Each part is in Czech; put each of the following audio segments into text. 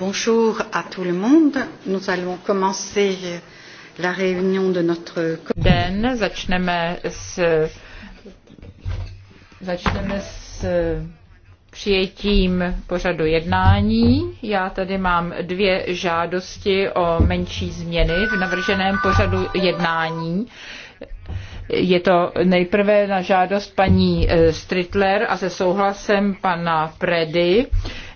Bonjour à tout le monde. Nous allons commencer la réunion de notre Den, začneme s začneme s přijetím pořadu jednání. Já tady mám dvě žádosti o menší změny v navrženém pořadu jednání. Je to nejprve na žádost paní eh, Stritler a se souhlasem pana Predy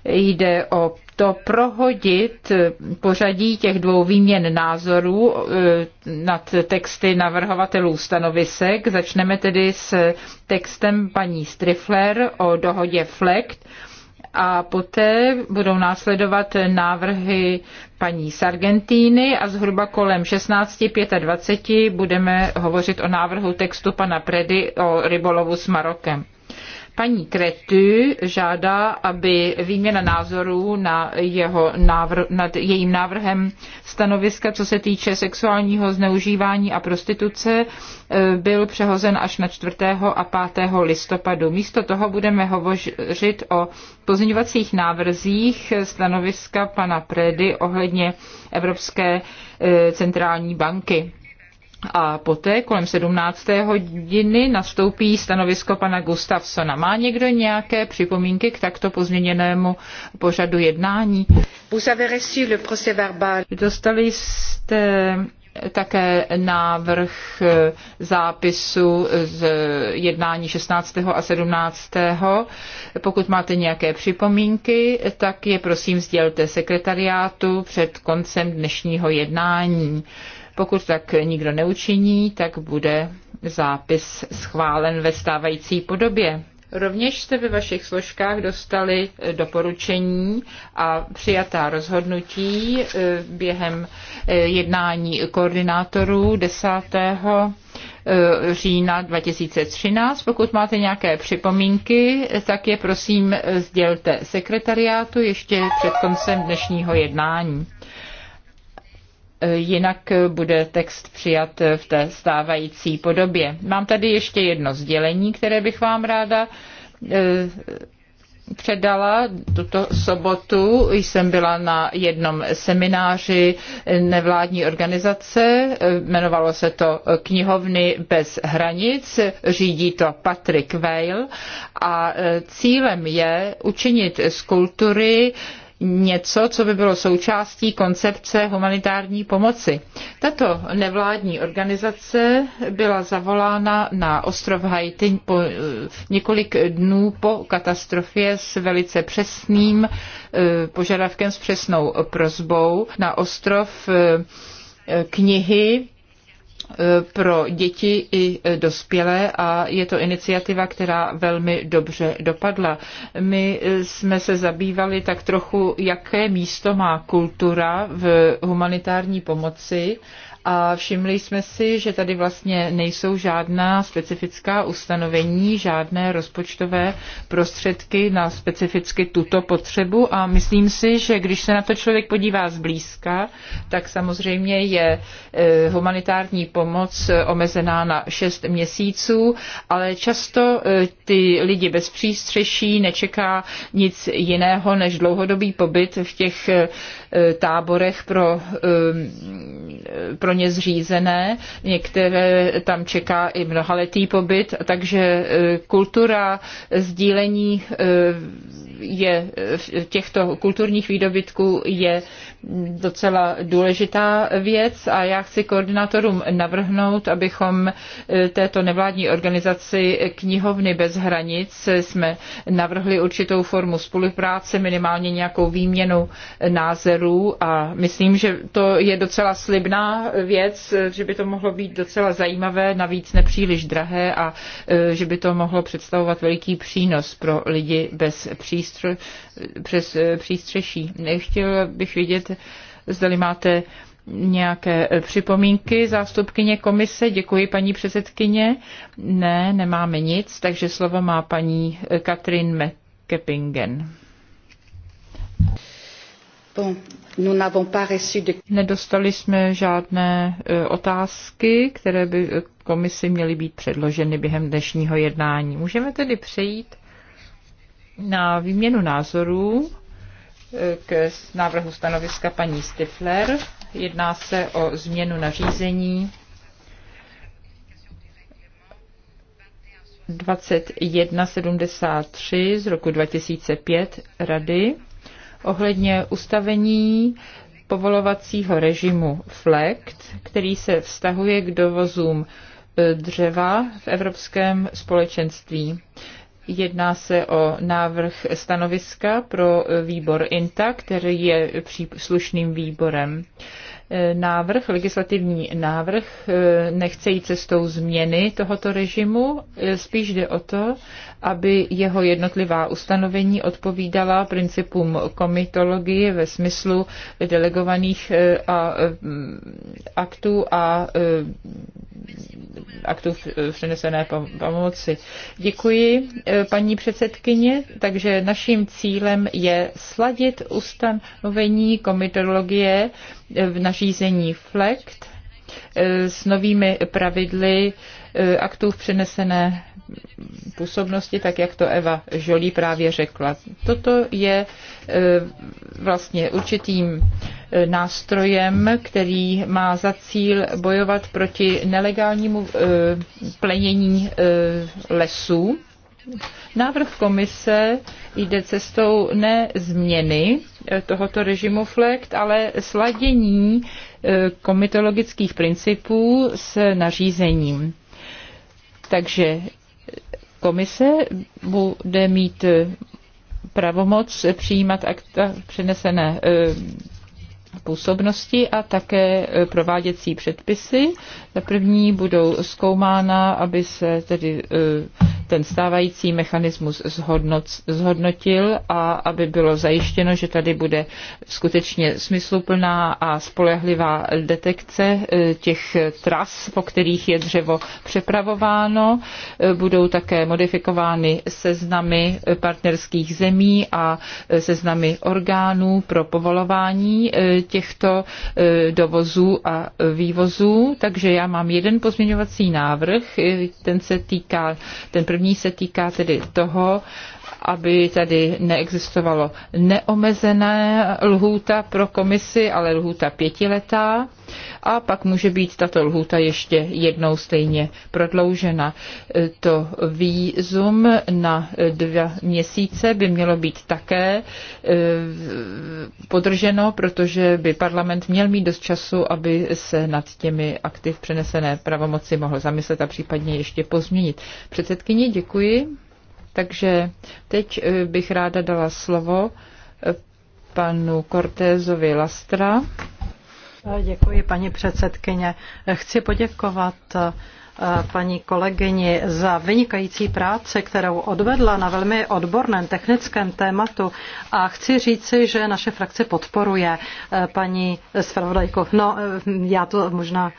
Jde o to prohodit pořadí těch dvou výměn názorů eh, nad texty navrhovatelů stanovisek. Začneme tedy s textem paní Strifler o dohodě FLECT a poté budou následovat návrhy paní Sargentíny a zhruba kolem 16.25 budeme hovořit o návrhu textu pana Predy o rybolovu s Marokem. Paní Kretu žádá, aby výměna názorů na jeho návr- nad jejím návrhem stanoviska, co se týče sexuálního zneužívání a prostituce, e, byl přehozen až na 4. a 5. listopadu. Místo toho budeme hovořit o pozměňovacích návrzích stanoviska pana Predy ohledně Evropské e, centrální banky a poté kolem 17. hodiny nastoupí stanovisko pana Gustafsona. Má někdo nějaké připomínky k takto pozměněnému pořadu jednání? Dostali jste také návrh eh, zápisu z jednání 16. a 17. Pokud máte nějaké připomínky, tak je prosím sdělte sekretariátu před koncem dnešního jednání. Pokud tak nikdo neučiní, tak bude zápis schválen ve stávající podobě. Rovněž jste ve vašich složkách dostali doporučení a přijatá rozhodnutí eh, během eh, jednání koordinátorů 10 eh, října 2013. Pokud máte nějaké připomínky, tak je prosím sdělte sekretariátu ještě před koncem dnešního jednání jinak bude text přijat v té stávající podobě. Mám tady ještě jedno sdělení, které bych vám ráda eh, předala tuto sobotu. Jsem byla na jednom semináři nevládní organizace, jmenovalo se to Knihovny bez hranic, řídí to Patrick Weil a eh, cílem je učinit z kultury něco, co by bylo součástí koncepce humanitární pomoci. Tato nevládní organizace byla zavolána na ostrov Haiti po eh, několik dnů po katastrofě s velice přesným eh, požadavkem, s přesnou prozbou na ostrov eh, knihy E, pro děti i e, dospělé a je to iniciativa, která velmi dobře dopadla. My e, jsme se zabývali tak trochu, jaké místo má kultura v humanitární pomoci a všimli jsme si, že tady vlastně nejsou žádná specifická ustanovení, žádné rozpočtové prostředky na specificky tuto potřebu a myslím si, že když se na to člověk podívá zblízka, tak samozřejmě je e, humanitární pomoc e, omezená na 6 měsíců, ale často e, ty lidi bez přístřeší nečeká nic jiného než dlouhodobý pobyt v těch táborech pro, pro ně zřízené, některé tam čeká i mnohaletý pobyt, takže eh, kultura sdílení eh, je v těchto kulturních výdobytků je docela důležitá věc a já chci koordinátorům navrhnout, abychom e, této nevládní organizaci Knihovny bez hranic jsme navrhli určitou formu spolupráce, minimálně nějakou výměnu názorů a myslím, že to je docela slibná věc, že by to mohlo být docela zajímavé, navíc nepříliš drahé a e, že by to mohlo představovat veliký přínos pro lidi bez přístupu přístř, přes eh, přístřeší. Chtěl bych vidět, zdali máte nějaké eh, připomínky zástupkyně komise. Děkuji, paní předsedkyně. Ne, nemáme nic, takže slovo má paní eh, Katrin Mekepingen. Bon, Nedostali jsme žádné otázky, které by komisi měly být předloženy během dnešního jednání. Můžeme tedy přejít na výměnu názorů eh, k návrhu stanoviska paní Stifler. Jedná se o změnu nařízení 2173 z roku 2005 Rady ohledně ustavení povolovacího režimu FLECT, který se vztahuje k dovozům eh, dřeva v Evropském společenství. Jedná se o návrh stanoviska pro výbor INTA, který je příslušným výborem. E, návrh, legislativní návrh e, nechce jít cestou změny tohoto režimu, e, spíš jde o to, aby jeho jednotlivá ustanovení odpovídala principům komitologie ve smyslu delegovaných aktů a aktů přenesené pomoci. Děkuji, paní předsedkyně. Takže naším cílem je sladit ustanovení komitologie v naší nařízení FLECT eh, s novými pravidly eh, aktů v přenesené působnosti, tak jak to Eva Žolí právě řekla. Toto je eh, vlastně určitým nástrojem, který má za cíl bojovat proti nelegálnímu plenění lesů Návrh komise jde cestou ne změny eh, tohoto režimu FLECT, ale sladění eh, komitologických principů s nařízením. Takže komise bude mít eh, pravomoc přijímat akta přenesené působnosti a také prováděcí předpisy. Za první budou zkoumána, aby se tedy ten stávající mechanismus zhodnotil a aby bylo zajištěno, že tady bude skutečně smysluplná a spolehlivá detekce eh, těch tras, po kterých je dřevo přepravováno. Eh, budou také modifikovány seznamy partnerských zemí a eh, seznamy orgánů pro povolování těchto dovozů a vývozů. Takže já mám jeden pozměňovací návrh, ten se týká, ten První se týká tedy toho, aby tady neexistovalo neomezená lhůta pro komisi, ale lhůta pětiletá a pak může být tato lhůta ještě jednou stejně prodloužena. To výzum na dva měsíce by mělo být také eh, podrženo, protože by parlament měl mít dost času, aby se nad těmi aktiv přenesené pravomoci mohl zamyslet a případně ještě pozměnit. Předsedkyně, děkuji. Takže teď eh, bych ráda dala slovo eh, panu Cortézovi Lastra. Eh, děkuji, paní předsedkyně. Chci poděkovat paní kolegyni za vynikající práci, kterou odvedla na velmi odborném technickém tématu a chci říci, že naše frakce podporuje paní Svrvodajko. No, já to možná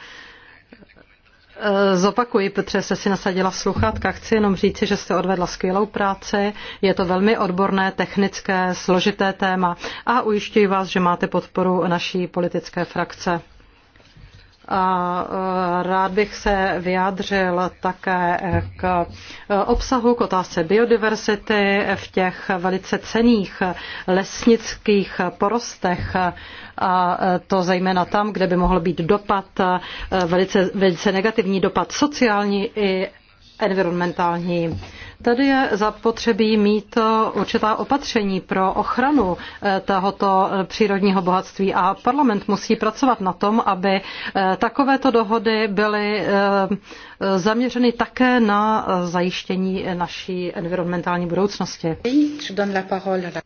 Eh, zopakuji, Petře, se si nasadila v sluchátka. Chci jenom říci, že jste odvedla skvělou práci. Je to velmi odborné, technické, složité téma a ujišťuji vás, že máte podporu naší politické frakce. A e, rád bych se vyjádřil také k obsahu, k otázce biodiverzity v těch velice cených lesnických porostech, a e, to zejména tam, kde by mohl být dopad, e, velice, velice negativní dopad sociální i environmentální. Tady je zapotřebí mít určitá opatření pro ochranu eh, tohoto eh, přírodního bohatství a parlament musí pracovat na tom, aby eh, takovéto dohody byly zaměřeny také na zajištění naší environmentální budoucnosti.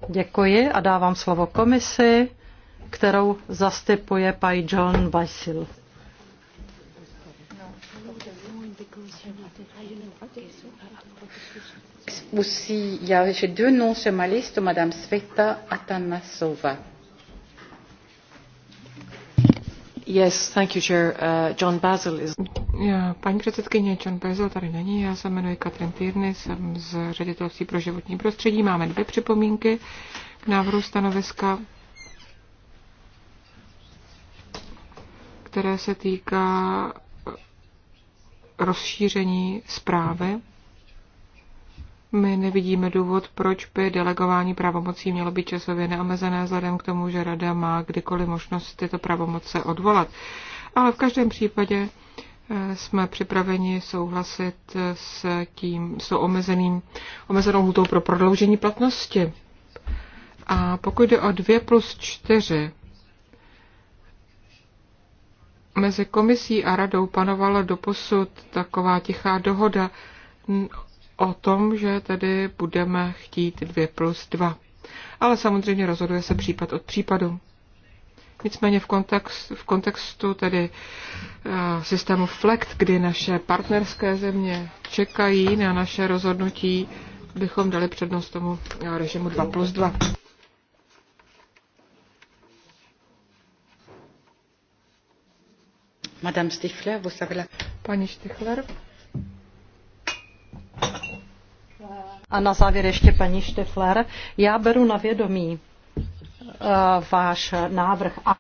Děkuji a dávám slovo komisi, kterou zastupuje Pai John Basil. aussi, il y a, j'ai deux noms sur ma liste, Madame Sveta Atanasova. Yes, thank you, Chair. Uh, John Basil is... Já, paní předsedkyně, John Basil tady není, já se jmenuji Katrin Týrny, jsem z ředitelství pro životní prostředí. Máme dvě připomínky k návrhu stanoviska, které se týká rozšíření zprávy my nevidíme důvod, proč by delegování pravomocí mělo být časově neomezené, vzhledem k tomu, že Rada má kdykoliv možnost tyto pravomoce odvolat. Ale v každém případě eh, jsme připraveni souhlasit s tím, s omezeným, omezenou lhutou pro prodloužení platnosti. A pokud jde o 2 plus 4, mezi komisí a radou panovala doposud taková tichá dohoda o tom, že tedy budeme chtít 2 plus 2. Ale samozřejmě rozhoduje se případ od případu. Nicméně v, kontext, v kontextu tedy uh, systému FLECT, kdy naše partnerské země čekají na naše rozhodnutí, bychom dali přednost tomu eh, režimu 2 plus 2. Madame Stichler, vous savez la... Pani Stichler. A na závěr ještě paní Štefler. Já beru na vědomí eh, váš návrh. A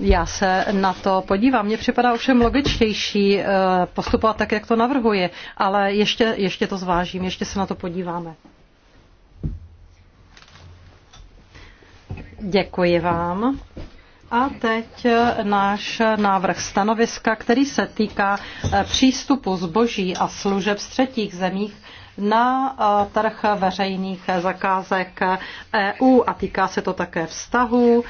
já se na to podívám. Mně připadá ovšem logičtější eh, postupovat tak, jak to navrhuji, ale ještě, ještě to zvážím, ještě se na to podíváme. Děkuji vám. A teď eh, náš návrh stanoviska, který se týká eh, přístupu zboží a služeb z třetích zemích na eh, trh veřejných zakázek EU a týká se to také vztahu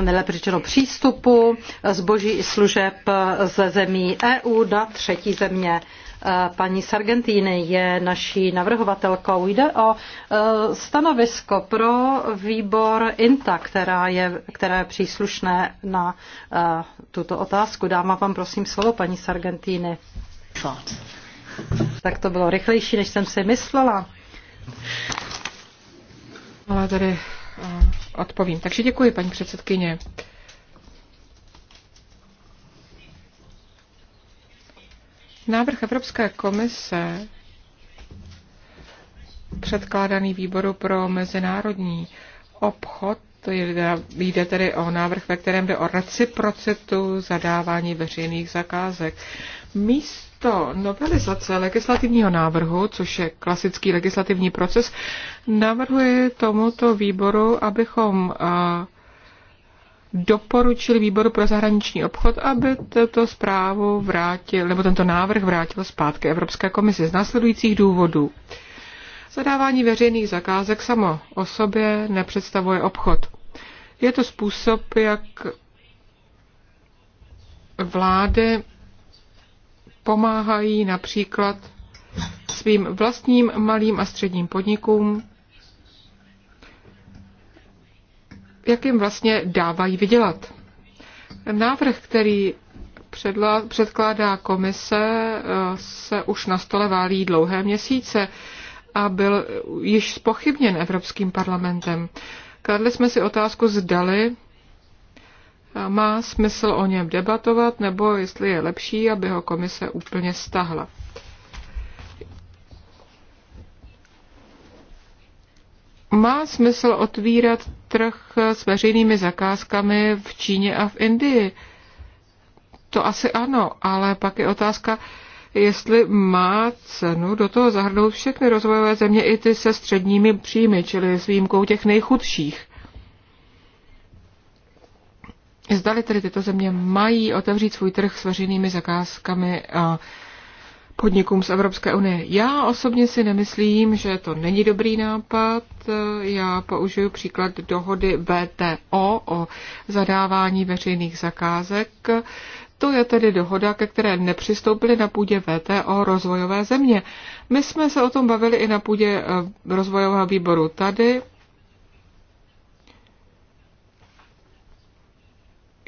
nejlépe řečeno přístupu zboží i služeb ze zemí EU na třetí země. Eh, paní Sargentini je naší navrhovatelkou. Jde o eh, stanovisko pro výbor INTA, která je, které je příslušné na eh, tuto otázku. Dáma vám prosím slovo, paní Sargentini. Tak to bylo rychlejší, než jsem si myslela. Ale tady odpovím. Takže děkuji, paní předsedkyně. Návrh Evropské komise předkládaný výboru pro mezinárodní obchod, to jde tedy o návrh, ve kterém jde o reciprocitu zadávání veřejných zakázek. Místo novelizace legislativního návrhu, což je klasický legislativní proces, navrhuji tomuto výboru, abychom uh, doporučili výboru pro zahraniční obchod, aby tuto zprávu vrátil, nebo tento návrh vrátil zpátky Evropské komisi z následujících důvodů. Zadávání veřejných zakázek samo o sobě nepředstavuje obchod. Je to způsob, jak vlády pomáhají například svým vlastním malým a středním podnikům jak jim vlastně dávají vydělat. Návrh, který předkládá komise, eh, se už na stole válí dlouhé měsíce a byl již spochybněn Evropským parlamentem. Kladli jsme si otázku, zdali eh, má smysl o něm debatovat, nebo jestli je lepší, aby ho komise úplně stahla. má smysl otvírat trh s veřejnými zakázkami v Číně a v Indii. To asi ano, ale pak je otázka, jestli má cenu do toho zahrnout všechny rozvojové země, i ty se středními příjmy, čili s výjimkou těch nejchudších. Zdali tedy tyto země mají otevřít svůj trh s veřejnými zakázkami a podnikům z Evropské unie. Já osobně si nemyslím, že to není dobrý nápad. Já použiju příklad dohody BTO o zadávání veřejných zakázek. To je tedy dohoda, ke které nepřistoupily na půdě VTO rozvojové země. My jsme se o tom bavili i na půdě eh, rozvojového výboru tady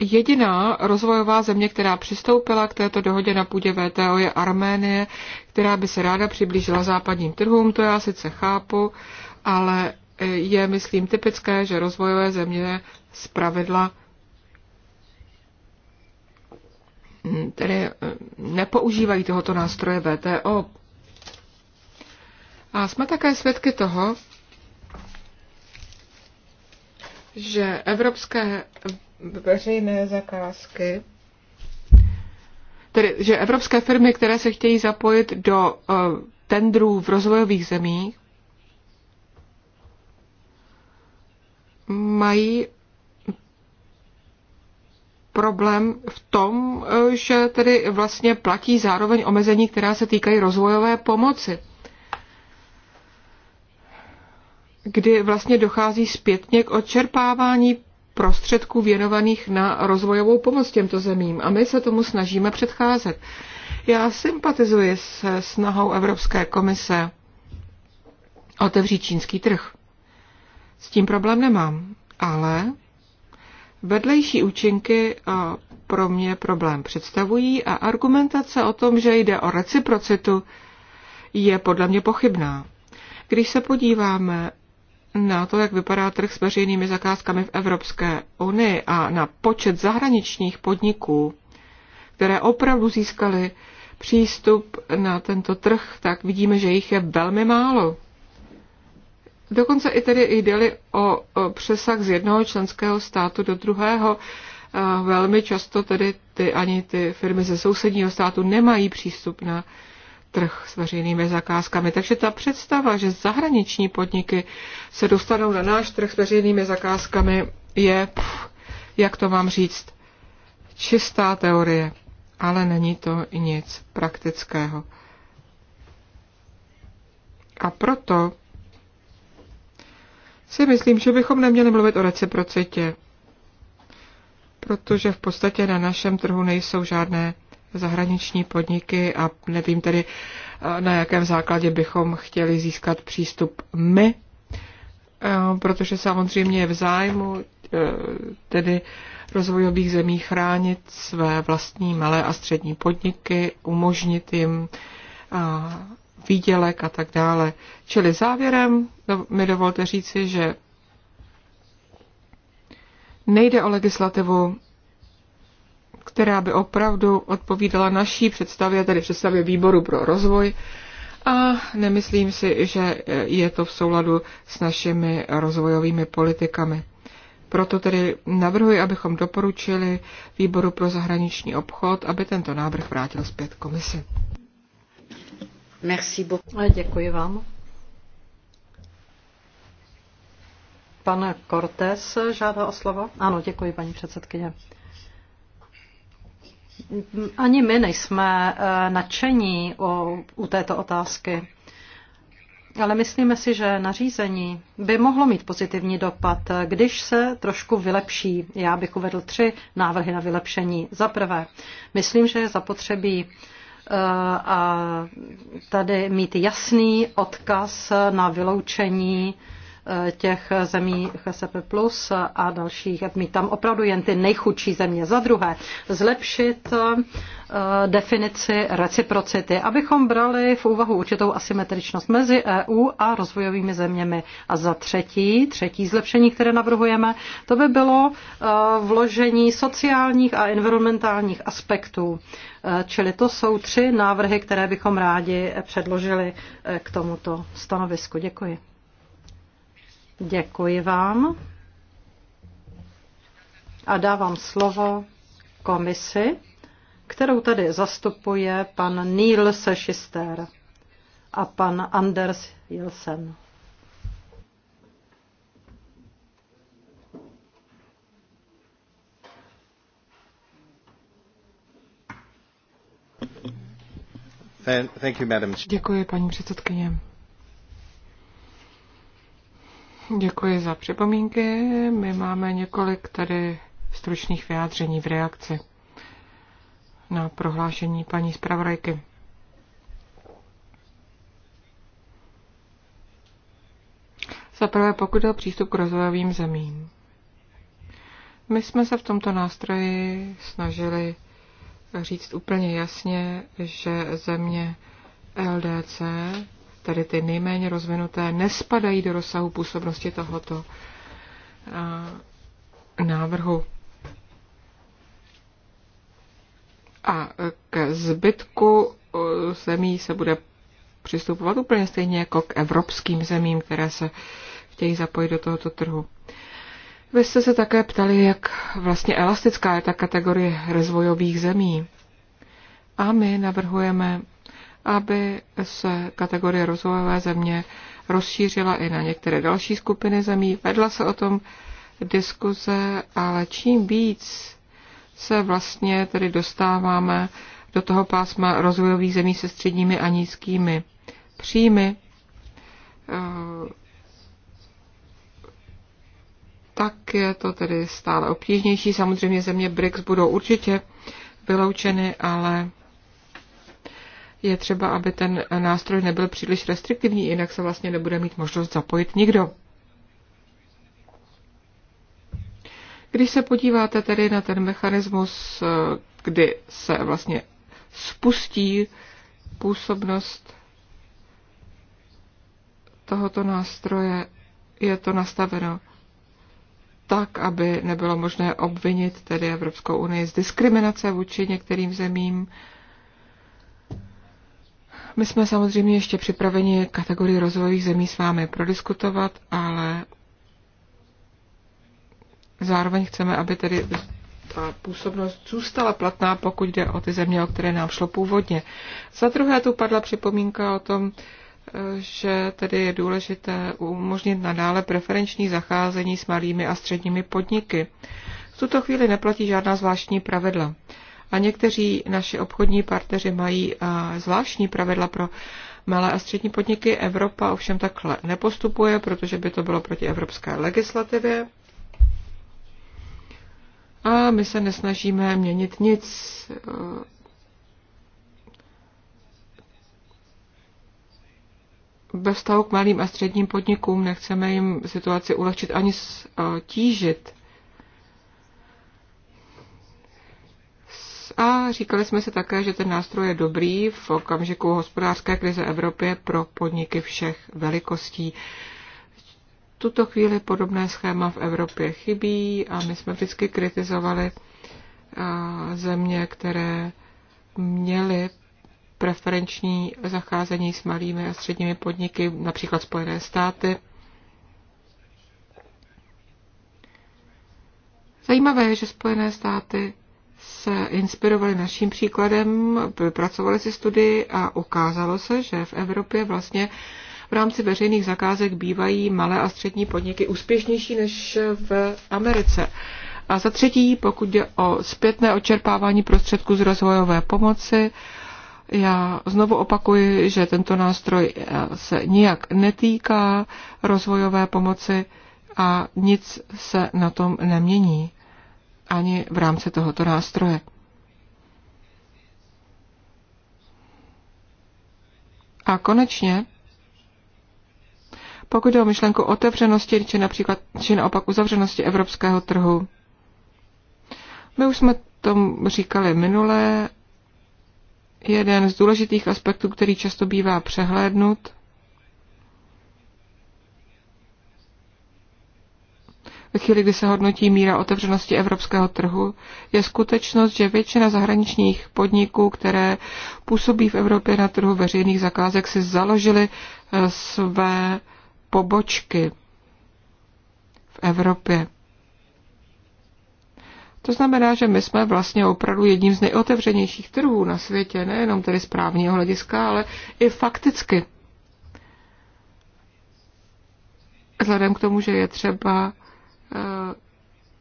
jediná rozvojová země, která přistoupila k této dohodě na půdě VTO, je Arménie, která by se ráda přiblížila západním trhům, to já sice chápu, ale e, je, myslím, typické, že rozvojové země z pravidla mm, tedy e, nepoužívají tohoto nástroje VTO. A jsme také svědky toho, že evropské veřejné zakázky, tedy že evropské firmy, které se chtějí zapojit do uh, tendrů v rozvojových zemích, mají problém v tom, uh, že tedy vlastně platí zároveň omezení, která se týkají rozvojové pomoci. Kdy vlastně dochází zpětně k odčerpávání prostředků věnovaných na rozvojovou pomoc těmto zemím a my se tomu snažíme předcházet. Já sympatizuji se snahou Evropské komise otevřít čínský trh. S tím problém nemám, ale vedlejší účinky eh, pro mě problém představují a argumentace o tom, že jde o reciprocitu, je podle mě pochybná. Když se podíváme na to, jak vypadá trh s veřejnými zakázkami v Evropské unii a na počet zahraničních podniků, které opravdu získaly přístup na tento trh, tak vidíme, že jich je velmi málo. Dokonce i tedy jde o, o přesah z jednoho členského státu do druhého, velmi často tedy ty, ani ty firmy ze sousedního státu nemají přístup na trh s veřejnými zakázkami. Takže ta představa, že zahraniční podniky se dostanou na náš trh s veřejnými zakázkami, je, pff, jak to mám říct, čistá teorie, ale není to nic praktického. A proto si myslím, že bychom neměli mluvit o reciprocitě, protože v podstatě na našem trhu nejsou žádné zahraniční podniky a nevím tedy, eh, na jakém základě bychom chtěli získat přístup my, eh, protože samozřejmě je v zájmu eh, tedy rozvojových zemí chránit své vlastní malé a střední podniky, umožnit jim výdělek a tak dále. Čili závěrem no, mi dovolte říci, že nejde o legislativu která by opravdu odpovídala naší představě, tedy představě výboru pro rozvoj. A nemyslím si, že je to v souladu s našimi rozvojovými politikami. Proto tedy navrhuji, abychom doporučili výboru pro zahraniční obchod, aby tento návrh vrátil zpět komisi. Merci beaucoup. Děkuji vám. Pan Cortés žádá o slovo. Ano, děkuji, paní předsedkyně. Ani my nejsme eh, nadšení o, u této otázky. Ale myslíme si, že nařízení by mohlo mít pozitivní dopad, když se trošku vylepší. Já bych uvedl tři návrhy na vylepšení. Za prvé, myslím, že je zapotřebí eh, a tady mít jasný odkaz na vyloučení těch zemí HSP plus a dalších, mít tam opravdu jen ty nejchudší země. Za druhé, zlepšit eh, definici reciprocity, abychom brali v úvahu určitou asymetričnost mezi EU a rozvojovými zeměmi. A za třetí, třetí zlepšení, které navrhujeme, to by bylo eh, vložení sociálních a environmentálních aspektů. Eh, čili to jsou tři návrhy, které bychom rádi předložili k tomuto stanovisku. Děkuji. Děkuji vám. A dávám slovo komisi, kterou tady zastupuje pan Neil Sešister a pan Anders Jilsen. Děkuji, paní předsedkyně. Děkuji za připomínky. My máme několik tady stručných vyjádření v reakci na prohlášení paní zpravodajky. Za prvé, pokud o přístup k rozvojovým zemím. My jsme se v tomto nástroji snažili říct úplně jasně, že země LDC tedy ty nejméně rozvinuté, nespadají do rozsahu působnosti tohoto návrhu. A k zbytku zemí se bude přistupovat úplně stejně jako k evropským zemím, které se chtějí zapojit do tohoto trhu. Vy jste se také ptali, jak vlastně elastická je ta kategorie rozvojových zemí. A my navrhujeme aby se kategorie rozvojové země rozšířila i na některé další skupiny zemí. Vedla se o tom diskuze, ale čím víc se vlastně tedy dostáváme do toho pásma rozvojových zemí se středními a nízkými příjmy, eh, tak je to tedy stále obtížnější. Samozřejmě země BRICS budou určitě vyloučeny, ale je třeba, aby ten nástroj nebyl příliš restriktivní, jinak se vlastně nebude mít možnost zapojit nikdo. Když se podíváte tedy na ten mechanismus, kdy se vlastně spustí působnost tohoto nástroje, je to nastaveno tak, aby nebylo možné obvinit tedy Evropskou unii z diskriminace vůči některým zemím, my jsme samozřejmě ještě připraveni kategorii rozvojových zemí s vámi prodiskutovat, ale zároveň chceme, aby tedy ta působnost zůstala platná, pokud jde o ty země, o které nám šlo původně. Za druhé tu padla připomínka o tom, že tedy je důležité umožnit nadále preferenční zacházení s malými a středními podniky. V tuto chvíli neplatí žádná zvláštní pravidla. A někteří naši obchodní partneři mají eh, zvláštní pravidla pro malé a střední podniky. Evropa ovšem takhle nepostupuje, protože by to bylo proti evropské legislativě. A my se nesnažíme měnit nic. Bez eh, vztahu k malým a středním podnikům nechceme jim situaci ulehčit ani eh, tížit. a říkali jsme se také, že ten nástroj je dobrý v okamžiku hospodářské krize Evropy pro podniky všech velikostí. Tuto chvíli podobné schéma v Evropě chybí a my jsme vždycky kritizovali země, které měly preferenční zacházení s malými a středními podniky, například Spojené státy. Zajímavé je, že Spojené státy se inspirovali naším příkladem, vypracovali si studii a ukázalo se, že v Evropě vlastně v rámci veřejných zakázek bývají malé a střední podniky úspěšnější než v Americe. A za třetí, pokud jde o zpětné očerpávání prostředků z rozvojové pomoci, já znovu opakuji, že tento nástroj se nijak netýká rozvojové pomoci a nic se na tom nemění ani v rámci tohoto nástroje. A konečně, pokud jde o myšlenku otevřenosti, či například, či naopak uzavřenosti evropského trhu, my už jsme to říkali minule, jeden z důležitých aspektů, který často bývá přehlédnut, ve chvíli, kdy se hodnotí míra otevřenosti evropského trhu, je skutečnost, že většina zahraničních podniků, které působí v Evropě na trhu veřejných zakázek, si založily eh, své pobočky v Evropě. To znamená, že my jsme vlastně opravdu jedním z nejotevřenějších trhů na světě, nejenom tedy z právního hlediska, ale i fakticky. Vzhledem k tomu, že je třeba Eh,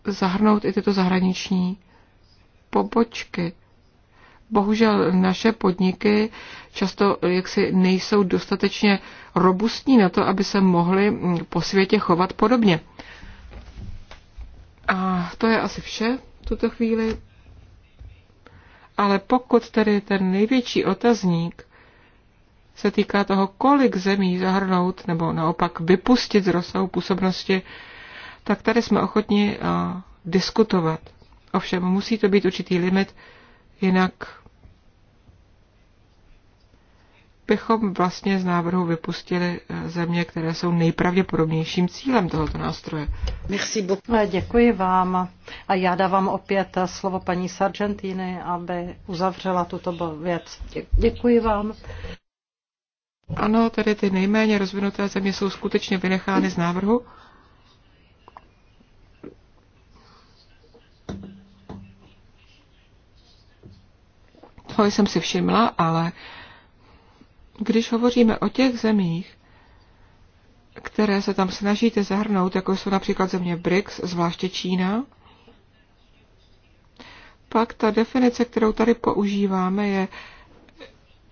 zahrnout i tyto zahraniční pobočky. Bohužel naše podniky často jaksi nejsou dostatečně robustní na to, aby se mohly mm, po světě chovat podobně. A to je asi vše v tuto chvíli. Ale pokud tedy ten největší otazník se týká toho, kolik zemí zahrnout nebo naopak vypustit z rozsahu působnosti tak tady jsme ochotni eh, diskutovat. Ovšem, musí to být určitý limit, jinak bychom vlastně z návrhu vypustili eh, země, které jsou nejpravděpodobnějším cílem tohoto nástroje. Merci eh, Děkuji vám. A já dávám opět slovo paní Sargentini, aby uzavřela tuto věc. Děkuji vám. Ano, tedy ty nejméně rozvinuté země jsou skutečně vynechány z návrhu. toho jsem si všimla, ale když hovoříme o těch zemích, které se tam snažíte zahrnout, jako jsou například země BRICS, zvláště Čína, pak ta definice, kterou tady používáme, je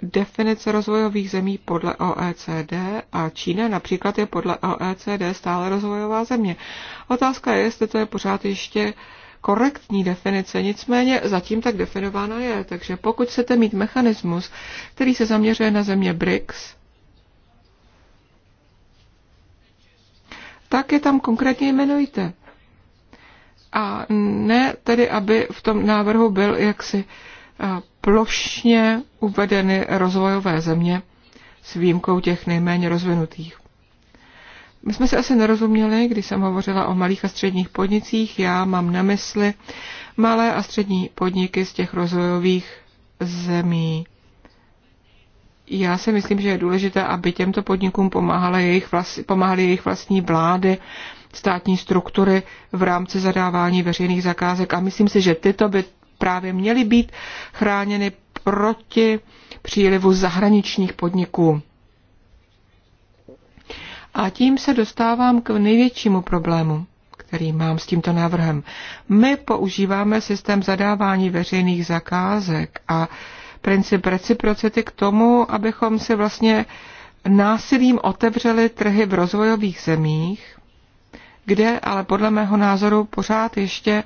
definice rozvojových zemí podle OECD a Čína například je podle OECD stále rozvojová země. Otázka je, jestli to je pořád ještě korektní definice, nicméně zatím tak definována je. Takže pokud chcete mít mechanismus, který se zaměřuje na země BRICS, tak je tam konkrétně jmenujte. A ne tedy, aby v tom návrhu byl jaksi plošně uvedeny rozvojové země s výjimkou těch nejméně rozvinutých. My jsme se asi nerozuměli, když jsem hovořila o malých a středních podnicích. Já mám na mysli malé a střední podniky z těch rozvojových zemí. Já si myslím, že je důležité, aby těmto podnikům pomáhaly jejich, vlast, pomáhaly jejich vlastní vlády, státní struktury v rámci zadávání veřejných zakázek. A myslím si, že tyto by právě měly být chráněny proti přílivu zahraničních podniků. A tím se dostávám k největšímu problému, který mám s tímto návrhem. My používáme systém zadávání veřejných zakázek a princip reciprocity k tomu, abychom si vlastně násilím otevřeli trhy v rozvojových zemích, kde ale podle mého názoru pořád ještě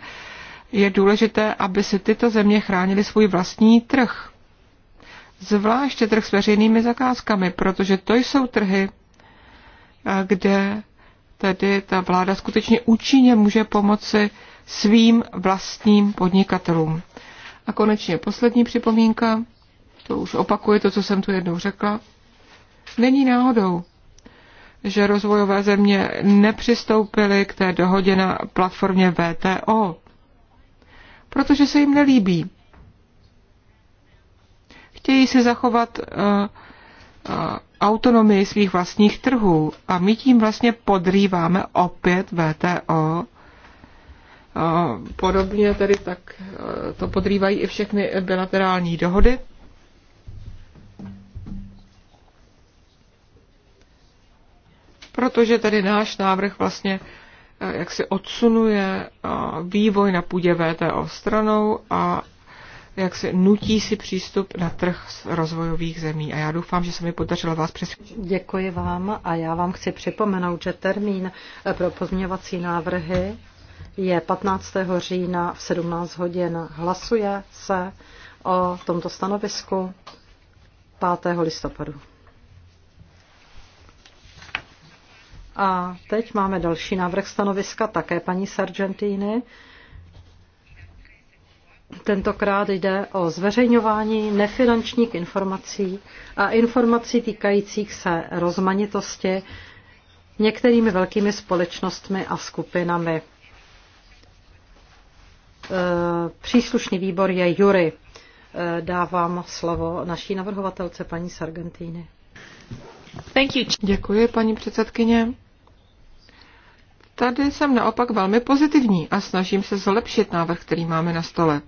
je důležité, aby si tyto země chránily svůj vlastní trh. Zvláště trh s veřejnými zakázkami, protože to jsou trhy, kde tedy ta vláda skutečně účinně může pomoci svým vlastním podnikatelům. A konečně poslední připomínka, to už opakuje to, co jsem tu jednou řekla. Není náhodou, že rozvojové země nepřistoupily k té dohodě na platformě VTO, protože se jim nelíbí. Chtějí si zachovat uh, autonomii svých vlastních trhů a my tím vlastně podrýváme opět VTO. Podobně tedy tak to podrývají i všechny bilaterální dohody. Protože tedy náš návrh vlastně jak si odsunuje vývoj na půdě VTO stranou a jak se nutí si přístup na trh z rozvojových zemí. A já doufám, že se mi podařilo vás přesvědčit. Děkuji vám a já vám chci připomenout, že termín eh, pro pozměňovací návrhy je 15. října v 17 hodin. Hlasuje se o tomto stanovisku 5. listopadu. A teď máme další návrh stanoviska, také paní Sargentiny. Tentokrát jde o zveřejňování nefinančních informací a informací týkajících se rozmanitosti některými velkými společnostmi a skupinami. E, příslušný výbor je Jury. E, dávám slovo naší navrhovatelce paní Sargentini. Thank you. Děkuji, paní předsedkyně. Tady jsem naopak velmi pozitivní a snažím se zlepšit návrh, který máme na stole.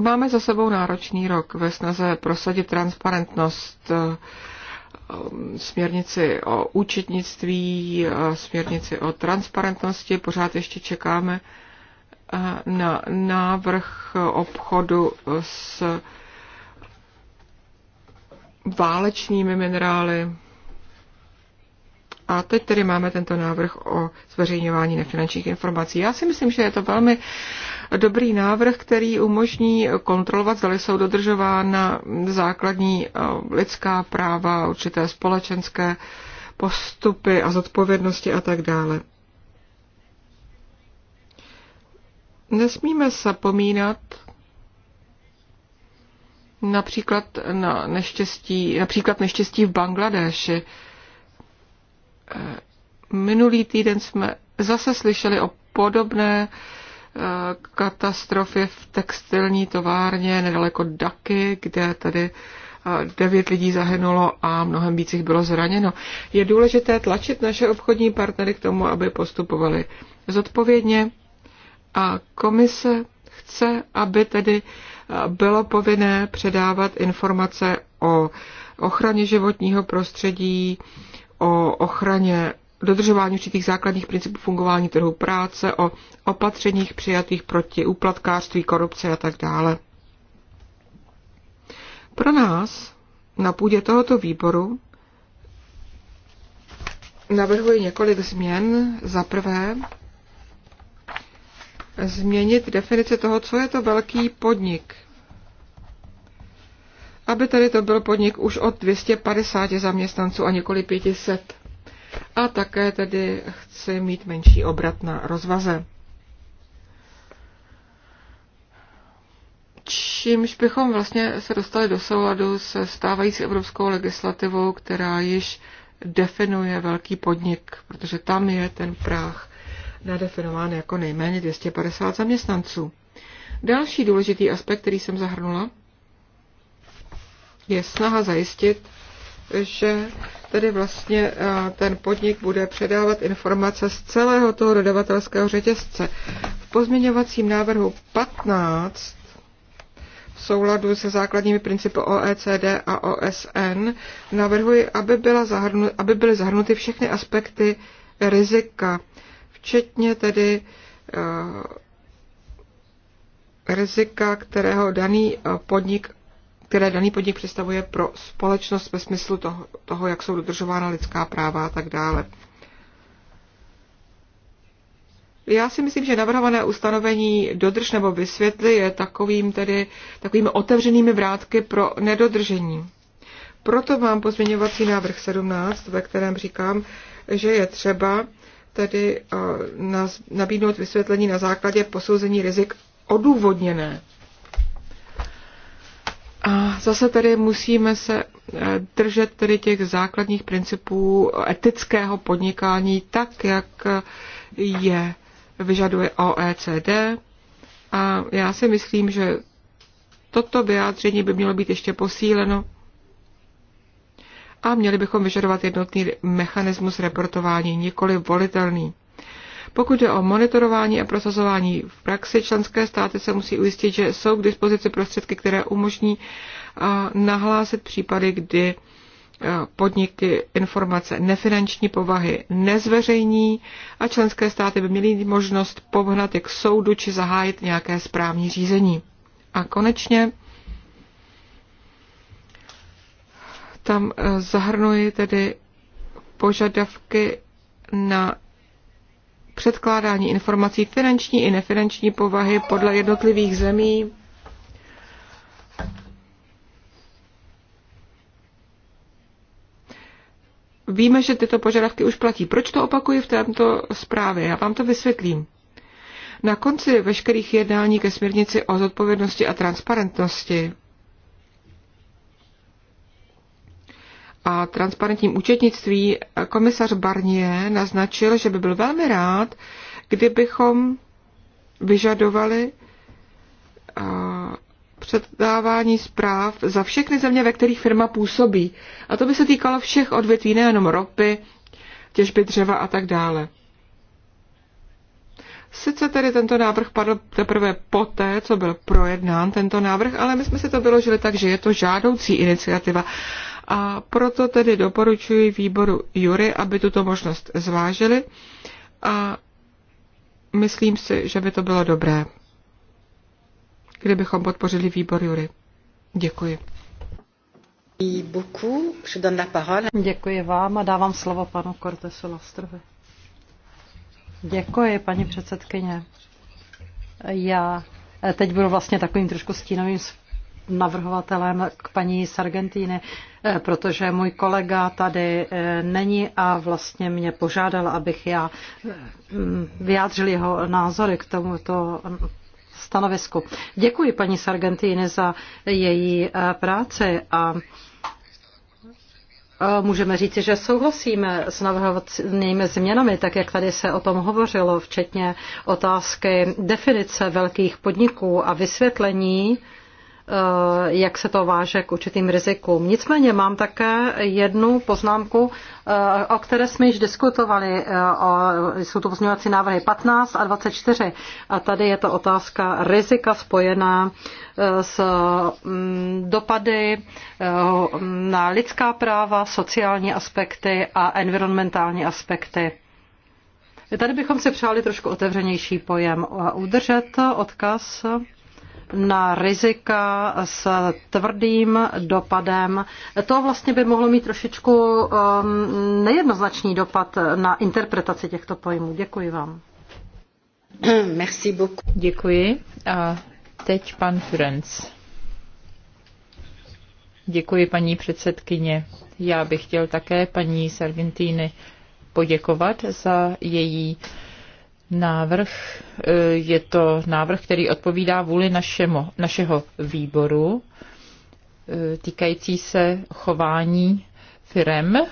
Máme za sebou náročný rok ve snaze prosadit transparentnost eh, eh, směrnici o účetnictví, eh, směrnici o transparentnosti. Pořád ještě čekáme na návrh obchodu s válečnými minerály. A teď tedy máme tento návrh o zveřejňování nefinančních informací. Já si myslím, že je to velmi dobrý návrh, který umožní kontrolovat, zda jsou dodržována základní eh, lidská práva, určité společenské postupy a zodpovědnosti a tak dále. Nesmíme zapomínat například na neštěstí, například neštěstí v Bangladéši. Eh, minulý týden jsme zase slyšeli o podobné katastrofě v textilní továrně nedaleko Daky, kde tady eh, devět lidí zahynulo a mnohem víc jich bylo zraněno. Je důležité tlačit naše obchodní partnery k tomu, aby postupovali zodpovědně a komise chce, aby tedy eh, bylo povinné předávat informace o ochraně životního prostředí, o ochraně dodržování určitých základních principů fungování trhu práce, o opatřeních přijatých proti úplatkářství, korupce a tak dále. Pro nás na půdě tohoto výboru navrhuji několik změn. Za prvé, změnit definici toho, co je to velký podnik. Aby tady to byl podnik už od 250 zaměstnanců a několik 500 a také tedy chci mít menší obrat na rozvaze. čímž bychom vlastně se dostali do souladu se stávající evropskou legislativou, která již definuje velký podnik, protože tam je ten práh nadefinován jako nejméně 250 zaměstnanců. Další důležitý aspekt, který jsem zahrnula, je snaha zajistit, že tedy vlastně eh, ten podnik bude předávat informace z celého toho dodavatelského řetězce. V pozměňovacím návrhu 15 v souladu se základními principy OECD a OSN navrhuji, aby, byla zahrnu, aby byly zahrnuty všechny aspekty rizika, včetně tedy uh, rizika, kterého daný eh, podnik které daný podnik představuje pro společnost ve smyslu toho, toho jak jsou dodržována lidská práva a tak dále. Já si myslím, že navrhované ustanovení dodrž nebo vysvětli je takovým tedy, takovými otevřenými vrátky pro nedodržení. Proto mám pozměňovací návrh 17, ve kterém říkám, že je třeba tedy eh, nabídnout vysvětlení na základě posouzení rizik odůvodněné. A zase tedy musíme se eh, držet tedy těch základních principů etického podnikání tak, jak eh, je vyžaduje OECD. A já si myslím, že toto vyjádření by mělo být ještě posíleno a měli bychom vyžadovat jednotný mechanismus reportování, nikoli volitelný. Pokud jde o monitorování a prosazování v praxi, členské státy se musí ujistit, že jsou k dispozici prostředky, které umožní eh, nahlásit případy, kdy eh, podniky informace nefinanční povahy nezveřejní a členské státy by měly možnost povhnat je k soudu či zahájit nějaké správní řízení. A konečně tam eh, zahrnuji tedy požadavky na předkládání informací finanční i nefinanční povahy podle jednotlivých zemí. Víme, že tyto požadavky už platí. Proč to opakuji v této zprávě? Já vám to vysvětlím. Na konci veškerých jednání ke směrnici o zodpovědnosti a transparentnosti a transparentním účetnictví eh, komisař Barnier naznačil, že by byl velmi rád, kdybychom vyžadovali eh, předávání zpráv za všechny země, ve kterých firma působí. A to by se týkalo všech odvětví, nejenom ropy, těžby dřeva a tak dále. Sice tedy tento návrh padl teprve poté, co byl projednán tento návrh, ale my jsme si to vyložili tak, že je to žádoucí iniciativa a proto tedy doporučuji výboru Jury, aby tuto možnost zvážili a myslím si, že by to bylo dobré, kdybychom podpořili výbor Jury. Děkuji. Děkuji vám a dávám slovo panu Cortesu Lastrovi. Děkuji, paní předsedkyně. Já teď budu vlastně takovým trošku stínovým navrhovatelem k paní Sargentini, eh, protože můj kolega tady eh, není a vlastně mě požádal, abych já eh, mm, vyjádřil jeho názory k tomuto mm, stanovisku. Děkuji paní Sargentini za její práci a Můžeme říci, že souhlasíme s navrhovanými změnami, tak jak tady se o tom hovořilo, včetně otázky definice velkých podniků a vysvětlení Eh, jak se to váže k určitým rizikům. Nicméně mám také jednu poznámku, eh, o které jsme již diskutovali. Eh, jsou to pozměňovací návrhy 15 a 24. A tady je to otázka rizika spojená s mm, dopady na lidská práva, sociální aspekty a environmentální aspekty. Tady bychom si přáli trošku otevřenější pojem a udržet odkaz na rizika s tvrdým dopadem. To vlastně by mohlo mít trošičku um, nejednoznačný dopad na interpretaci těchto pojmů. Děkuji vám. Merci beaucoup. Děkuji. A teď pan Ferenc. Děkuji, paní předsedkyně. Já bych chtěl také paní Sargentini poděkovat za její uh, návrh. E, je to návrh, který odpovídá vůli našemu, našeho výboru e, týkající se chování firem, e,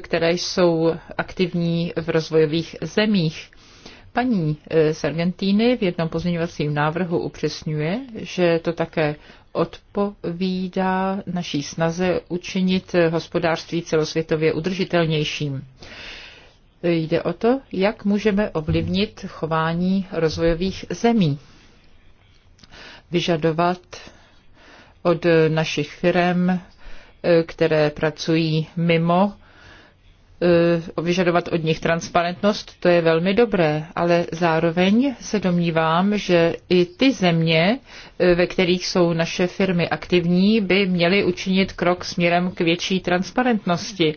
které jsou aktivní v rozvojových zemích. Paní z Argentíny v jednom pozměňovacím návrhu upřesňuje, že to také odpovídá naší snaze učinit hospodářství celosvětově udržitelnějším. Jde o to, jak můžeme ovlivnit chování rozvojových zemí. Vyžadovat od našich firm, eh, které pracují mimo eh, vyžadovat od nich transparentnost, to je velmi dobré, ale zároveň se domnívám, že i ty země, eh, ve kterých jsou naše firmy aktivní, by měly učinit krok směrem k větší transparentnosti.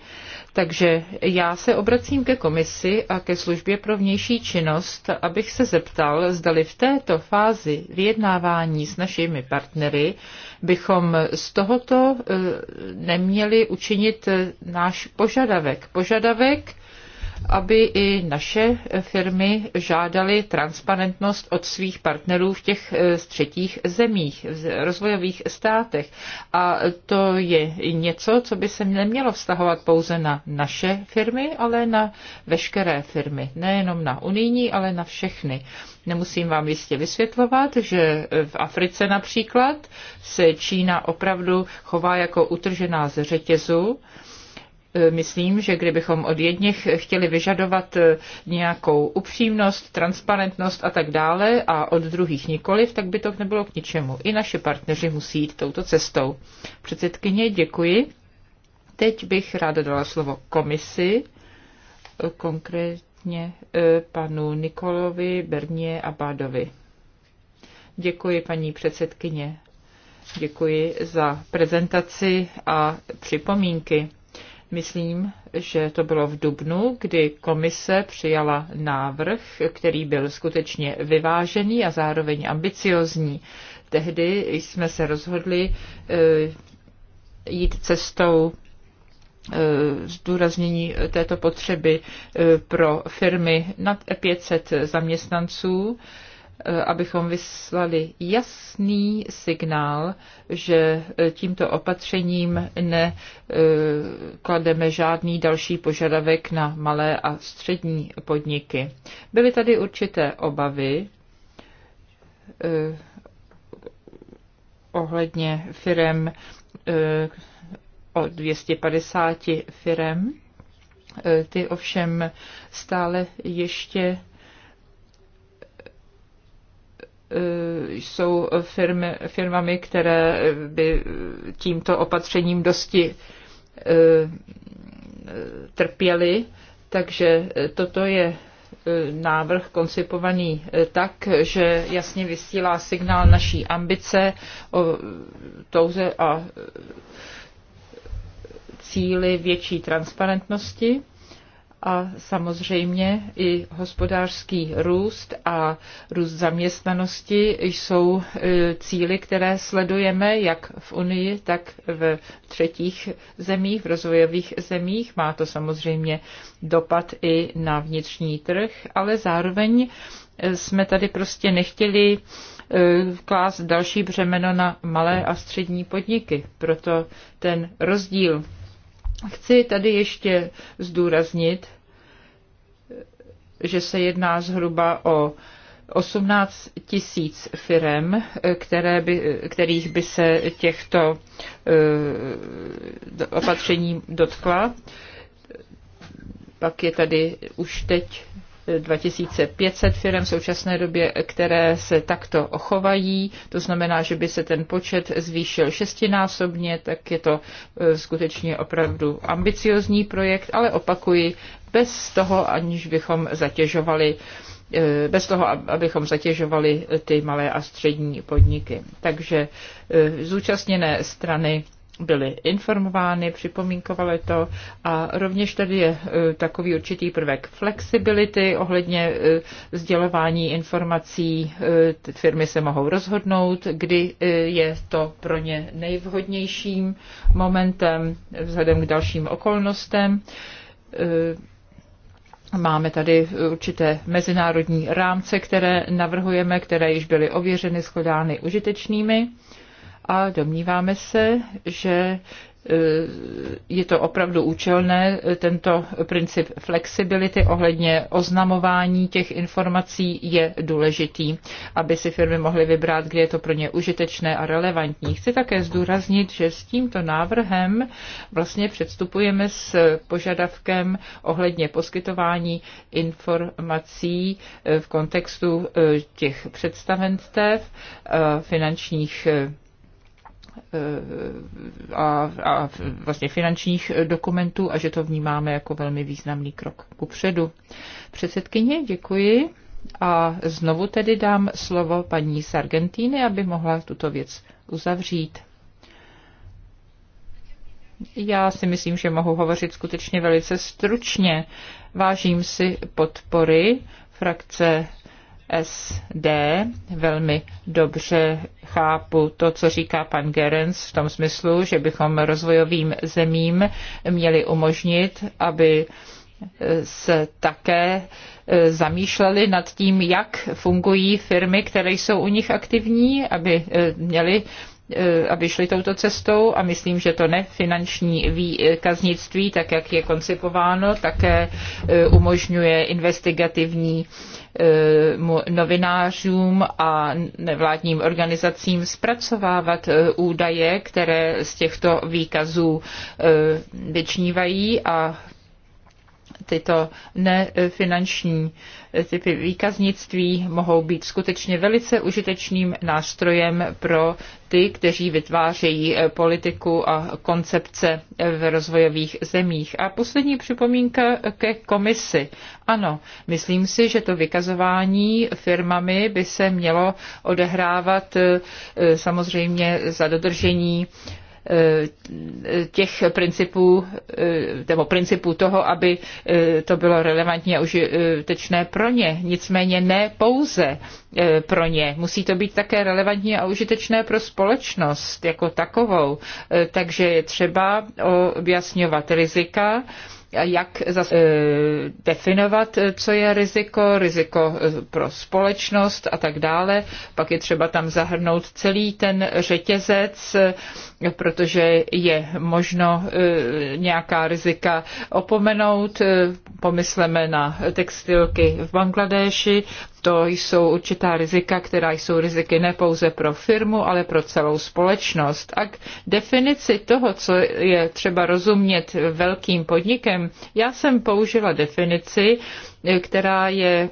Takže já se obracím ke komisi a ke službě pro vnější činnost, abych se zeptal, zdali v této fázi vyjednávání s našimi partnery bychom z tohoto eh, neměli učinit eh, náš požadavek. Požadavek, aby i naše firmy žádaly transparentnost od svých partnerů v těch eh, třetích zemích, v rozvojových státech. A to je něco, co by se nemělo vztahovat pouze na naše firmy, ale na veškeré firmy. Nejenom na unijní, ale na všechny. Nemusím vám jistě vysvětlovat, že v Africe například se Čína opravdu chová jako utržená z řetězu. Eh, myslím, že kdybychom od jedněch chtěli vyžadovat eh, nějakou upřímnost, transparentnost a tak dále a od druhých nikoliv, tak by to nebylo k ničemu. I naši partneři musí jít touto cestou. Předsedkyně, děkuji. Teď bych ráda dala slovo komisi, eh, konkrétně panu Nikolovi, Bernie a Bádovi. Děkuji, paní předsedkyně. Děkuji za prezentaci a připomínky. Myslím, že to bylo v Dubnu, kdy komise přijala návrh, který byl skutečně vyvážený a zároveň ambiciozní. Tehdy jsme se rozhodli eh, jít cestou eh, zdůraznění této potřeby eh, pro firmy nad 500 zaměstnanců Eh, abychom vyslali jasný signál, že eh, tímto opatřením neklademe eh, žádný další požadavek na malé a střední podniky. Byly tady určité obavy ohledně firem o 250 firem. Ty ovšem stále ještě Eh, jsou firmy, firmami, které by tímto opatřením dosti eh, trpěly. Takže toto je eh, návrh koncipovaný tak, že jasně vysílá signál naší ambice o touze a cíly větší transparentnosti a samozřejmě i hospodářský růst a růst zaměstnanosti jsou e, cíly, které sledujeme jak v Unii, tak v třetích zemích, v rozvojových zemích. Má to samozřejmě dopad i na vnitřní trh, ale zároveň e, jsme tady prostě nechtěli e, klást další břemeno na malé a střední podniky. Proto ten rozdíl Chci tady ještě zdůraznit, že se jedná zhruba o 18 tisíc firem, které by, kterých by se těchto eh, opatření dotkla. Pak je tady už teď 2500 firm v současné době, které se takto ochovají. To znamená, že by se ten počet zvýšil šestinásobně, tak je to e, skutečně opravdu ambiciozní projekt, ale opakuji, bez toho, aniž bychom zatěžovali e, bez toho, abychom zatěžovali ty malé a střední podniky. Takže e, zúčastněné strany byly informovány, připomínkovaly to a rovněž tady je e, takový určitý prvek flexibility ohledně e, sdělování informací. E, firmy se mohou rozhodnout, kdy je to pro ně nejvhodnějším momentem vzhledem k dalším okolnostem. Máme tady určité mezinárodní rámce, které navrhujeme, které již byly ověřeny, shodány užitečnými a domníváme se, že e, je to opravdu účelné, e, tento princip flexibility ohledně oznamování těch informací je důležitý, aby si firmy mohly vybrat, kde je to pro ně užitečné a relevantní. Chci také zdůraznit, že s tímto návrhem vlastně předstupujeme s požadavkem ohledně poskytování informací e, v kontextu těch představenstev finančních Eh, a, a vlastně finančních dokumentů a že to vnímáme jako velmi významný krok kupředu. Předsedkyně, děkuji. A znovu tedy dám slovo paní Sargentini, aby mohla tuto věc uzavřít. Já si myslím, že mohu hovořit skutečně velice stručně. Vážím si podpory frakce SD velmi dobře chápu to, co říká pan Gerens v tom smyslu, že bychom rozvojovým zemím měli umožnit, aby se také e, zamýšleli nad tím, jak fungují firmy, které jsou u nich aktivní, aby e, měli e, aby šli touto cestou a myslím, že to nefinanční výkaznictví, tak jak je koncipováno, také umožňuje investigativní Eh, novinářům a nevládním organizacím zpracovávat eh, údaje, které z těchto výkazů eh, vyčnívají a tyto nefinanční typy výkaznictví mohou být skutečně velice užitečným nástrojem pro ty, kteří vytvářejí eh, politiku a koncepce eh, v rozvojových zemích. A poslední připomínka eh, ke komisi. Ano, myslím si, že to vykazování firmami by se mělo odehrávat samozřejmě za dodržení Eh, těch principů, eh, nebo principů toho, aby eh, to bylo relevantní a užitečné pro ně. Nicméně ne pouze pro ně. Musí to být také relevantní a užitečné pro společnost jako takovou. Takže je třeba objasňovat rizika, jak zase definovat, co je riziko, riziko e, pro společnost a tak dále. Pak je třeba tam zahrnout celý ten řetězec, e, protože je možno e, nějaká rizika opomenout. Pomysleme na textilky v Bangladeši, to jsou určitá rizika, která jsou riziky ne pouze pro firmu, ale pro celou společnost. A k definici toho, co je třeba rozumět velkým podnikem, já jsem použila definici, která je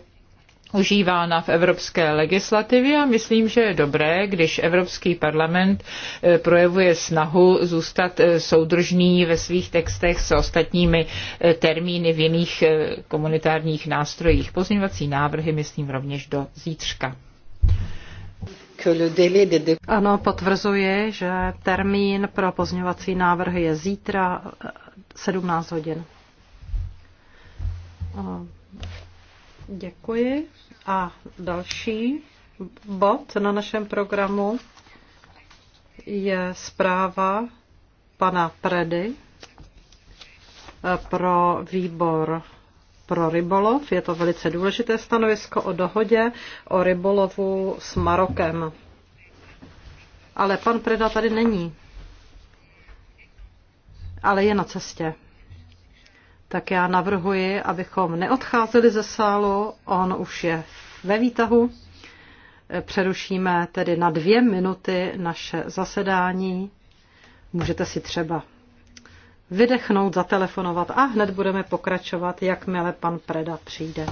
užívána v evropské legislativě a myslím, že je dobré, když Evropský parlament eh, projevuje snahu zůstat eh, soudržný ve svých textech s ostatními eh, termíny v jiných komunitárních nástrojích. Pozměňovací návrhy myslím rovněž do zítřka. Ano, potvrzuji, že termín pro pozměňovací návrhy je zítra 17 hodin. Děkuji. A další bod na našem programu je zpráva pana Predy eh, pro výbor pro rybolov. Je to velice důležité stanovisko o dohodě o rybolovu s Marokem. Ale pan Preda tady není. Ale je na cestě tak já navrhuji, abychom neodcházeli ze sálu, on už je ve výtahu. Přerušíme tedy na dvě minuty naše zasedání. Můžete si třeba vydechnout, zatelefonovat a hned budeme pokračovat, jakmile pan Preda přijde.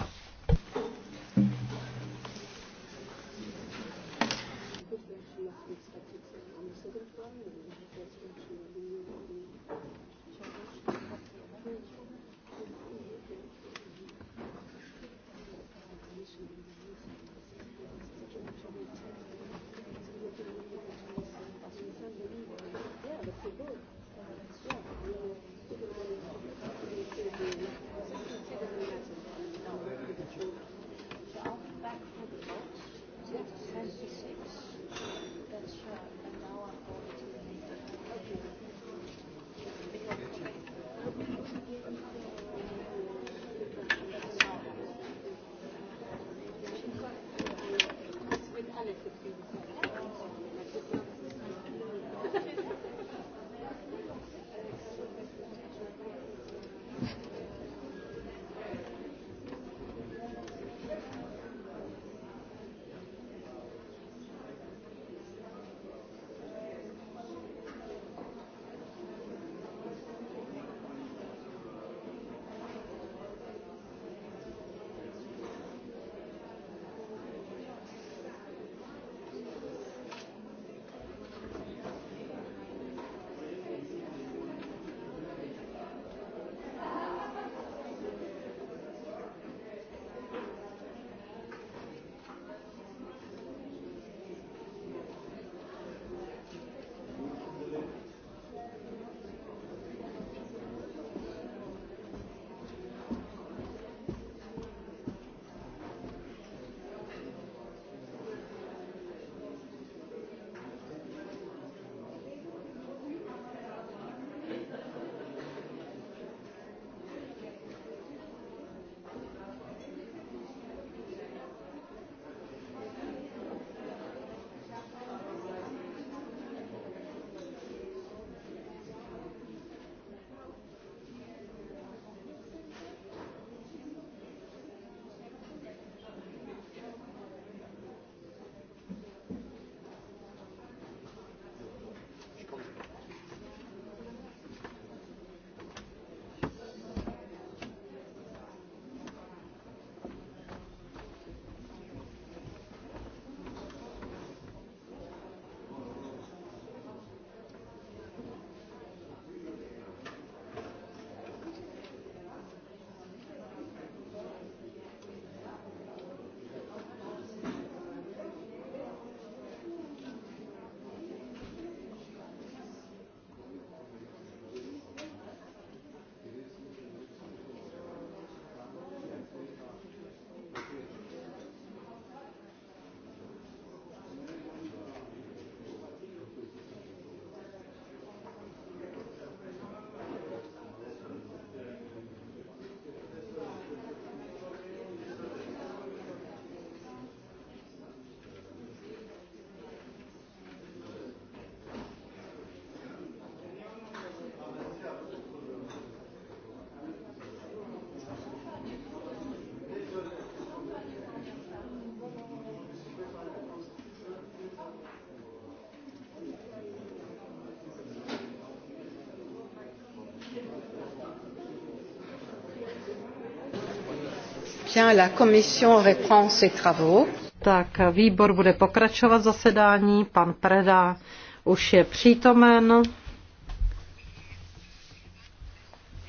La commission reprend ses travaux. Tak výbor bude pokračovat zasedání. Pan Preda už je přítomen.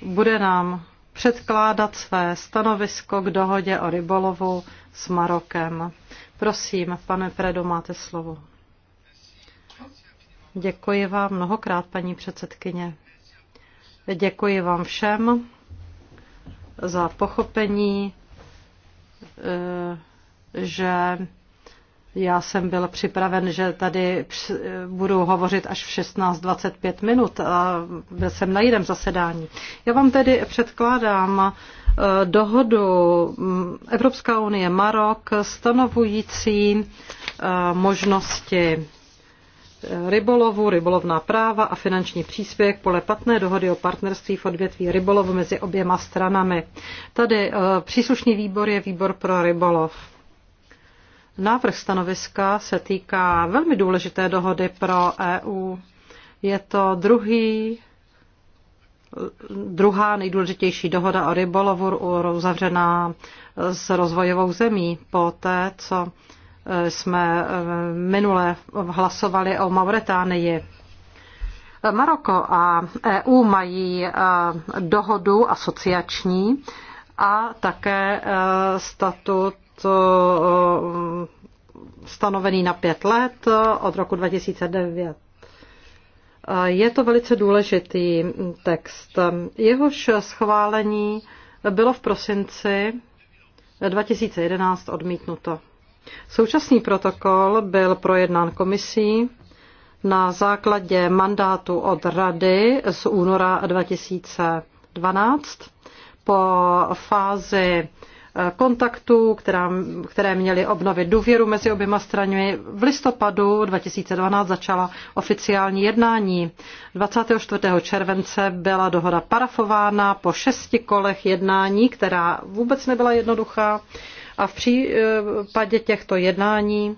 Bude nám předkládat své stanovisko k dohodě o rybolovu s Marokem. Prosím, pane Predo, máte slovo. Děkuji vám mnohokrát, paní předsedkyně. Děkuji vám všem za pochopení že já jsem byl připraven, že tady budu hovořit až v 16.25 minut a byl jsem na jiném zasedání. Já vám tedy předkládám eh, dohodu mm, Evropská unie Marok stanovující eh, možnosti eh, rybolovu, rybolovná práva a finanční příspěvek podle platné dohody o partnerství v odvětví rybolovu mezi oběma stranami. Tady příslušný výbor je výbor pro rybolov. Návrh stanoviska se týká velmi důležité dohody pro EU. Je to druhý, druhá nejdůležitější dohoda o rybolovu uzavřená s rozvojovou zemí po té, co eh, jsme eh, minule hlasovali o Mauretánii. Maroko a EU mají eh, dohodu asociační a také statut Eh, stanovený na pět let eh, od roku 2009. Eh, je to velice důležitý text. Jehož schválení bylo v prosinci 2011 odmítnuto. Současný protokol byl projednán komisí na základě mandátu od Rady z února 2012 po fázi kontaktů, která, které měly obnovit důvěru mezi oběma stranami. V listopadu 2012 začala oficiální jednání. 24. července byla dohoda parafována po šesti kolech jednání, která vůbec nebyla jednoduchá. A v případě těchto jednání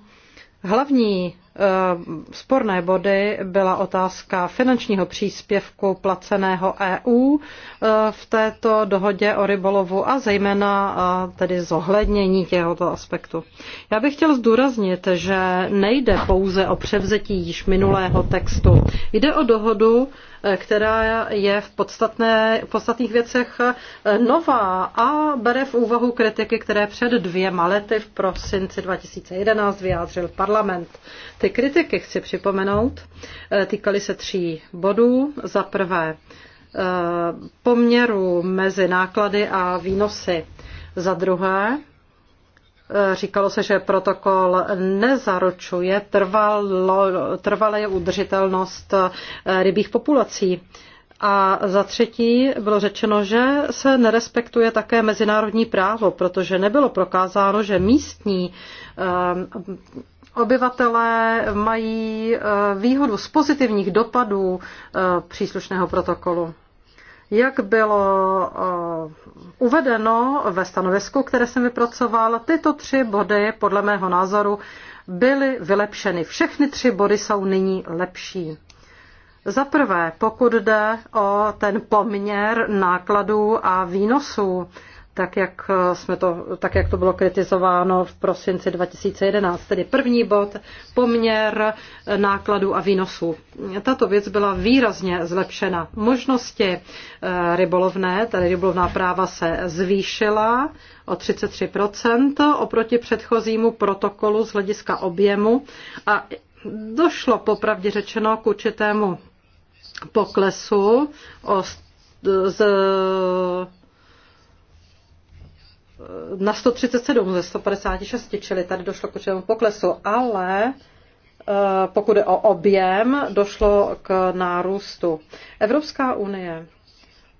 hlavní Eh, sporné body byla otázka finančního příspěvku placeného EU eh, v této dohodě o rybolovu a zejména eh, tedy zohlednění těchto aspektu. Já bych chtěl zdůraznit, že nejde pouze o převzetí již minulého textu. Jde o dohodu, která je v, podstatné, v podstatných věcech eh, nová a bere v úvahu kritiky, které před dvěma lety v prosinci 2011 vyjádřil parlament. Ty kritiky chci připomenout, eh, týkaly se tří bodů. Za prvé eh, poměru mezi náklady a výnosy. Za druhé, Eh, říkalo se, že protokol nezaručuje trvalo, trvalé udržitelnost eh, rybích populací. A za třetí bylo řečeno, že se nerespektuje také mezinárodní právo, protože nebylo prokázáno, že místní eh, obyvatelé mají výhodu z pozitivních dopadů příslušného protokolu. Jak bylo eh, uvedeno ve stanovisku, které jsem vypracoval, tyto tři body podle mého názoru byly vylepšeny. Všechny tři body jsou nyní lepší. Za prvé, pokud jde o ten poměr nákladů a výnosů, tak jak, eh, jsme to, tak jak to bylo kritizováno v prosinci 2011, tedy první bod, poměr eh, nákladů a výnosů. Tato věc byla výrazně zlepšena. Možnosti eh, rybolovné, tedy rybolovná práva se zvýšila o 33% oproti předchozímu protokolu z hlediska objemu a došlo popravdě řečeno k určitému poklesu o, z na 137 ze 156, čili tady došlo k určitému poklesu, ale eh, pokud je o objem, došlo k nárůstu. Evropská unie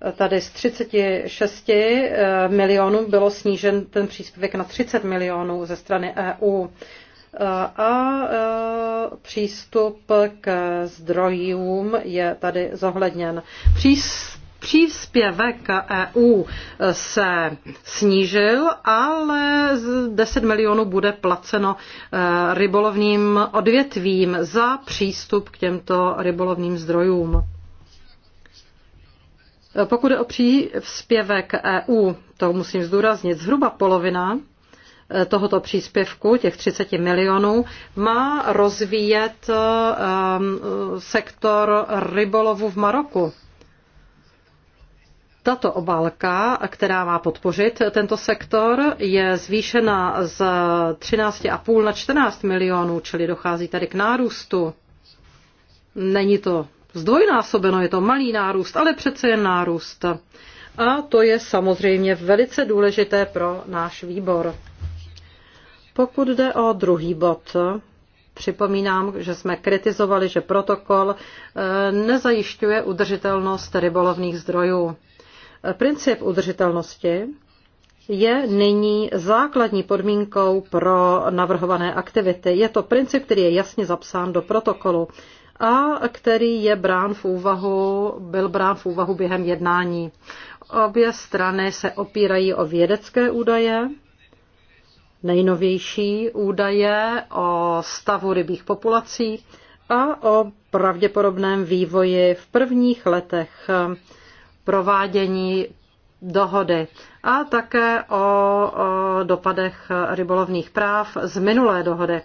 eh, tady z 36 eh, milionů bylo snížen ten příspěvek na 30 milionů ze strany EU a přístup k zdrojům je tady zohledněn. Přístup Příspěvek EU eh, se snížil, ale 10 milionů bude placeno eh, rybolovním odvětvím za přístup k těmto rybolovním zdrojům. Eh, pokud je o příspěvek EU, to musím zdůraznit, zhruba polovina tohoto příspěvku, těch 30 milionů, má rozvíjet sektor rybolovu v Maroku. Tato obálka, která má podpořit tento sektor, je zvýšena z 13,5 na 14 milionů, čili dochází tady k nárůstu. Není to zdvojnásobeno, je to malý nárůst, ale přece jen nárůst. A to je samozřejmě velice důležité pro náš výbor. Pokud jde o druhý bod, Připomínám, že jsme kritizovali, že protokol eh, nezajišťuje udržitelnost rybolovných zdrojů. Princip udržitelnosti je nyní základní podmínkou pro navrhované aktivity. Je to princip, který je jasně zapsán do protokolu a který je brán v úvahu, byl brán v úvahu během jednání. Obě strany se opírají o vědecké údaje, nejnovější údaje o stavu rybích populací a o pravděpodobném vývoji v prvních letech provádění dohody a také o, o dopadech rybolovných práv z minulé dohody.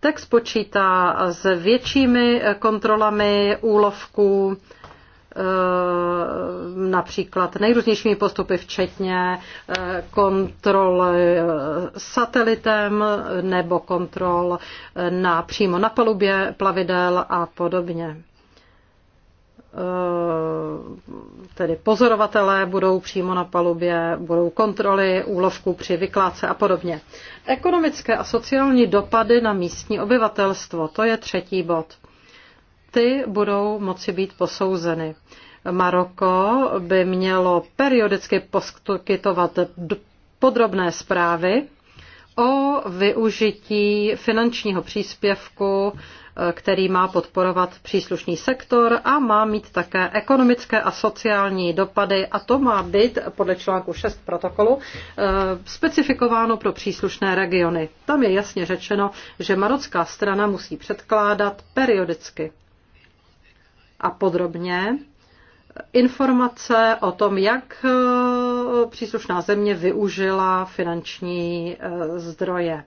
Text počítá s většími kontrolami úlovků, eh, například nejrůznějšími postupy, včetně eh, kontrol eh, satelitem nebo kontrol na, přímo na palubě plavidel a podobně. Eh, tedy pozorovatelé budou přímo na palubě, budou kontroly úlovku při vykládce a podobně. Ekonomické a sociální dopady na místní obyvatelstvo, to je třetí bod. Ty budou moci být posouzeny. Maroko by mělo periodicky poskytovat podrobné zprávy o využití finančního příspěvku který má podporovat příslušný sektor a má mít také ekonomické a sociální dopady a to má být podle článku 6 protokolu eh, specifikováno pro příslušné regiony. Tam je jasně řečeno, že marocká strana musí předkládat periodicky a podrobně informace o tom, jak eh, příslušná země využila finanční eh, zdroje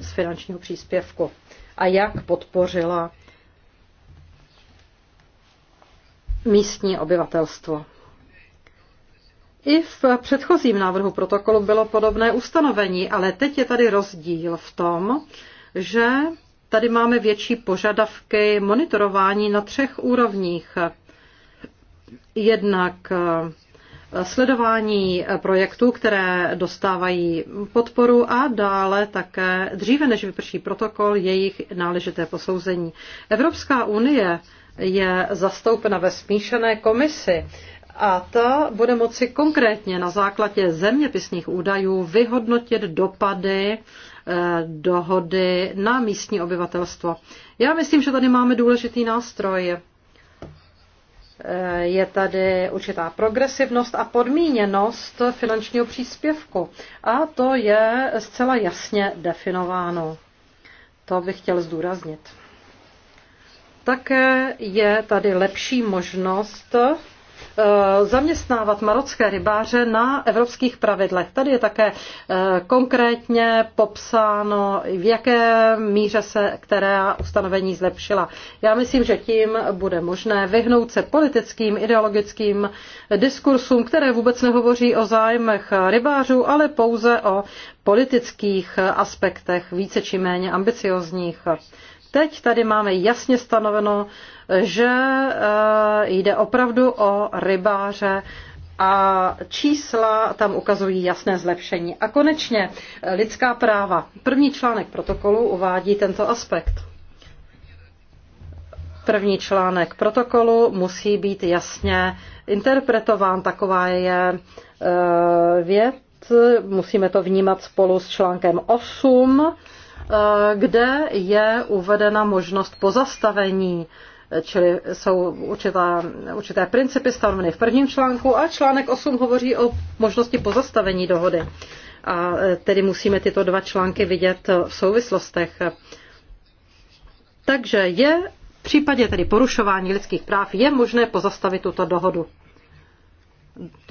z finančního příspěvku a jak podpořila místní obyvatelstvo. I v předchozím návrhu protokolu bylo podobné ustanovení, ale teď je tady rozdíl v tom, že tady máme větší požadavky monitorování na třech úrovních. Jednak sledování projektů, které dostávají podporu a dále také dříve, než vyprší protokol, jejich náležité posouzení. Evropská unie je zastoupena ve smíšené komisi a ta bude moci konkrétně na základě zeměpisných údajů vyhodnotit dopady eh, dohody na místní obyvatelstvo. Já myslím, že tady máme důležitý nástroj je tady určitá progresivnost a podmíněnost finančního příspěvku. A to je zcela jasně definováno. To bych chtěl zdůraznit. Také je tady lepší možnost Eh, zaměstnávat marocké rybáře na evropských pravidlech. Tady je také eh, konkrétně popsáno, v jaké míře se která ustanovení zlepšila. Já myslím, že tím bude možné vyhnout se politickým, ideologickým diskursům, které vůbec nehovoří o zájmech rybářů, ale pouze o politických aspektech více či méně ambiciozních. Teď tady máme jasně stanoveno, že eh, jde opravdu o rybáře a čísla tam ukazují jasné zlepšení. A konečně eh, lidská práva. První článek protokolu uvádí tento aspekt. První článek protokolu musí být jasně interpretován, taková je eh, věc, musíme to vnímat spolu s článkem 8 Eh, kde je uvedena možnost pozastavení, čili jsou určitá, určité principy stanoveny v prvním článku a článek 8 hovoří o možnosti pozastavení dohody. A eh, tedy musíme tyto dva články vidět v souvislostech. Takže je v případě tedy porušování lidských práv je možné pozastavit tuto dohodu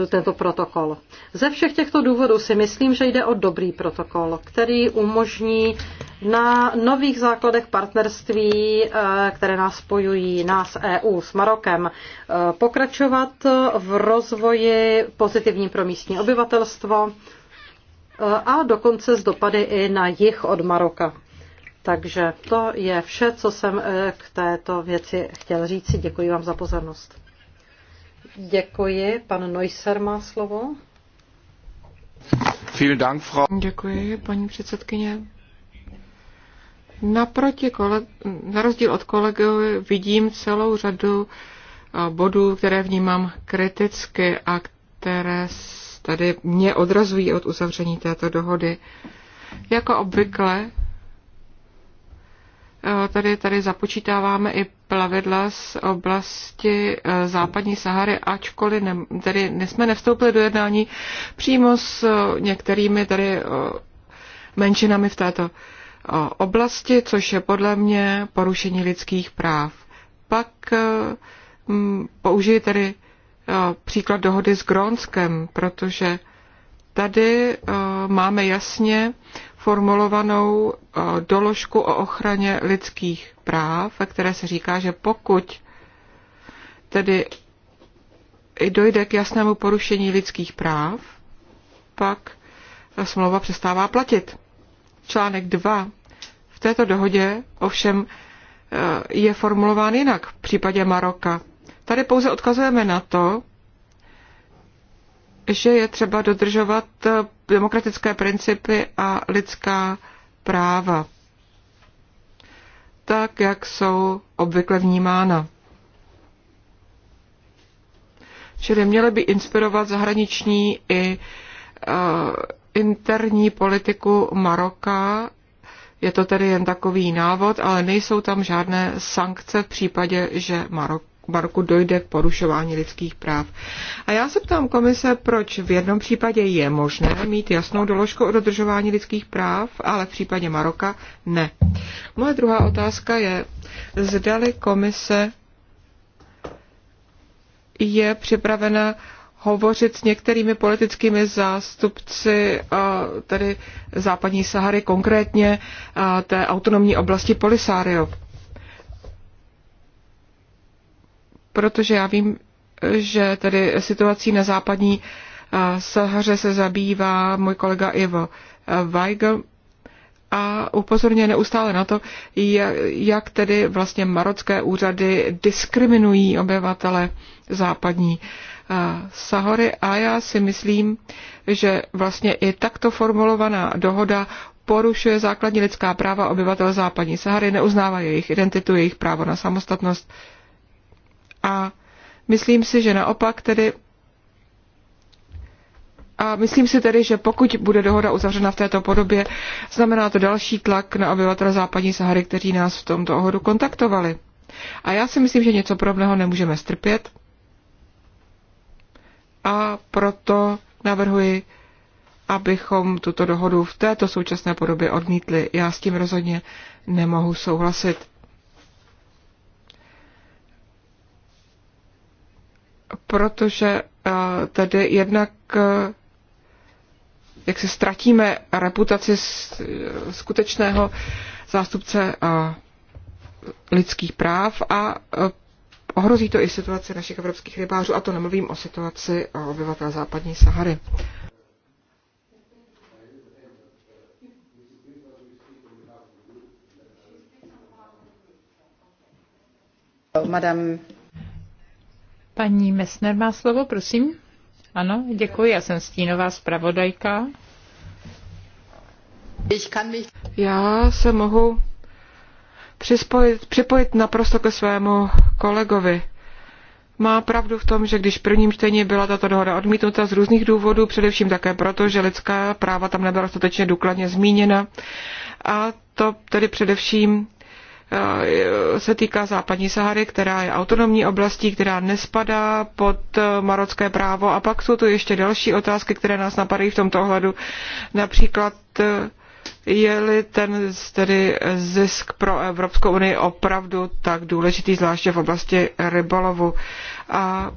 tento protokol. Ze všech těchto důvodů si myslím, že jde o dobrý protokol, který umožní na nových základech partnerství, eh, které nás spojují, nás EU s Marokem, eh, pokračovat v rozvoji pozitivním pro místní obyvatelstvo eh, a dokonce z dopady i na jich od Maroka. Takže to je vše, co jsem k této věci chtěl říci. Děkuji vám za pozornost. Děkuji. Pan Neusser má slovo. Děkuji, paní předsedkyně. Naproti koleg- na rozdíl od kolegů vidím celou řadu bodů, které vnímám kriticky a které tady mě odrazují od uzavření této dohody. Jako obvykle tady, tady započítáváme i plavidla z oblasti e, západní Sahary, ačkoliv ne, tady jsme nevstoupili do jednání přímo s e, některými tady e, menšinami v této oblasti, což je podle mě porušení lidských práv. Pak použiji tedy příklad dohody s Grónskem, protože tady máme jasně formulovanou eh, doložku o ochraně lidských práv, ve které se říká, že pokud tedy dojde k jasnému porušení lidských práv, pak smlouva přestává platit. Článek 2 v této dohodě ovšem eh, je formulován jinak v případě Maroka. Tady pouze odkazujeme na to, že je třeba dodržovat eh, demokratické principy a lidská práva, tak jak jsou obvykle vnímána. Čili měly by inspirovat zahraniční i uh, interní politiku Maroka. Je to tedy jen takový návod, ale nejsou tam žádné sankce v případě, že Marok barku dojde k porušování lidských práv. A já se ptám komise, proč v jednom případě je možné mít jasnou doložku o dodržování lidských práv, ale v případě Maroka ne. Moje druhá otázka je, zdali komise je připravena hovořit s některými politickými zástupci tedy západní Sahary, konkrétně té autonomní oblasti Polisáriov. protože já vím, že tedy situací na západní eh, Sahaře se zabývá můj kolega Ivo eh, Weigl a upozorňuje neustále na to, jak tedy vlastně marocké úřady diskriminují obyvatele západní eh, Sahory a já si myslím, že vlastně i takto formulovaná dohoda porušuje základní lidská práva obyvatel západní Sahary, neuznává jejich identitu, jejich právo na samostatnost, a myslím si, že naopak tedy a myslím si tedy, že pokud bude dohoda uzavřena v této podobě, znamená to další tlak na obyvatele západní Sahary, kteří nás v tomto ohodu kontaktovali. A já si myslím, že něco podobného nemůžeme strpět. A proto navrhuji, abychom tuto dohodu v této současné podobě odmítli. Já s tím rozhodně nemohu souhlasit. protože eh, tady jednak eh, jak se ztratíme reputaci eh, skutečného zástupce lidských práv a ohrozí to i situaci našich evropských rybářů, a to nemluvím o situaci obyvatel západní Sahary. Madame Paní Mesner má slovo, prosím. Ano, děkuji, já jsem stínová zpravodajka. Já se mohu přispojit, připojit naprosto ke svému kolegovi. Má pravdu v tom, že když v prvním čtení byla tato dohoda odmítnuta z různých důvodů, především také proto, že lidská práva tam nebyla dostatečně důkladně zmíněna, a to tedy především Eh, se týká západní Sahary, která je autonomní oblastí, která nespadá pod eh, marocké právo. A pak jsou tu ještě další otázky, které nás napadají v tomto ohledu. Například eh, je-li ten tedy zisk pro Evropskou unii opravdu tak důležitý, zvláště v oblasti rybolovu. A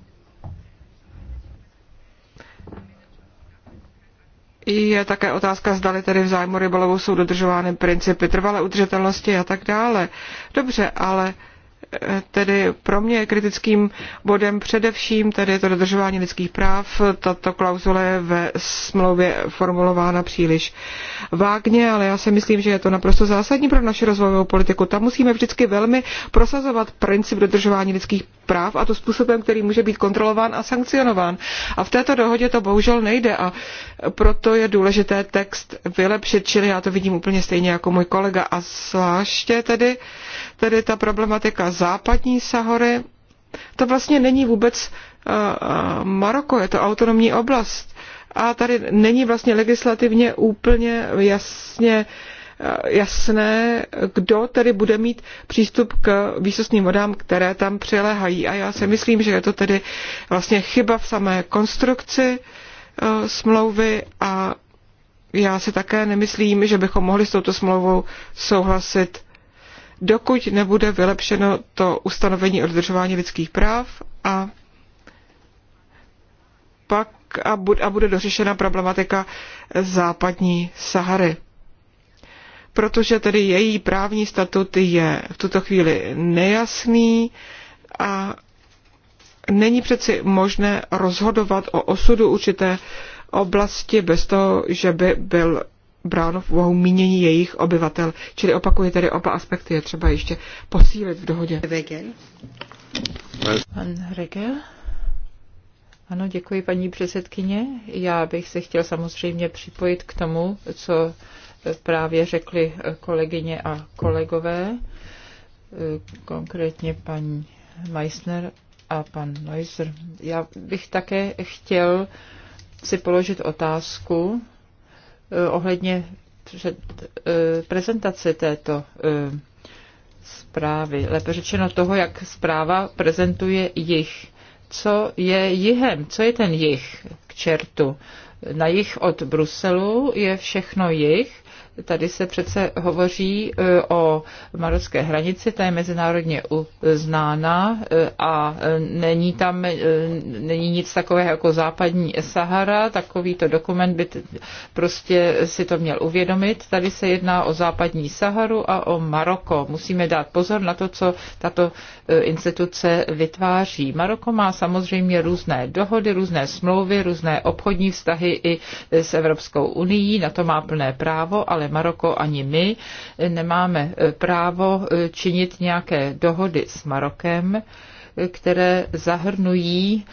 je také otázka, zdali tedy v zájmu rybolovu jsou dodržovány principy trvalé udržitelnosti a tak dále. Dobře, ale e, tedy pro mě je kritickým bodem především tedy to dodržování lidských práv. Tato klauzule je ve smlouvě formulována příliš vágně, ale já si myslím, že je to naprosto zásadní pro naši rozvojovou politiku. Tam musíme vždycky velmi prosazovat princip dodržování lidských práv a to způsobem, který může být kontrolován a sankcionován. A v této dohodě to bohužel nejde a proto je důležité text vylepšit, čili já to vidím úplně stejně jako můj kolega a zvláště tedy, tedy ta problematika západní Sahory, to vlastně není vůbec uh, Maroko, je to autonomní oblast. A tady není vlastně legislativně úplně jasně uh, jasné, kdo tedy bude mít přístup k výsostným vodám, které tam přiléhají. A já si myslím, že je to tedy vlastně chyba v samé konstrukci eh, smlouvy a já si také nemyslím, že bychom mohli s touto smlouvou souhlasit, dokud nebude vylepšeno to ustanovení o dodržování lidských práv a pak a, bude dořešena problematika západní Sahary protože tedy její právní statut je v tuto chvíli nejasný a není přeci možné rozhodovat o osudu určité oblasti bez toho, že by byl bráno v úvahu mínění jejich obyvatel. Čili opakuje tedy oba aspekty, je třeba ještě posílit v dohodě. Pan Regel? Ano, děkuji paní předsedkyně. Já bych se chtěl samozřejmě připojit k tomu, co právě řekli eh, kolegyně a kolegové, eh, konkrétně paní Meissner a pan Neuser. Já bych také chtěl si položit otázku eh, ohledně před, prezentace této zprávy, lépe řečeno toho, jak zpráva prezentuje jich. Co je jihem? Co je ten jich k čertu? Na jich od Bruselu je všechno jich Tady se přece hovoří eh, o marocké hranici, ta je mezinárodně uznána eh, a eh, není tam není nic takového jako západní Sahara. Takovýto dokument by prostě si to měl uvědomit. Tady se jedná o západní Saharu a o Maroko. Musíme dát pozor na to, co tato instituce vytváří. Maroko má samozřejmě různé dohody, různé smlouvy, různé obchodní vztahy i s Evropskou unii, na to má plné právo, ale ale Maroko ani my nemáme e, právo e, činit nějaké dohody s Marokem, e, které zahrnují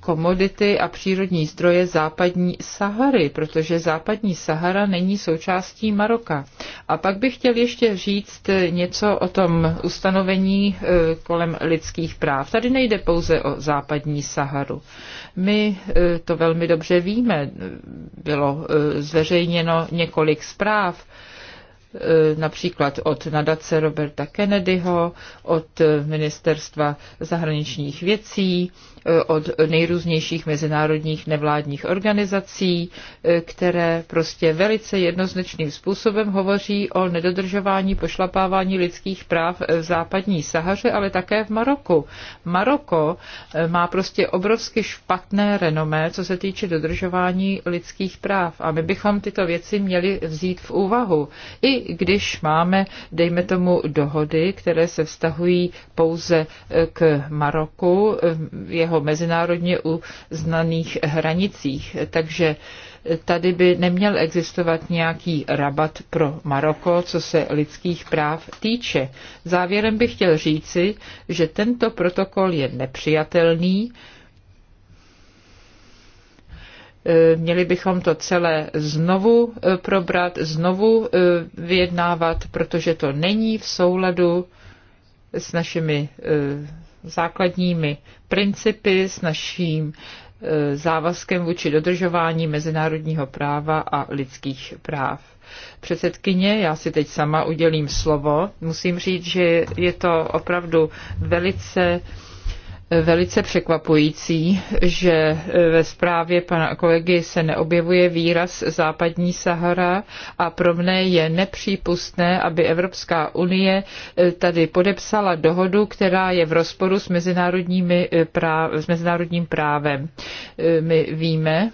komodity a přírodní zdroje západní Sahary, protože západní Sahara není součástí Maroka. A pak bych chtěl ještě říct něco o tom ustanovení kolem lidských práv. Tady nejde pouze o západní Saharu. My e, to velmi dobře víme. Bylo e, zveřejněno několik zpráv e, například od nadace Roberta Kennedyho, od ministerstva zahraničních věcí, Eh, od nejrůznějších mezinárodních nevládních organizací, eh, které prostě velice jednoznačným způsobem hovoří o nedodržování pošlapávání lidských práv eh, v západní Sahaře, ale také v Maroku. Maroko má prostě obrovsky špatné renomé, co se týče dodržování lidských práv. A my bychom tyto věci měli vzít v úvahu. I když máme, dejme tomu, dohody, které se vztahují pouze k Maroku, jeho nebo mezinárodně uznaných hranicích. Takže tady by neměl existovat nějaký rabat pro Maroko, co se lidských práv týče. Závěrem bych chtěl říci, že tento protokol je nepřijatelný, eh, měli bychom to celé znovu eh, probrat, znovu eh, vyjednávat, protože to není v souladu s našimi základními principy, s naším e, závazkem vůči dodržování mezinárodního práva a lidských práv. Předsedkyně, já si teď sama udělím slovo. Musím říct, že je to opravdu velice velice překvapující, že e, ve zprávě pana kolegy se neobjevuje výraz západní Sahara a pro mne je nepřípustné, aby Evropská unie e, tady podepsala dohodu, která je v rozporu s, mezinárodními e, práv, s mezinárodním právem. My víme,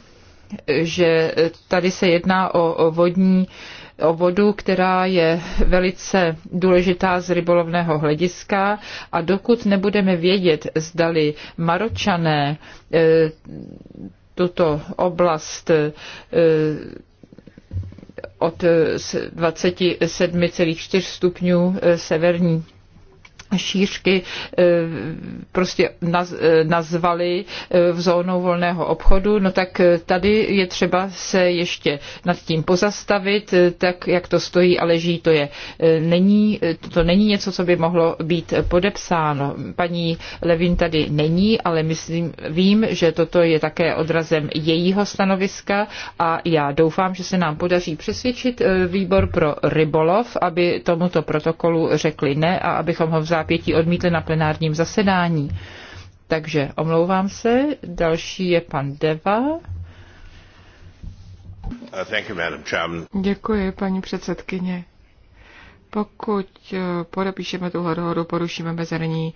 že tady se jedná o vodní o vodu, která je velice důležitá z rybolovného hlediska a dokud nebudeme vědět, zdali Maročané e, tuto oblast e, od 27,4 e, stupňů severní šířky eh, prostě eh, nazvali eh, v zónou volného obchodu, no tak tady je třeba se ještě nad tím pozastavit, tak jak to stojí a leží, to je není, to není něco, co by mohlo být podepsáno. Paní Levin tady není, ale myslím, vím, že toto je také odrazem jejího stanoviska a já doufám, že se nám podaří přesvědčit výbor pro rybolov, aby tomuto protokolu řekli ne a abychom ho vzájemně zápětí odmítli na plenárním zasedání. Takže omlouvám se, další je pan Deva. Uh, Děkuji, paní předsedkyně. Pokud eh, podepíšeme tuhle dohodu, porušíme mezerní,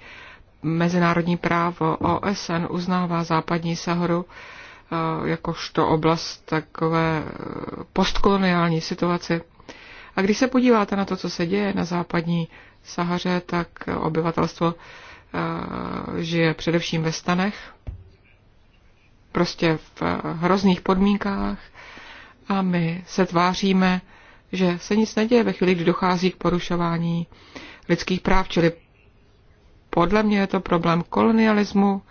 mezinárodní právo. OSN uznává západní Saharu eh, jakožto oblast takové eh, postkoloniální situace. A když se podíváte na to, co se děje na západní Sahaře, tak obyvatelstvo eh, žije především ve stanech, prostě v eh, hrozných podmínkách a my se tváříme, že se nic neděje ve chvíli, kdy dochází k porušování lidských práv, čili podle mě je to problém kolonialismu,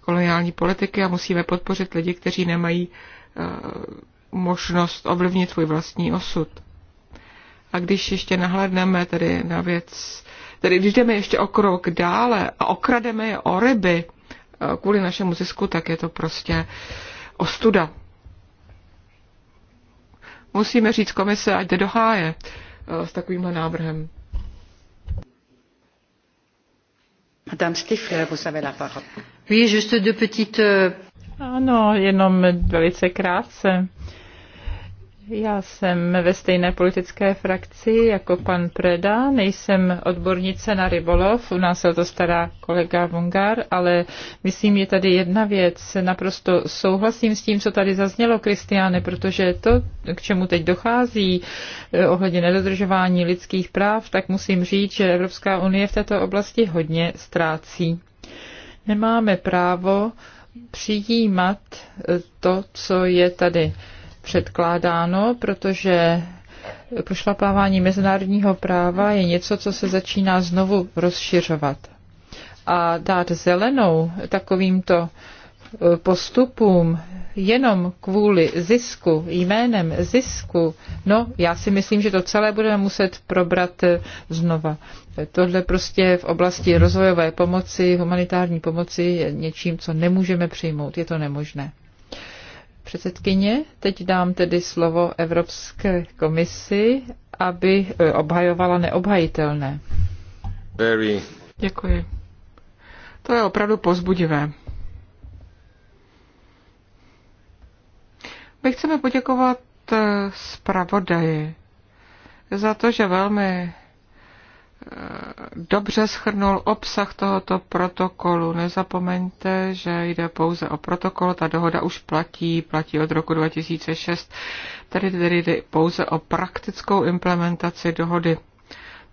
koloniální politiky a musíme podpořit lidi, kteří nemají eh, možnost ovlivnit svůj vlastní osud. A když ještě nahledneme tedy na věc, tedy když jdeme ještě o krok dále a okrademe je o ryby eh, kvůli našemu zisku, tak je to prostě ostuda. Musíme říct komise, ať jde do háje eh, s takovýmhle návrhem. Madame Stifler, vous avez la parole. Oui, juste deux petites... Euh, ano, jenom velice krátce. Uh, já jsem ve stejné politické frakci jako pan Preda, nejsem odbornice na rybolov, u nás se o to stará kolega Vungar, ale myslím, je tady jedna věc. Naprosto souhlasím s tím, co tady zaznělo, Kristiáne, protože to, k čemu teď dochází eh, ohledně nedodržování lidských práv, tak musím říct, že Evropská unie v této oblasti hodně ztrácí. Nemáme právo přijímat eh, to, co je tady předkládáno, protože pošlapávání mezinárodního práva je něco, co se začíná znovu rozšiřovat. A dát zelenou takovýmto e, postupům jenom kvůli zisku, jménem zisku, no já si myslím, že to celé budeme muset probrat e, znova. Tohle prostě v oblasti rozvojové pomoci, humanitární pomoci je něčím, co nemůžeme přijmout. Je to nemožné. Předsedkyně, teď dám tedy slovo Evropské komisi, aby e, obhajovala neobhajitelné. Very. Děkuji. To je opravdu pozbudivé. My chceme poděkovat e, zpravodaji za to, že velmi dobře schrnul obsah tohoto protokolu. Nezapomeňte, že jde pouze o protokol, ta dohoda už platí, platí od roku 2006, tedy, tedy jde pouze o praktickou implementaci dohody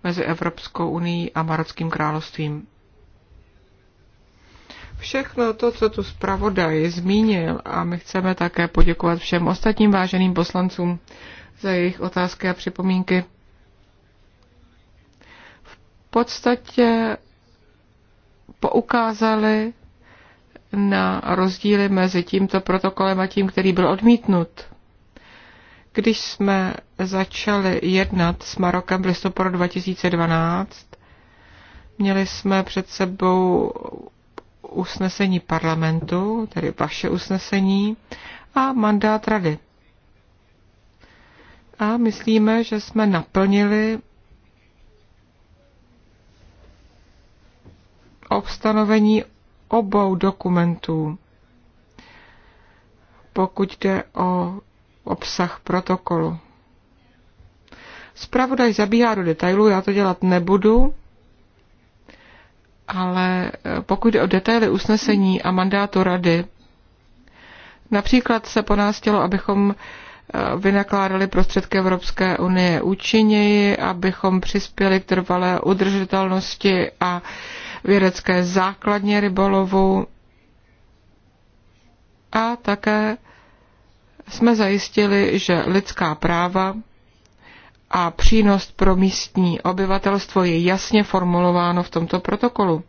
mezi Evropskou unii a Marockým královstvím. Všechno to, co tu zpravodaj zmínil, a my chceme také poděkovat všem ostatním váženým poslancům za jejich otázky a připomínky, podstatě poukázali na rozdíly mezi tímto protokolem a tím, který byl odmítnut. Když jsme začali jednat s Marokem v listopadu 2012, měli jsme před sebou usnesení parlamentu, tedy vaše usnesení, a mandát rady. A myslíme, že jsme naplnili obstanovení obou dokumentů, pokud jde o obsah protokolu. Zpravodaj zabíhá do detailů, já to dělat nebudu, ale eh, pokud jde o detaily usnesení a mandátu rady, například se po nás chtělo, abychom eh, vynakládali prostředky Evropské unie účinněji, abychom přispěli k trvalé udržitelnosti a vědecké základně rybolovu a také jsme zajistili, že lidská práva a přínos pro místní obyvatelstvo je jasně formulováno v tomto protokolu.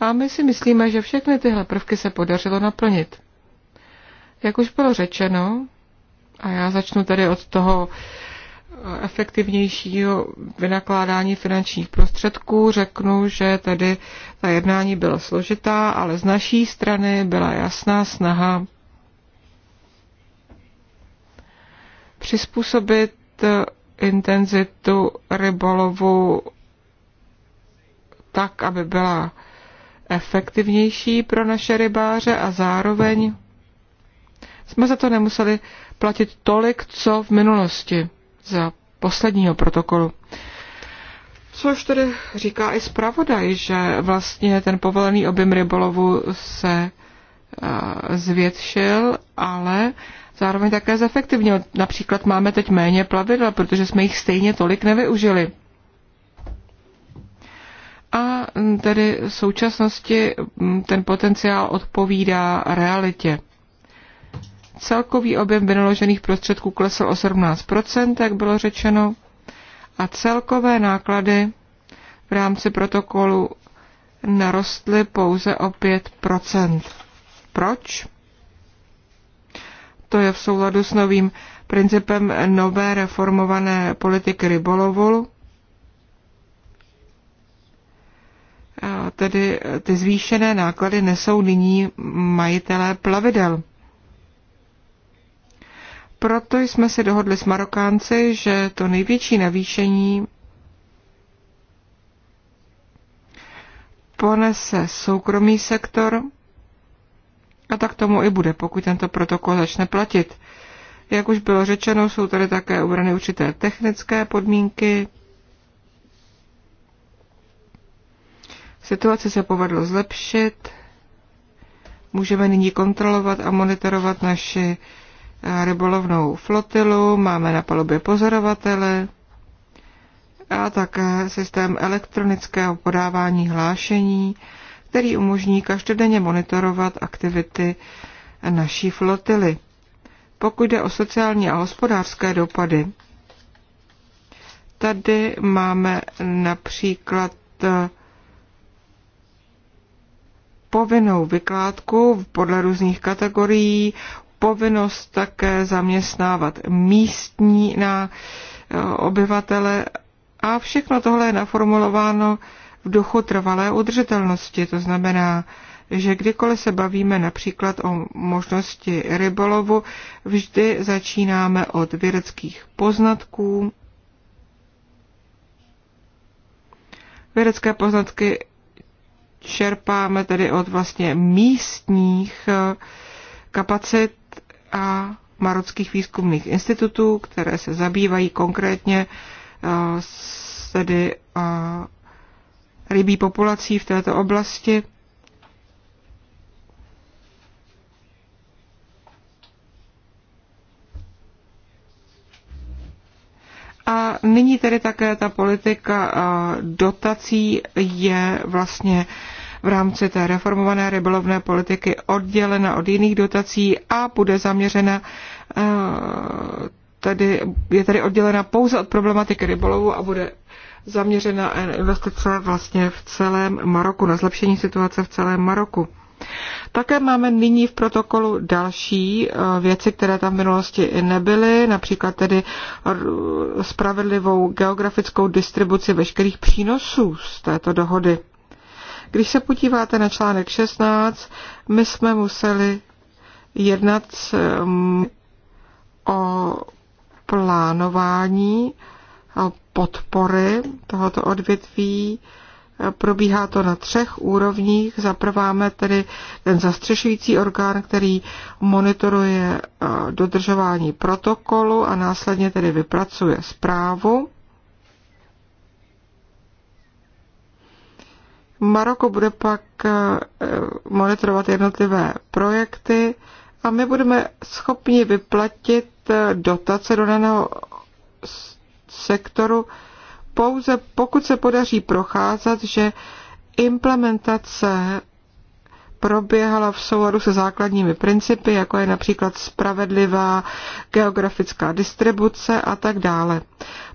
A my si myslíme, že všechny tyhle prvky se podařilo naplnit. Jak už bylo řečeno, a já začnu tedy od toho efektivnějšího vynakládání finančních prostředků. Řeknu, že tedy ta jednání byla složitá, ale z naší strany byla jasná snaha přizpůsobit intenzitu rybolovu tak, aby byla efektivnější pro naše rybáře a zároveň jsme za to nemuseli platit tolik, co v minulosti za posledního protokolu. Což tedy říká i zpravodaj, že vlastně ten povolený objem rybolovu se eh, zvětšil, ale zároveň také zefektivnil. Například máme teď méně plavidla, protože jsme jich stejně tolik nevyužili. A mm, tedy v současnosti mm, ten potenciál odpovídá realitě. Celkový objem vynaložených prostředků klesl o 17%, jak bylo řečeno, a celkové náklady v rámci protokolu narostly pouze o 5%. Proč? To je v souladu s novým principem nové reformované politiky rybolovu, tedy ty zvýšené náklady nesou nyní majitelé plavidel. Proto jsme se dohodli s Marokánci, že to největší navýšení ponese soukromý sektor a tak tomu i bude, pokud tento protokol začne platit. Jak už bylo řečeno, jsou tady také ubrany určité technické podmínky. Situaci se povedlo zlepšit. Můžeme nyní kontrolovat a monitorovat naši Eh, rybolovnou flotilu, máme na palubě pozorovatele a také systém elektronického podávání hlášení, který umožní každodenně monitorovat aktivity naší flotily. Pokud jde o sociální a hospodářské dopady, tady máme například eh, povinnou vykládku podle různých kategorií, povinnost také zaměstnávat místní na eh, obyvatele a všechno tohle je naformulováno v duchu trvalé udržitelnosti. To znamená, že kdykoliv se bavíme například o možnosti rybolovu, vždy začínáme od vědeckých poznatků. Vědecké poznatky čerpáme tedy od vlastně místních eh, kapacit a marockých výzkumných institutů, které se zabývají konkrétně eh, tedy eh, rybí populací v této oblasti. A nyní tedy také ta politika eh, dotací je vlastně v rámci té reformované rybolovné politiky oddělena od jiných dotací a bude zaměřena eh, tedy, je tady oddělena pouze od problematiky rybolovu a bude zaměřena eh, investice vlastně v celém Maroku, na zlepšení situace v celém Maroku. Také máme nyní v protokolu další eh, věci, které tam v minulosti nebyly, například tedy spravedlivou geografickou distribuci veškerých přínosů z této dohody. Když se podíváte na článek 16, my jsme museli jednat mm, o plánování a podpory tohoto odvětví. Probíhá to na třech úrovních. Zaprváme tedy ten zastřešující orgán, který monitoruje eh, dodržování protokolu a následně tedy vypracuje zprávu. Maroko bude pak eh, monitorovat jednotlivé projekty a my budeme schopni vyplatit eh, dotace do daného sektoru pouze pokud se podaří procházet, že implementace proběhala v souladu se základními principy, jako je například spravedlivá geografická distribuce a tak dále.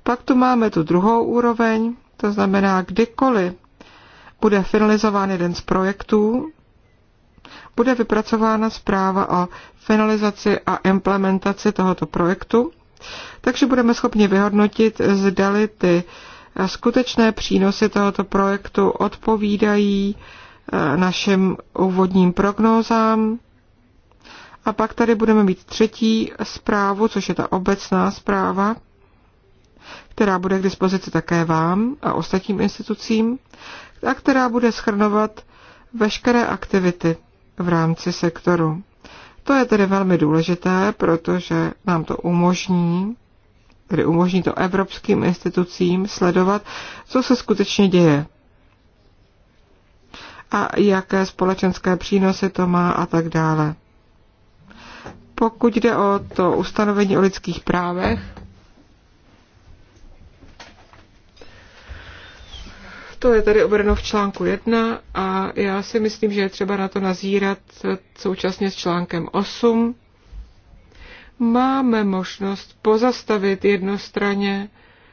Pak tu máme tu druhou úroveň, to znamená, kdykoliv bude finalizován jeden z projektů, bude vypracována zpráva o finalizaci a implementaci tohoto projektu, takže budeme schopni vyhodnotit, zdali ty eh, skutečné přínosy tohoto projektu odpovídají eh, našim úvodním prognózám. A pak tady budeme mít třetí zprávu, což je ta obecná zpráva, která bude k dispozici také vám a ostatním institucím, a která bude schrnovat veškeré aktivity v rámci sektoru. To je tedy velmi důležité, protože nám to umožní, tedy umožní to evropským institucím sledovat, co se skutečně děje a jaké společenské přínosy to má a tak dále. Pokud jde o to ustanovení o lidských právech, To je tady uvedeno v článku 1 a já si myslím, že je třeba na to nazírat současně s článkem 8. Máme možnost pozastavit jednostranně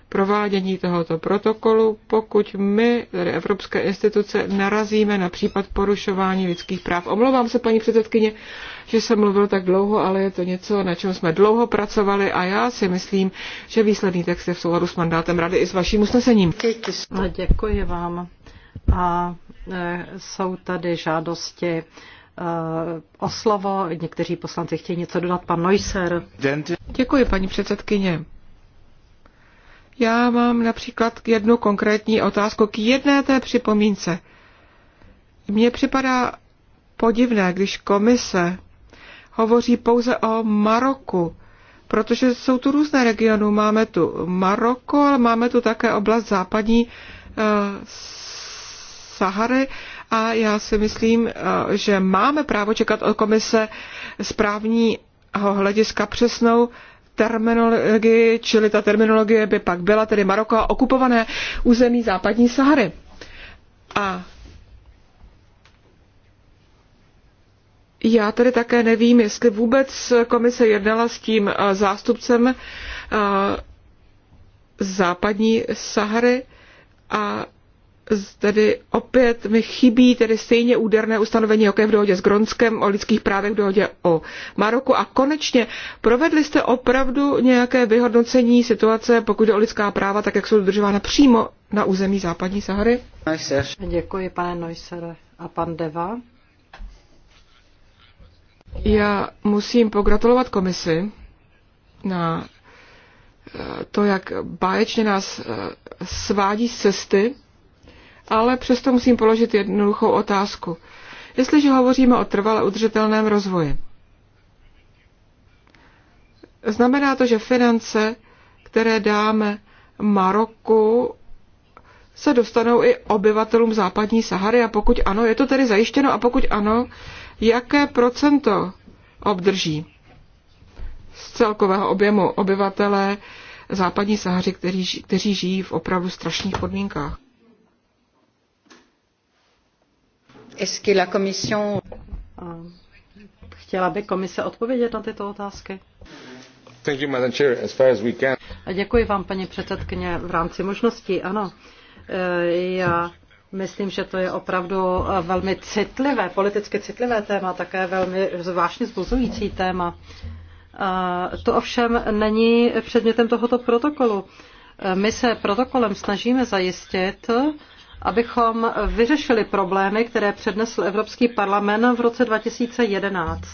provádění tohoto protokolu, pokud my, tedy Evropské instituce, narazíme na případ porušování lidských práv. Omlouvám se, paní předsedkyně, že jsem mluvil tak dlouho, ale je to něco, na čem jsme dlouho pracovali a já si myslím, že výsledný text je v souladu s mandátem rady i s vaším usnesením. No, děkuji vám. A e, jsou tady žádosti e, o slovo. Někteří poslanci chtějí něco dodat. Pan Neusser. Děkuji, paní předsedkyně. Já mám například jednu konkrétní otázku k jedné té připomínce. Mně připadá podivné, když komise hovoří pouze o Maroku, protože jsou tu různé regiony. Máme tu Maroko, ale máme tu také oblast západní eh, Sahary a já si myslím, eh, že máme právo čekat od komise správního hlediska přesnou terminologii, čili ta terminologie by pak byla tedy Maroko a okupované území západní Sahary. A Já tedy také nevím, jestli vůbec komise jednala s tím eh, zástupcem eh, západní Sahary a tedy opět mi chybí tedy stejně úderné ustanovení, jaké v dohodě s Gronskem o lidských právech v dohodě o Maroku. A konečně provedli jste opravdu nějaké vyhodnocení situace, pokud jde o lidská práva, tak jak jsou dodržována přímo na území západní Sahary? Děkuji, pane Neusere A pan Deva? Já musím pogratulovat komisi na eh, to, jak báječně nás eh, svádí z cesty, ale přesto musím položit jednoduchou otázku. Jestliže hovoříme o trvale udržitelném rozvoji, znamená to, že finance, které dáme Maroku, se dostanou i obyvatelům západní Sahary a pokud ano, je to tedy zajištěno a pokud ano, jaké procento obdrží z celkového objemu obyvatelé západní Sahaři, kteří, kteří žijí v opravdu strašných podmínkách. Chtěla by komise odpovědět na tyto otázky? Děkuji vám, paní předsedkyně, v rámci možností, ano. E, já Myslím, že to je opravdu eh, velmi citlivé, politicky citlivé téma, také velmi zvláštně zbuzující téma. Eh, to ovšem není předmětem tohoto protokolu. Eh, my se protokolem snažíme zajistit, abychom vyřešili problémy, které přednesl Evropský parlament v roce 2011.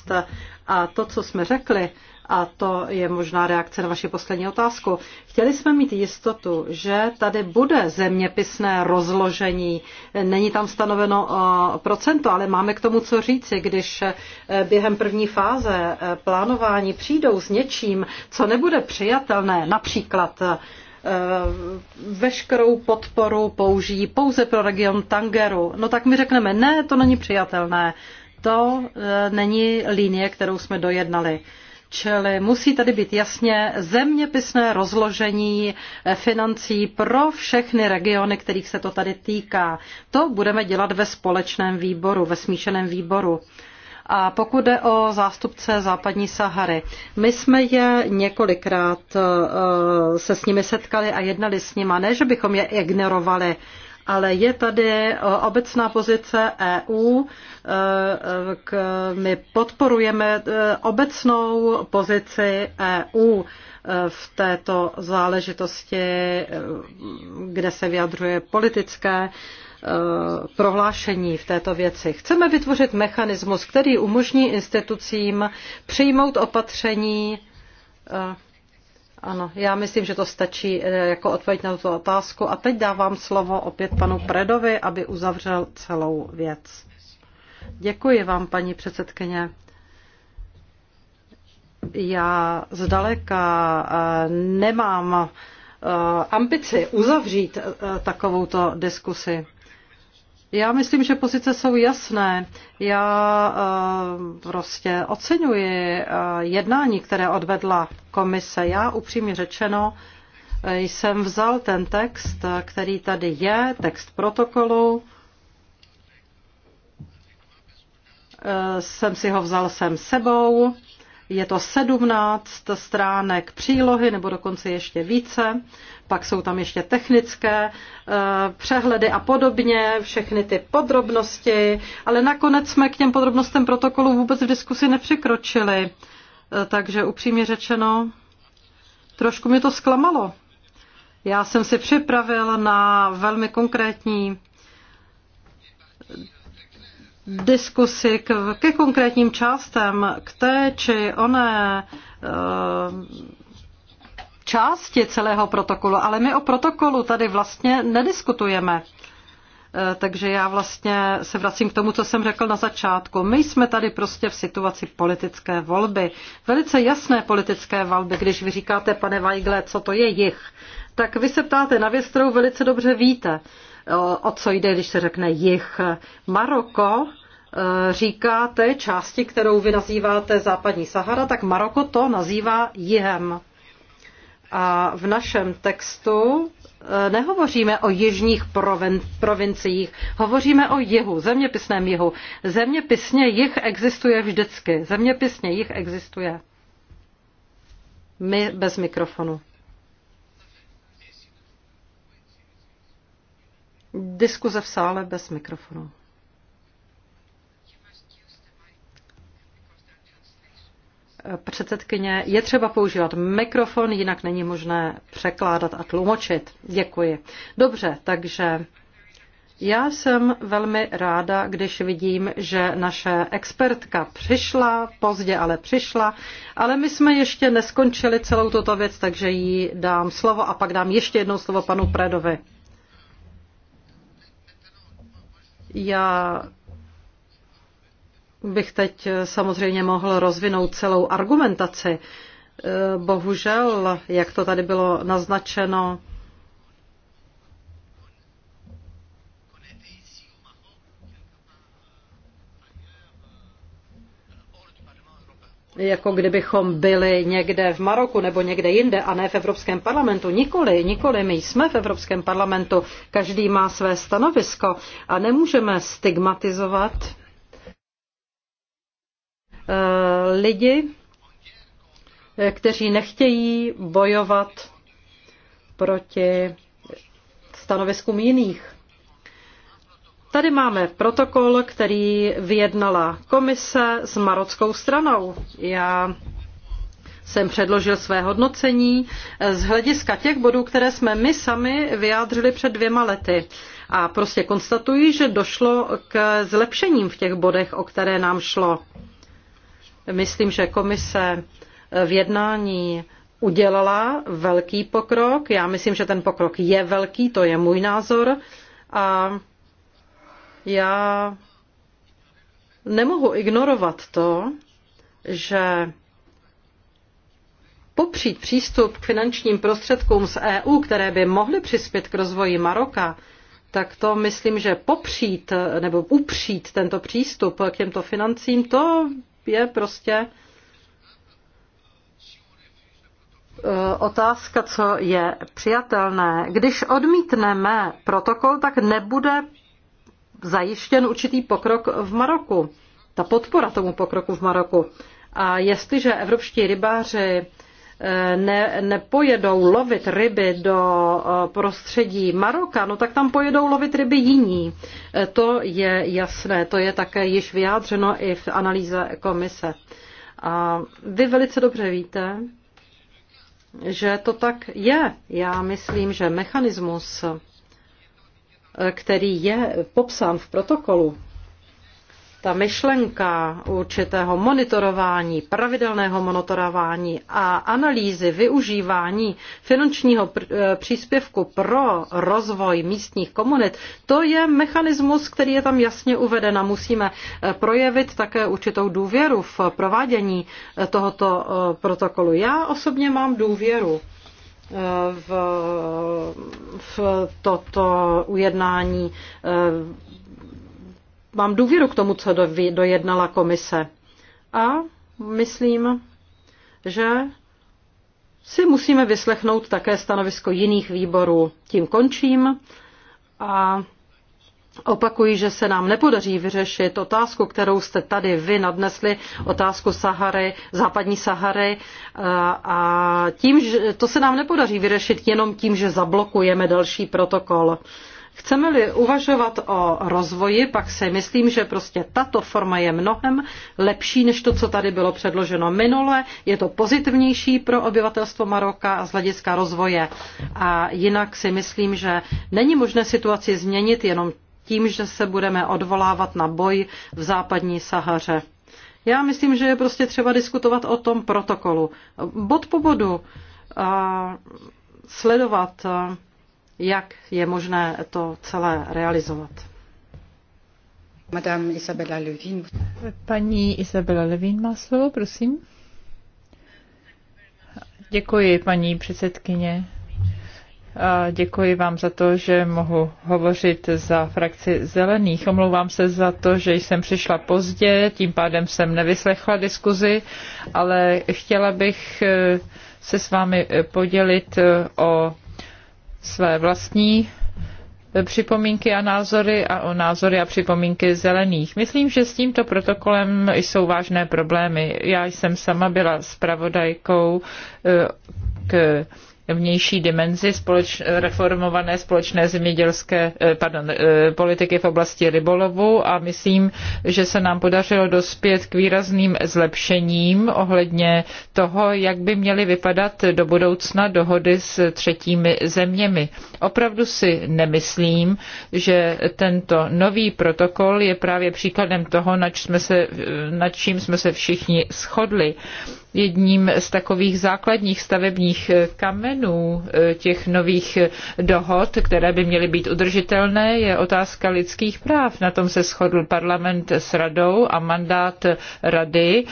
A to, co jsme řekli, a to je možná reakce na vaši poslední otázku. Chtěli jsme mít jistotu, že tady bude zeměpisné rozložení. Není tam stanoveno eh, procento, ale máme k tomu co říci, když eh, během první fáze eh, plánování přijdou s něčím, co nebude přijatelné, například veškerou podporu použijí pouze pro region Tangeru. No tak my řekneme, ne, to není přijatelné. To není linie, kterou jsme dojednali. Čili musí tady být jasně zeměpisné rozložení eh, financí pro všechny regiony, kterých se to tady týká. To budeme dělat ve společném výboru, ve smíšeném výboru. A pokud jde o zástupce západní Sahary, my jsme je několikrát eh, se s nimi setkali a jednali s nimi, ne, že bychom je ignorovali, ale je tady eh, obecná pozice EU, eh, eh, k, my podporujeme obecnou pozici EU v této záležitosti, kde se vyjadřuje politické prohlášení v této věci. Chceme vytvořit mechanismus, který umožní institucím přijmout opatření ano, já myslím, že to stačí eh, jako odpověď na tuto otázku. A teď dávám slovo opět panu Predovi, aby uzavřel celou věc. Děkuji vám, paní předsedkyně. Já zdaleka eh, nemám eh, ambici uzavřít takovouto diskusi. Já myslím, že pozice jsou jasné. Já eh, prostě oceňuji eh, jednání, které odvedla komise. Já upřímně řečeno eh, jsem vzal ten text, který tady je, text protokolu. Jsem si ho vzal sem sebou. Je to 17 stránek přílohy, nebo dokonce ještě více pak jsou tam ještě technické eh, přehledy a podobně, všechny ty podrobnosti, ale nakonec jsme k těm podrobnostem protokolu vůbec v diskusi nepřikročili. Eh, takže upřímně řečeno, trošku mě to zklamalo. Já jsem si připravil na velmi konkrétní diskusy ke konkrétním částem, k té či oné eh, části celého protokolu, ale my o protokolu tady vlastně nediskutujeme. E, takže já vlastně se vracím k tomu, co jsem řekl na začátku. My jsme tady prostě v situaci politické volby. Velice jasné politické volby, když vy říkáte, pane Weigle, co to je jich, tak vy se ptáte na věc, kterou velice dobře víte. O co jde, když se řekne jich? Maroko e, říkáte části, kterou vy nazýváte západní Sahara, tak Maroko to nazývá jihem. A v našem textu eh, nehovoříme o jižních provin- provinciích, hovoříme o jihu, zeměpisném jihu. Zeměpisně jich existuje vždycky. Zeměpisně jich existuje. My bez mikrofonu. Diskuze v sále bez mikrofonu. předsedkyně, je třeba používat mikrofon, jinak není možné překládat a tlumočit. Děkuji. Dobře, takže já jsem velmi ráda, když vidím, že naše expertka přišla, pozdě ale přišla, ale my jsme ještě neskončili celou tuto věc, takže jí dám slovo a pak dám ještě jednou slovo panu Predovi. Já bych teď eh, samozřejmě mohl rozvinout celou argumentaci. Eh, bohužel, jak to tady bylo naznačeno, jako kdybychom byli někde v Maroku nebo někde jinde a ne v Evropském parlamentu. Nikoli, nikoli, my jsme v Evropském parlamentu, každý má své stanovisko a nemůžeme stigmatizovat Eh, lidi, eh, kteří nechtějí bojovat proti stanoviskům jiných. Tady máme protokol, který vyjednala komise s marockou stranou. Já jsem předložil své hodnocení eh, z hlediska těch bodů, které jsme my sami vyjádřili před dvěma lety. A prostě konstatuji, že došlo k zlepšením v těch bodech, o které nám šlo. Myslím, že komise v jednání udělala velký pokrok. Já myslím, že ten pokrok je velký, to je můj názor. A já nemohu ignorovat to, že popřít přístup k finančním prostředkům z EU, které by mohly přispět k rozvoji Maroka, tak to myslím, že popřít nebo upřít tento přístup k těmto financím, to je prostě e, otázka, co je přijatelné. Když odmítneme protokol, tak nebude zajištěn určitý pokrok v Maroku. Ta podpora tomu pokroku v Maroku. A jestliže evropští rybáři Eh, ne, nepojedou lovit ryby do eh, prostředí Maroka, no tak tam pojedou lovit ryby jiní. Eh, to je jasné, to je také již vyjádřeno i v analýze komise. A vy velice dobře víte, že to tak je. Já myslím, že mechanismus, který je popsán v protokolu, ta myšlenka určitého monitorování, pravidelného monitorování a analýzy využívání finančního eh, příspěvku pro rozvoj místních komunit, to je mechanismus, který je tam jasně uveden a musíme eh, projevit také určitou důvěru v provádění eh, tohoto protokolu. Já osobně mám důvěru v, v toto ujednání mám důvěru k tomu, co dojednala komise. A myslím, že si musíme vyslechnout také stanovisko jiných výborů. Tím končím a Opakuji, že se nám nepodaří vyřešit otázku, kterou jste tady vy nadnesli, otázku Sahary, západní Sahary a tím, že to se nám nepodaří vyřešit jenom tím, že zablokujeme další protokol. Chceme-li uvažovat o rozvoji, pak si myslím, že prostě tato forma je mnohem lepší než to, co tady bylo předloženo minule. Je to pozitivnější pro obyvatelstvo Maroka a z hlediska rozvoje. A jinak si myslím, že není možné situaci změnit jenom tím, že se budeme odvolávat na boj v západní Sahaře. Já myslím, že je prostě třeba diskutovat o tom protokolu. Bod po bodu a sledovat jak je možné to celé realizovat. Madame Isabella Levin. Paní Isabella Levin má slovo, prosím. Děkuji, paní předsedkyně. A děkuji vám za to, že mohu hovořit za frakci zelených. Omlouvám se za to, že jsem přišla pozdě, tím pádem jsem nevyslechla diskuzi, ale chtěla bych eh, se s vámi podělit eh, o své vlastní eh, připomínky a názory a o názory a připomínky zelených. Myslím, že s tímto protokolem jsou vážné problémy. Já jsem sama byla spravodajkou eh, k vnější dimenzi společ, reformované společné zemědělské eh, pardon, eh, politiky v oblasti rybolovu a myslím, že se nám podařilo dospět k výrazným zlepšením ohledně toho, jak by měly vypadat do budoucna dohody s třetími zeměmi. Opravdu si nemyslím, že tento nový protokol je právě příkladem toho, nad, čím jsme se všichni shodli jedním z takových základních stavebních eh, kamenů eh, těch nových eh, dohod, které by měly být udržitelné, je otázka lidských práv. Na tom se shodl parlament s radou a mandát rady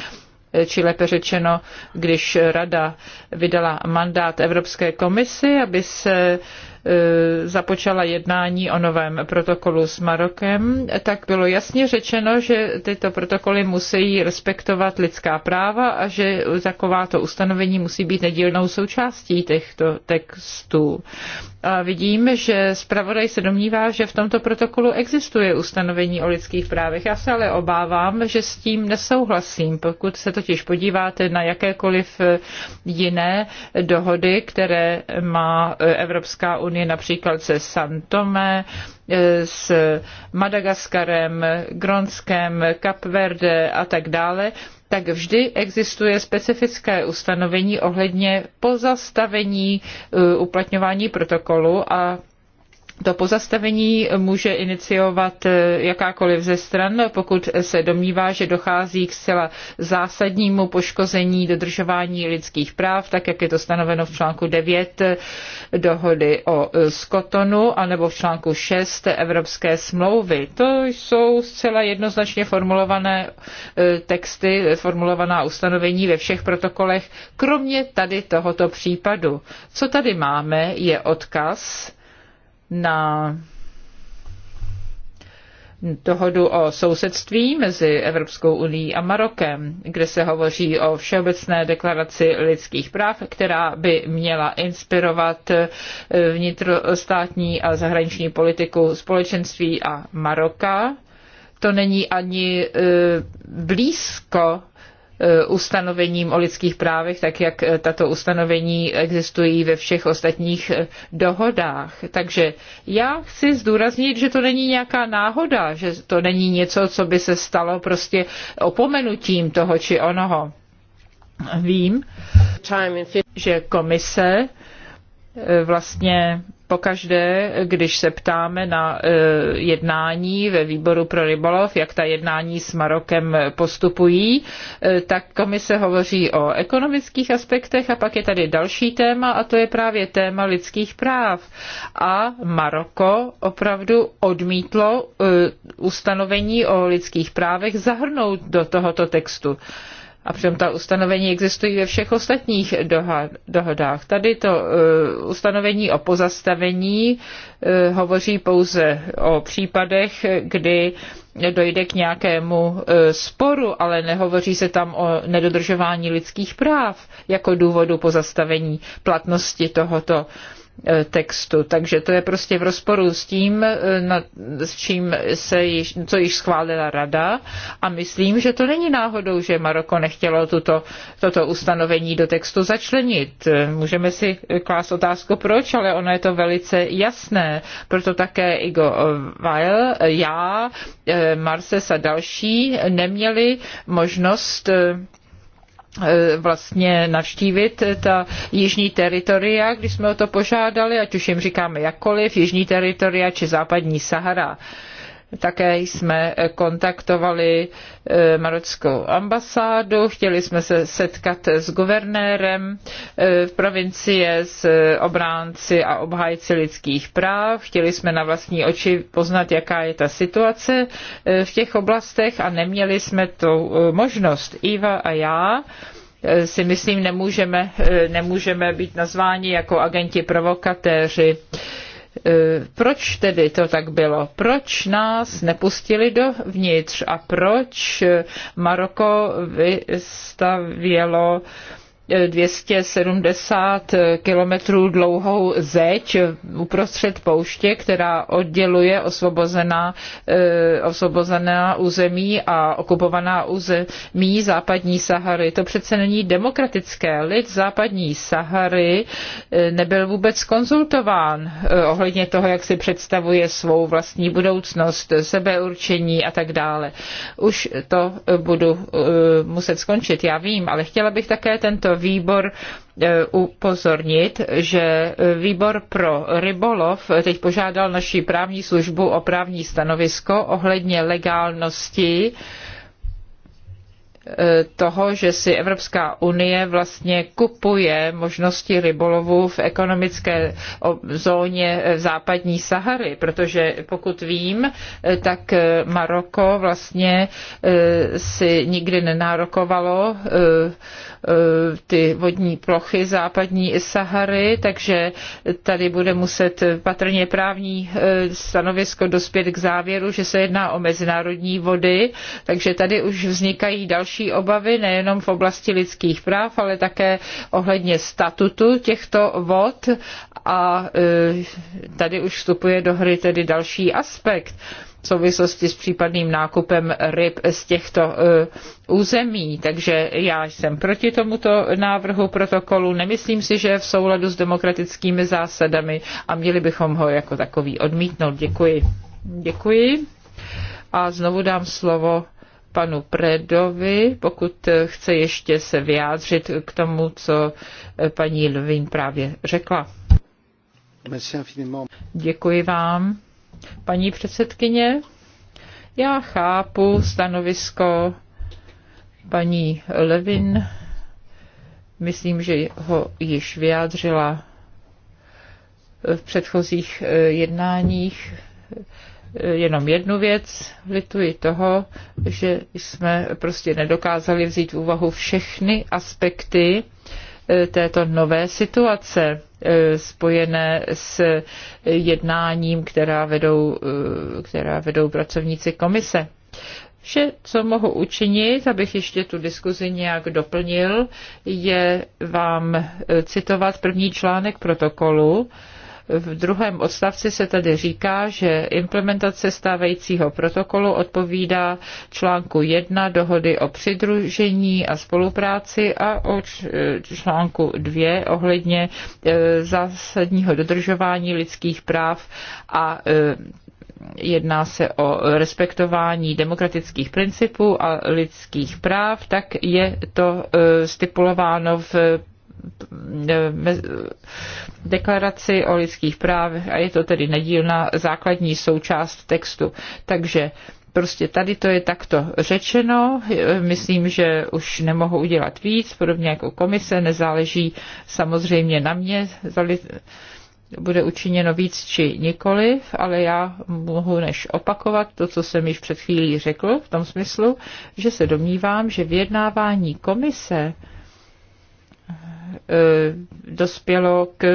či lépe řečeno, když Rada vydala mandát Evropské komisi, aby se Eh, započala jednání o novém protokolu s Marokem, tak bylo jasně řečeno, že tyto protokoly musí respektovat lidská práva a že takováto ustanovení musí být nedílnou součástí těchto textů. A vidím, že zpravodaj se domnívá, že v tomto protokolu existuje ustanovení o lidských právech. Já se ale obávám, že s tím nesouhlasím. Pokud se totiž podíváte na jakékoliv eh, jiné dohody, které má eh, Evropská unie například se Santome, eh, s Madagaskarem, Gronskem, Kapverde a tak dále, tak vždy existuje specifické ustanovení ohledně pozastavení eh, uplatňování protokolu a to pozastavení může iniciovat eh, jakákoliv ze stran, pokud se domnívá, že dochází k zcela zásadnímu poškození dodržování lidských práv, tak jak je to stanoveno v článku 9 eh, dohody o Skotonu, eh, anebo v článku 6 Evropské smlouvy. To jsou zcela jednoznačně formulované texty, formulovaná ustanovení ve všech protokolech, kromě tady tohoto případu. Co tady máme, je odkaz na dohodu o sousedství mezi Evropskou unii a Marokem, kde se hovoří o Všeobecné deklaraci lidských práv, která by měla inspirovat eh, vnitrostátní a zahraniční politiku společenství a Maroka. To není ani eh, blízko Eh, ustanovením o lidských právech, tak jak eh, tato ustanovení existují ve všech ostatních eh, dohodách. Takže já chci zdůraznit, že to není nějaká náhoda, že to není něco, co by se stalo prostě opomenutím toho či onoho. Vím, že komise Eh, vlastně pokaždé, když se ptáme na eh, jednání ve výboru pro rybolov, jak ta jednání s Marokem postupují, eh, tak komise hovoří o ekonomických aspektech a pak je tady další téma a to je právě téma lidských práv. A Maroko opravdu odmítlo ustanovení o lidských právech zahrnout do tohoto textu. A přitom ta ustanovení existují ve všech ostatních dohodách. Tady to eh, ustanovení o pozastavení eh, hovoří pouze o případech, kdy dojde k nějakému eh, sporu, ale nehovoří se tam o nedodržování lidských práv jako důvodu pozastavení platnosti tohoto E, textu. Takže to je prostě v rozporu s tím, e, na, s čím se již, co již schválila rada a myslím, že to není náhodou, že Maroko nechtělo tuto, toto ustanovení do textu začlenit. E, můžeme si klást otázku proč, ale ono je to velice jasné. Proto také Igo Weil, já, Marses a další neměli možnost E, vlastně navštívit ta jižní teritoria, když jsme o to požádali, ať už jim říkáme jakkoliv, jižní teritoria či západní Sahara. Také jsme kontaktovali eh, marockou ambasádu, chtěli jsme se setkat s guvernérem eh, v provincie, s eh, obránci a obhájci lidských práv, chtěli jsme na vlastní oči poznat, jaká je ta situace v těch oblastech a neměli jsme tu možnost. Iva a já si myslím, nemůžeme, nemůžeme být nazváni jako agenti provokatéři E, proč tedy to tak bylo? Proč nás nepustili dovnitř a proč Maroko vystavělo 270 kilometrů dlouhou zeď uprostřed pouště, která odděluje osvobozená, eh, osvobozená území a okupovaná území západní Sahary. To přece není demokratické. Lid západní Sahary eh, nebyl vůbec konzultován eh, ohledně toho, jak si představuje svou vlastní budoucnost, sebeurčení a tak dále. Už to budu muset skončit, já vím, ale chtěla bych také tento výbor eh, upozornit, že eh, výbor pro rybolov teď požádal naši právní službu o právní stanovisko ohledně legálnosti Eh, toho, že si Evropská unie vlastně kupuje možnosti rybolovu v ekonomické zóně eh, západní Sahary, protože pokud vím, eh, tak Maroko vlastně si nikdy nenárokovalo ty vodní plochy západní Sahary, takže tady bude muset patrně právní stanovisko dospět k závěru, že se jedná o mezinárodní vody, takže tady už vznikají další další obavy nejenom v oblasti lidských práv, ale také ohledně statutu těchto vod a e, tady už vstupuje do hry tedy další aspekt v souvislosti s případným nákupem ryb z těchto e, území. Takže já jsem proti tomuto návrhu protokolu. Nemyslím si, že je v souladu s demokratickými zásadami a měli bychom ho jako takový odmítnout. Děkuji. Děkuji. A znovu dám slovo panu Predovi, pokud eh, chce ještě se vyjádřit k tomu, co eh, paní Lvin právě řekla. Děkuji vám. Paní předsedkyně, já chápu stanovisko paní Levin. Myslím, že ho již vyjádřila v předchozích eh, jednáních jenom jednu věc. Lituji toho, že jsme prostě nedokázali vzít v úvahu všechny aspekty e, této nové situace e, spojené s jednáním, která vedou, e, která vedou pracovníci komise. Vše, co mohu učinit, abych ještě tu diskuzi nějak doplnil, je vám citovat první článek protokolu, v druhém odstavci se tady říká, že implementace stávajícího protokolu odpovídá článku 1 dohody o přidružení a spolupráci a o článku 2 ohledně e, zásadního dodržování lidských práv a e, jedná se o respektování demokratických principů a lidských práv, tak je to e, stipulováno v E, deklaraci o lidských právech a je to tedy nedílná základní součást textu. Takže prostě tady to je takto řečeno. E, myslím, že už nemohu udělat víc, podobně jako komise, nezáleží samozřejmě na mě, bude učiněno víc či nikoliv, ale já mohu než opakovat to, co jsem již před chvílí řekl, v tom smyslu, že se domnívám, že vyjednávání komise Eh, dospělo k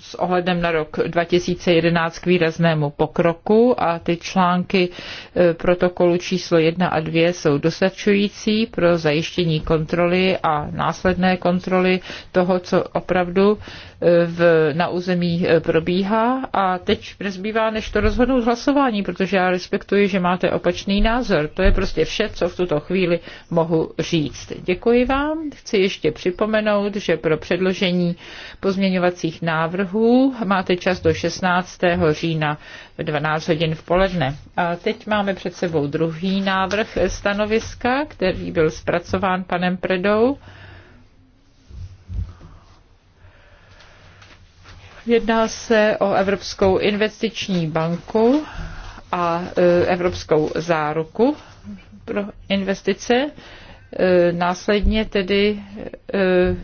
s ohledem na rok 2011 k výraznému pokroku a ty články e, protokolu číslo 1 a 2 jsou dostačující pro zajištění kontroly a následné kontroly toho, co opravdu e, v, na území e, probíhá. A teď nezbývá, než to rozhodnout hlasování, protože já respektuji, že máte opačný názor. To je prostě vše, co v tuto chvíli mohu říct. Děkuji vám. Chci ještě připomenout, že pro předložení pozměňovacích návrhů návrhů. Máte čas do 16. října v 12 hodin v poledne. A teď máme před sebou druhý návrh stanoviska, který byl zpracován panem Predou. Jedná se o Evropskou investiční banku a e, Evropskou záruku pro investice. E, následně tedy e,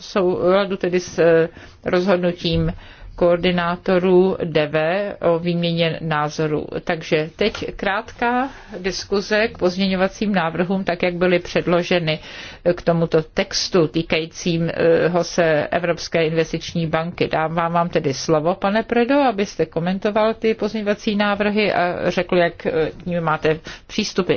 souladu tedy s eh, rozhodnutím koordinátorů DV o výměně názorů. Takže teď krátká diskuze k pozměňovacím návrhům, tak jak byly předloženy k tomuto textu týkajícího se Evropské investiční banky. Dám vám, vám tedy slovo, pane Predo, abyste komentoval ty pozměňovací návrhy a řekl, jak k ním máte přístupy.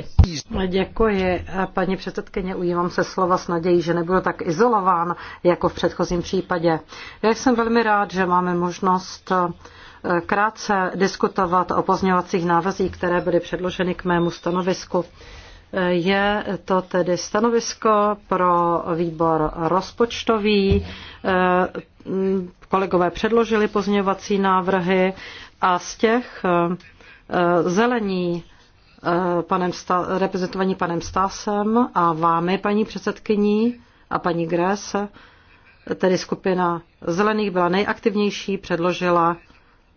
Děkuji, paní předsedkyně, ujímám se slova s nadějí, že nebudu tak izolován jako v předchozím případě. Já jsem velmi rád, že máme možnost možnost eh, krátce diskutovat o pozměňovacích návazích, které byly předloženy k mému stanovisku. Eh, je to tedy stanovisko pro výbor rozpočtový. Eh, kolegové předložili pozměňovací návrhy a z těch zelení panem Sta- reprezentovaní panem Stásem a vámi, paní předsedkyní a paní Grése, tedy skupina zelených byla nejaktivnější, předložila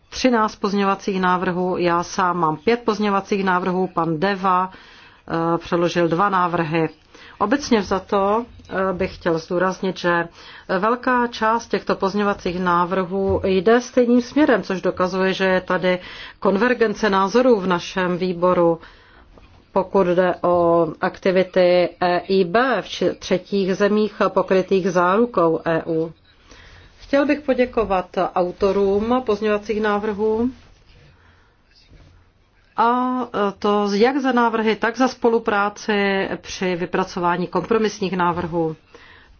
13 pozměňovacích návrhů, já sám mám 5 pozměňovacích návrhů, pan Deva eh, předložil dva návrhy. Obecně za to eh, bych chtěl zdůraznit, že velká část těchto pozměvacích návrhů jde stejným směrem, což dokazuje, že je tady konvergence názorů v našem výboru pokud jde o aktivity EIB v třetích zemích pokrytých zárukou EU. Chtěl bych poděkovat autorům pozměňovacích návrhů a to jak za návrhy, tak za spolupráci při vypracování kompromisních návrhů.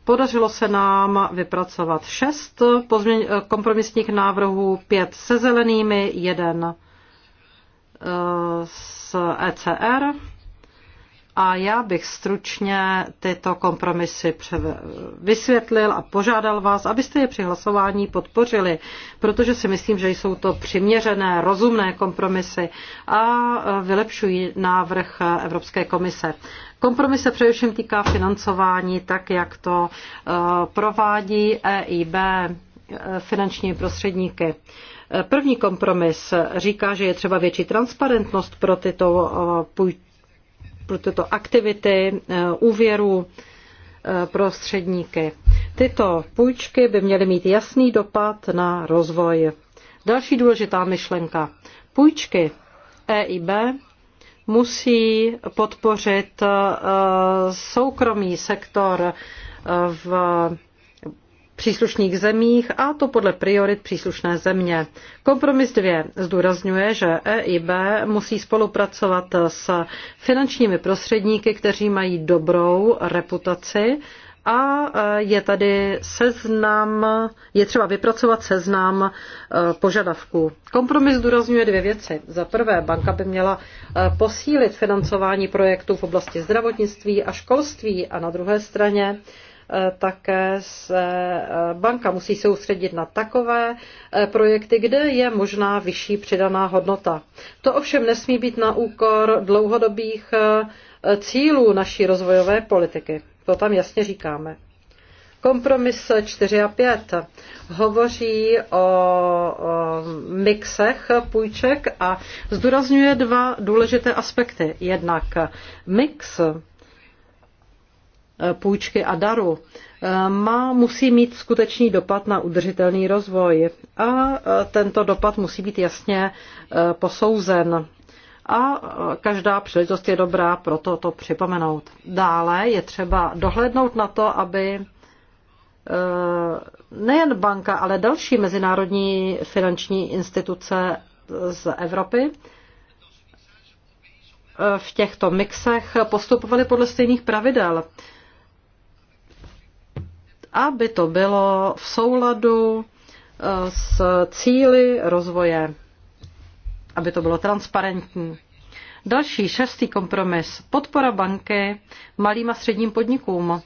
Podařilo se nám vypracovat šest kompromisních návrhů, pět se zelenými, jeden s eh, z ECR a já bych stručně tyto kompromisy vysvětlil a požádal vás, abyste je při hlasování podpořili, protože si myslím, že jsou to přiměřené, rozumné kompromisy a e, vylepšují návrh Evropské komise. Kompromis se především týká financování, tak jak to e, provádí EIB e, finanční prostředníky. První kompromis říká, že je třeba větší transparentnost pro tyto, pro tyto aktivity eh, úvěru eh, prostředníky. Tyto půjčky by měly mít jasný dopad na rozvoj. Další důležitá myšlenka. Půjčky EIB musí podpořit eh, soukromý sektor v příslušných zemích a to podle priorit příslušné země. Kompromis 2 zdůrazňuje, že EIB musí spolupracovat s finančními prostředníky, kteří mají dobrou reputaci a e, je tady seznam, je třeba vypracovat seznam e, požadavků. Kompromis zdůrazňuje dvě věci. Za prvé, banka by měla e, posílit financování projektů v oblasti zdravotnictví a školství a na druhé straně Eh, také se eh, banka musí soustředit na takové eh, projekty, kde je možná vyšší přidaná hodnota. To ovšem nesmí být na úkor dlouhodobých cílů naší rozvojové politiky. To tam jasně říkáme. Kompromis 4 a 5 hovoří o, mixech půjček a zdůrazňuje dva důležité aspekty. Jednak mix Eh, půjčky a daru, eh, má, musí mít skutečný dopad na udržitelný rozvoj. A eh, tento dopad musí být jasně posouzen. A každá příležitost je dobrá pro to připomenout. Dále je třeba dohlednout na to, aby nejen banka, ale další mezinárodní finanční instituce z Evropy v těchto mixech postupovaly podle stejných pravidel aby to bylo v souladu eh, s cíly rozvoje, aby to bylo transparentní. Další šestý kompromis. Podpora banky malým a středním podnikům.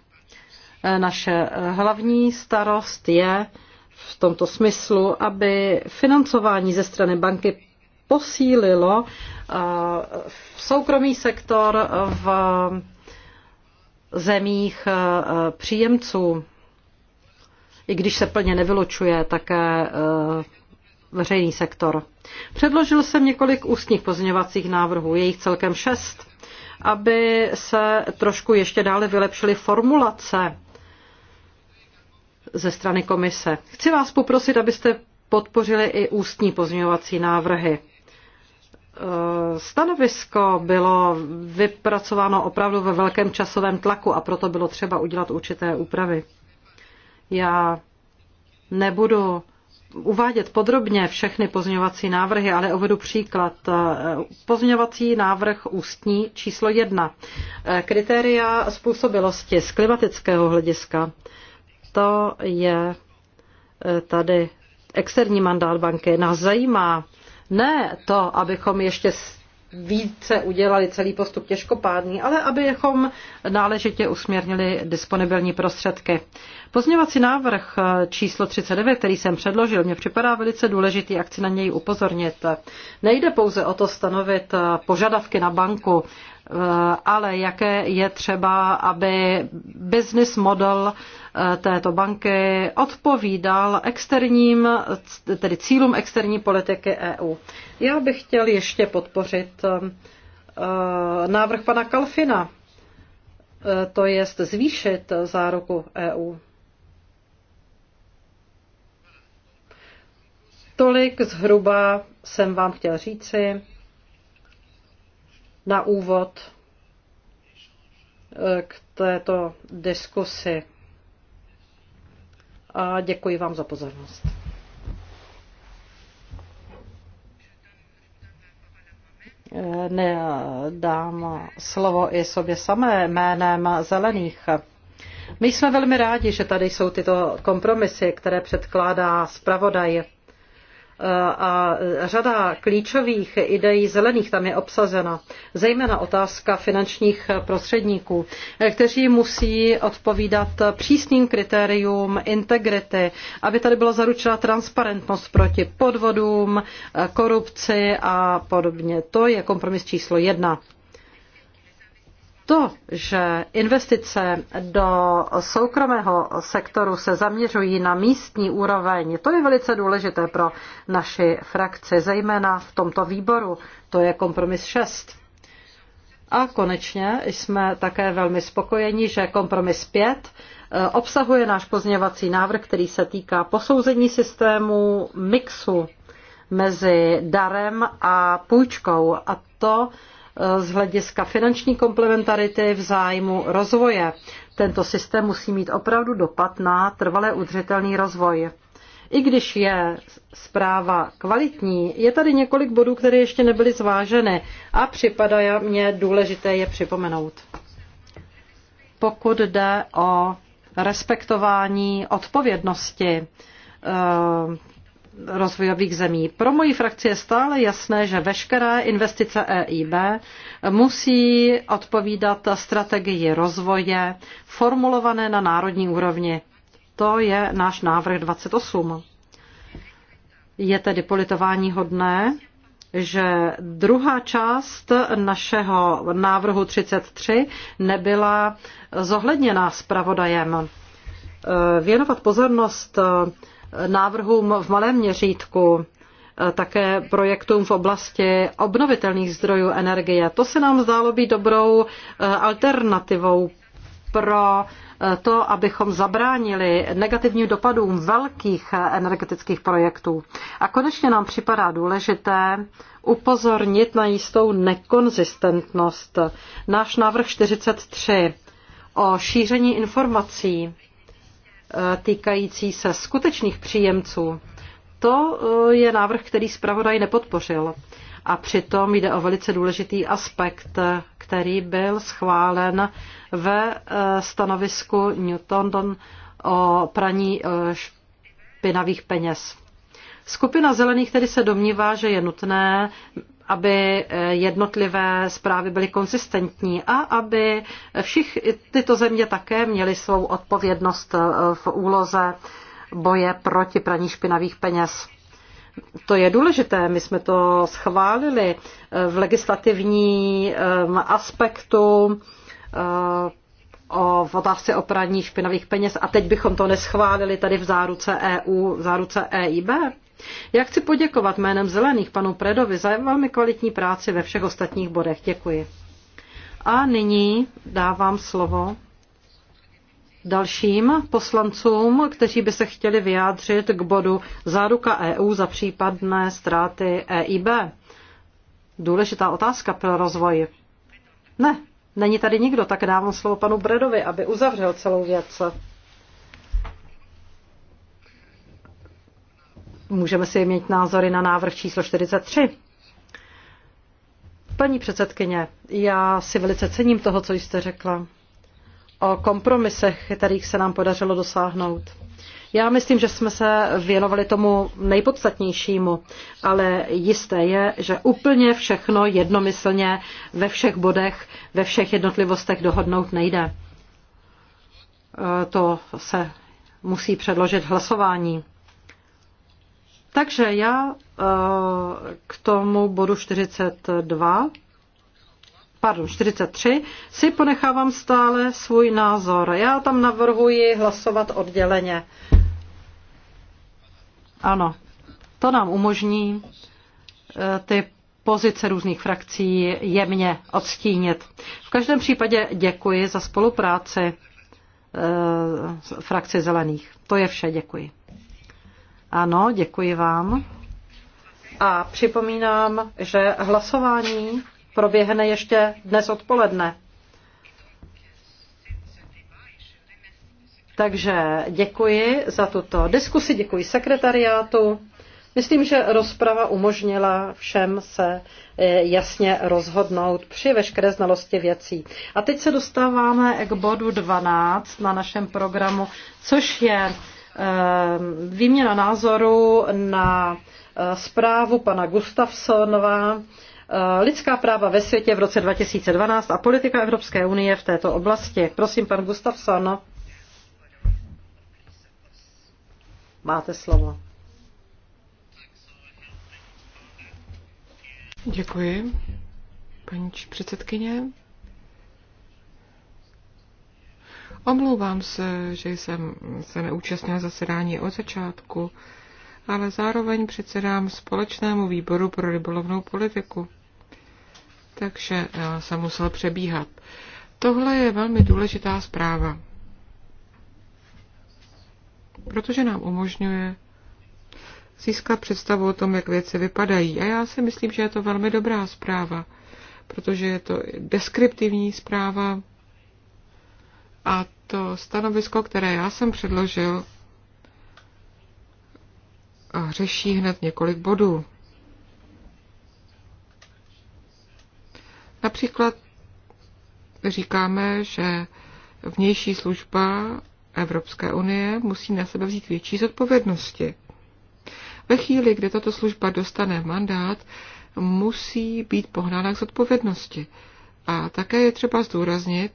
Eh, naše eh, hlavní starost je v tomto smyslu, aby financování ze strany banky posílilo soukromý sektor v zemích příjemců i když se plně nevylučuje také eh, veřejný sektor. Předložil jsem několik ústních pozměňovacích návrhů, jejich celkem šest, aby se trošku ještě dále vylepšily formulace ze strany komise. Chci vás poprosit, abyste podpořili i ústní pozměňovací návrhy. Eh, stanovisko bylo vypracováno opravdu ve velkém časovém tlaku a proto bylo třeba udělat určité úpravy. Já nebudu uvádět podrobně všechny pozměňovací návrhy, ale uvedu příklad. Pozměňovací návrh ústní číslo jedna. Kritéria způsobilosti z klimatického hlediska. To je eh, tady externí mandát banky. Nás zajímá ne to, abychom ještě více udělali celý postup těžkopádný, ale abychom náležitě usměrnili disponibilní prostředky. Pozměvací návrh číslo 39, který jsem předložil, mě připadá velice důležitý, akci na něj upozornit. Nejde pouze o to stanovit požadavky na banku, Eh, ale jaké je třeba, aby business model eh, této banky odpovídal externím, tedy cílům externí politiky EU. Já bych chtěl ještě podpořit eh, návrh pana Kalfina, to je zvýšit záruku EU. Tolik zhruba jsem vám chtěl říci na úvod eh, k této diskusi. A děkuji vám za pozornost. Eh, ne, dám slovo i sobě samé jménem zelených. My jsme velmi rádi, že tady jsou tyto kompromisy, které předkládá zpravodaj a řada klíčových ideí zelených tam je obsazena. Zejména otázka finančních prostředníků, kteří musí odpovídat přísným kritériům integrity, aby tady byla zaručena transparentnost proti podvodům, korupci a podobně. To je kompromis číslo jedna. To, že investice do soukromého sektoru se zaměřují na místní úroveň, to je velice důležité pro naši frakci, zejména v tomto výboru. To je kompromis 6. A konečně jsme také velmi spokojeni, že kompromis 5 eh, obsahuje náš pozměvací návrh, který se týká posouzení systému mixu mezi darem a půjčkou. A to z hlediska finanční komplementarity v zájmu rozvoje. Tento systém musí mít opravdu dopad na trvalé udržitelný rozvoj. I když je zpráva kvalitní, je tady několik bodů, které ještě nebyly zváženy a připadá mě důležité je připomenout. Pokud jde o respektování odpovědnosti eh, rozvojových zemí. Pro moji frakci je stále jasné, že veškeré investice EIB musí odpovídat strategii rozvoje formulované na národní úrovni. To je náš návrh 28. Je tedy politování hodné, že druhá část našeho návrhu 33 nebyla zohledněná zpravodajem. Věnovat pozornost návrhům v malém měřítku, eh, také projektům v oblasti obnovitelných zdrojů energie. To se nám zdálo být dobrou eh, alternativou pro eh, to, abychom zabránili negativním dopadům velkých energetických projektů. A konečně nám připadá důležité upozornit na jistou nekonzistentnost. Náš návrh 43 o šíření informací Eh, týkající se skutečných příjemců, to eh, je návrh, který zpravodaj nepodpořil. A přitom jde o velice důležitý aspekt, který byl schválen ve eh, stanovisku Newton o praní špinavých peněz. Skupina zelených tedy se domnívá, že je nutné aby eh, jednotlivé zprávy byly konsistentní a aby všich tyto země také měly svou odpovědnost eh, v úloze boje proti praní špinavých peněz. To je důležité, my jsme to schválili eh, v legislativní ehm, aspektu o, v otázce o praní špinavých peněz a teď bychom to neschválili tady v záruce EU, v záruce EIB. Já chci poděkovat jménem Zelených panu Predovi za velmi kvalitní práci ve všech ostatních bodech. Děkuji. A nyní dávám slovo dalším poslancům, kteří by se chtěli vyjádřit k bodu záruka EU za případné ztráty EIB. Důležitá otázka pro rozvoj. Ne, není tady nikdo, tak dávám slovo panu Bredovi, aby uzavřel celou věc. můžeme si mít názory na návrh číslo 43. Paní předsedkyně, já si velice cením toho, co jste řekla o kompromisech, kterých se nám podařilo dosáhnout. Já myslím, že jsme se věnovali tomu nejpodstatnějšímu, ale jisté je, že úplně všechno jednomyslně ve všech bodech, ve všech jednotlivostech dohodnout nejde. E, to se musí předložit hlasování. Takže já eh, k tomu bodu 42, pardon, 43, si ponechávám stále svůj názor. Já tam navrhuji hlasovat odděleně. Ano, to nám umožní eh, ty pozice různých frakcí jemně odstínit. V každém případě děkuji za spolupráci eh, frakci zelených. To je vše, děkuji. Ano, děkuji vám. A připomínám, že hlasování proběhne ještě dnes odpoledne. Takže děkuji za tuto diskusi, děkuji sekretariátu. Myslím, že rozprava umožnila všem se eh, jasně rozhodnout při veškeré znalosti věcí. A teď se dostáváme k bodu 12 na našem programu, což je Eh, výměna názoru na eh, zprávu pana Gustafsonova eh, Lidská práva ve světě v roce 2012 a politika Evropské unie v této oblasti. Prosím, pan Gustafson. Máte slovo. Děkuji, paní předsedkyně. Omlouvám se, že jsem se neúčastnil zasedání od začátku, ale zároveň předsedám společnému výboru pro rybolovnou politiku. Takže já eh, jsem musel přebíhat. Tohle je velmi důležitá zpráva, protože nám umožňuje získat představu o tom, jak věci vypadají. A já si myslím, že je to velmi dobrá zpráva, protože je to deskriptivní zpráva, a to stanovisko, které já jsem předložil, řeší hned několik bodů. Například říkáme, že vnější služba Evropské unie musí na sebe vzít větší zodpovědnosti. Ve chvíli, kdy tato služba dostane mandát, musí být pohnána k zodpovědnosti. A také je třeba zdůraznit,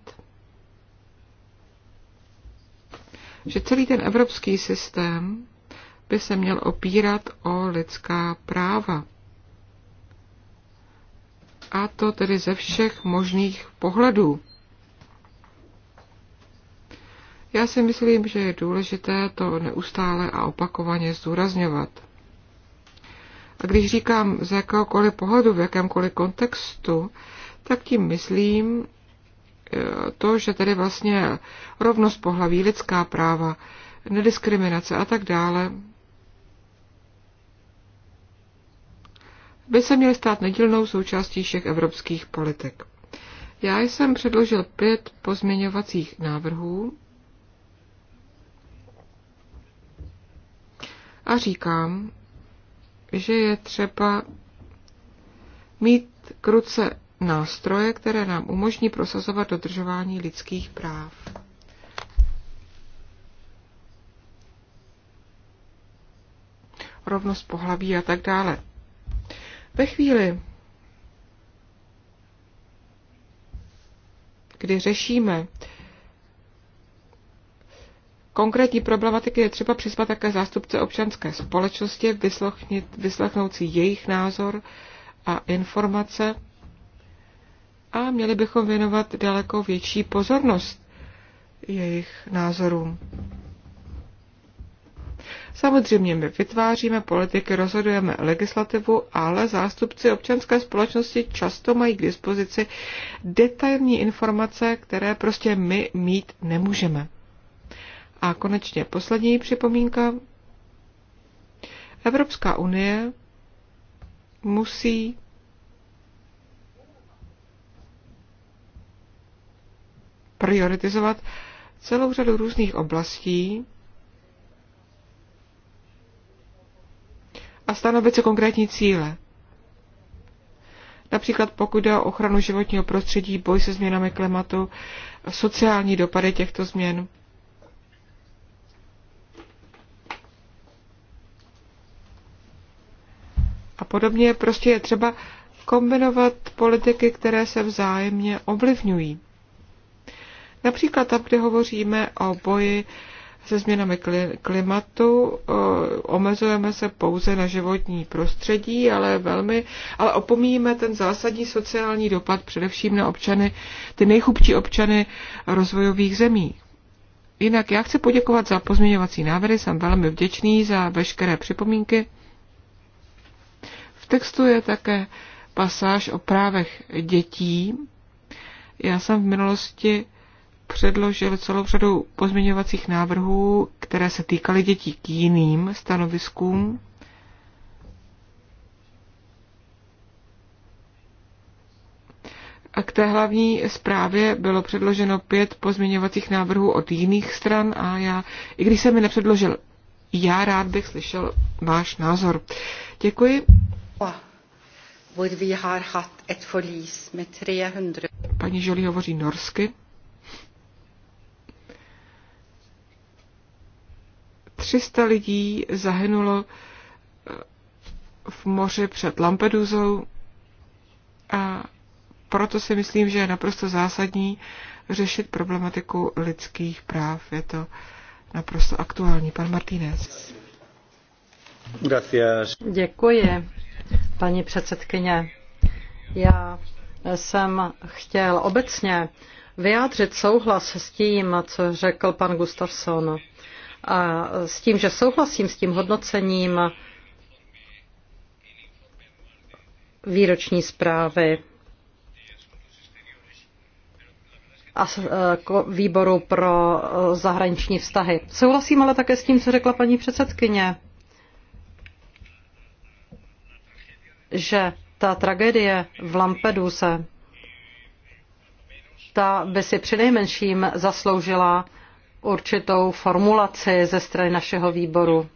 že celý ten evropský systém by se měl opírat o lidská práva. A to tedy ze všech možných pohledů. Já si myslím, že je důležité to neustále a opakovaně zdůrazňovat. A když říkám z jakéhokoliv pohledu, v jakémkoliv kontextu, tak tím myslím to, že tedy vlastně rovnost pohlaví, lidská práva, nediskriminace a tak dále by se měly stát nedílnou součástí všech evropských politik. Já jsem předložil pět pozměňovacích návrhů a říkám, že je třeba mít k ruce nástroje, které nám umožní prosazovat dodržování lidských práv. rovnost pohlaví a tak dále. Ve chvíli, kdy řešíme konkrétní problematiky, je třeba přizvat také zástupce občanské společnosti, vyslechnout si jejich názor a informace a měli bychom věnovat daleko větší pozornost jejich názorům. Samozřejmě my vytváříme politiky, rozhodujeme legislativu, ale zástupci občanské společnosti často mají k dispozici detailní informace, které prostě my mít nemůžeme. A konečně poslední připomínka. Evropská unie musí prioritizovat celou řadu různých oblastí a stanovit se konkrétní cíle. Například pokud jde o ochranu životního prostředí, boj se změnami klimatu, sociální dopady těchto změn. A podobně prostě je třeba kombinovat politiky, které se vzájemně ovlivňují. Například tam, kde hovoříme o boji se změnami klimatu, eh, omezujeme se pouze na životní prostředí, ale velmi, ale opomíjíme ten zásadní sociální dopad především na občany, ty nejchubčí občany rozvojových zemí. Jinak já chci poděkovat za pozměňovací návrhy, jsem velmi vděčný za veškeré připomínky. V textu je také pasáž o právech dětí. Já jsem v minulosti předložil celou řadu pozměňovacích návrhů, které se týkaly dětí k jiným stanoviskům. A k té hlavní zprávě bylo předloženo pět pozměňovacích návrhů od jiných stran a já, i když jsem mi nepředložil, já rád bych slyšel váš názor. Děkuji. Paní Žolí hovoří norsky. 300 lidí zahynulo eh, v moři před Lampedusou a proto si myslím, že je naprosto zásadní řešit problematiku lidských práv. Je to naprosto aktuální. Pan Martínez. Děkuji, paní předsedkyně. Já jsem chtěl obecně vyjádřit souhlas s tím, co řekl pan Gustafsson. A s tím, že souhlasím s tím hodnocením výroční zprávy a e, výboru pro e, zahraniční vztahy. Souhlasím ale také s tím, co řekla paní předsedkyně, že ta tragédie v Lampeduse, ta by si přinejmenším zasloužila určitou formulaci ze strany našeho výboru.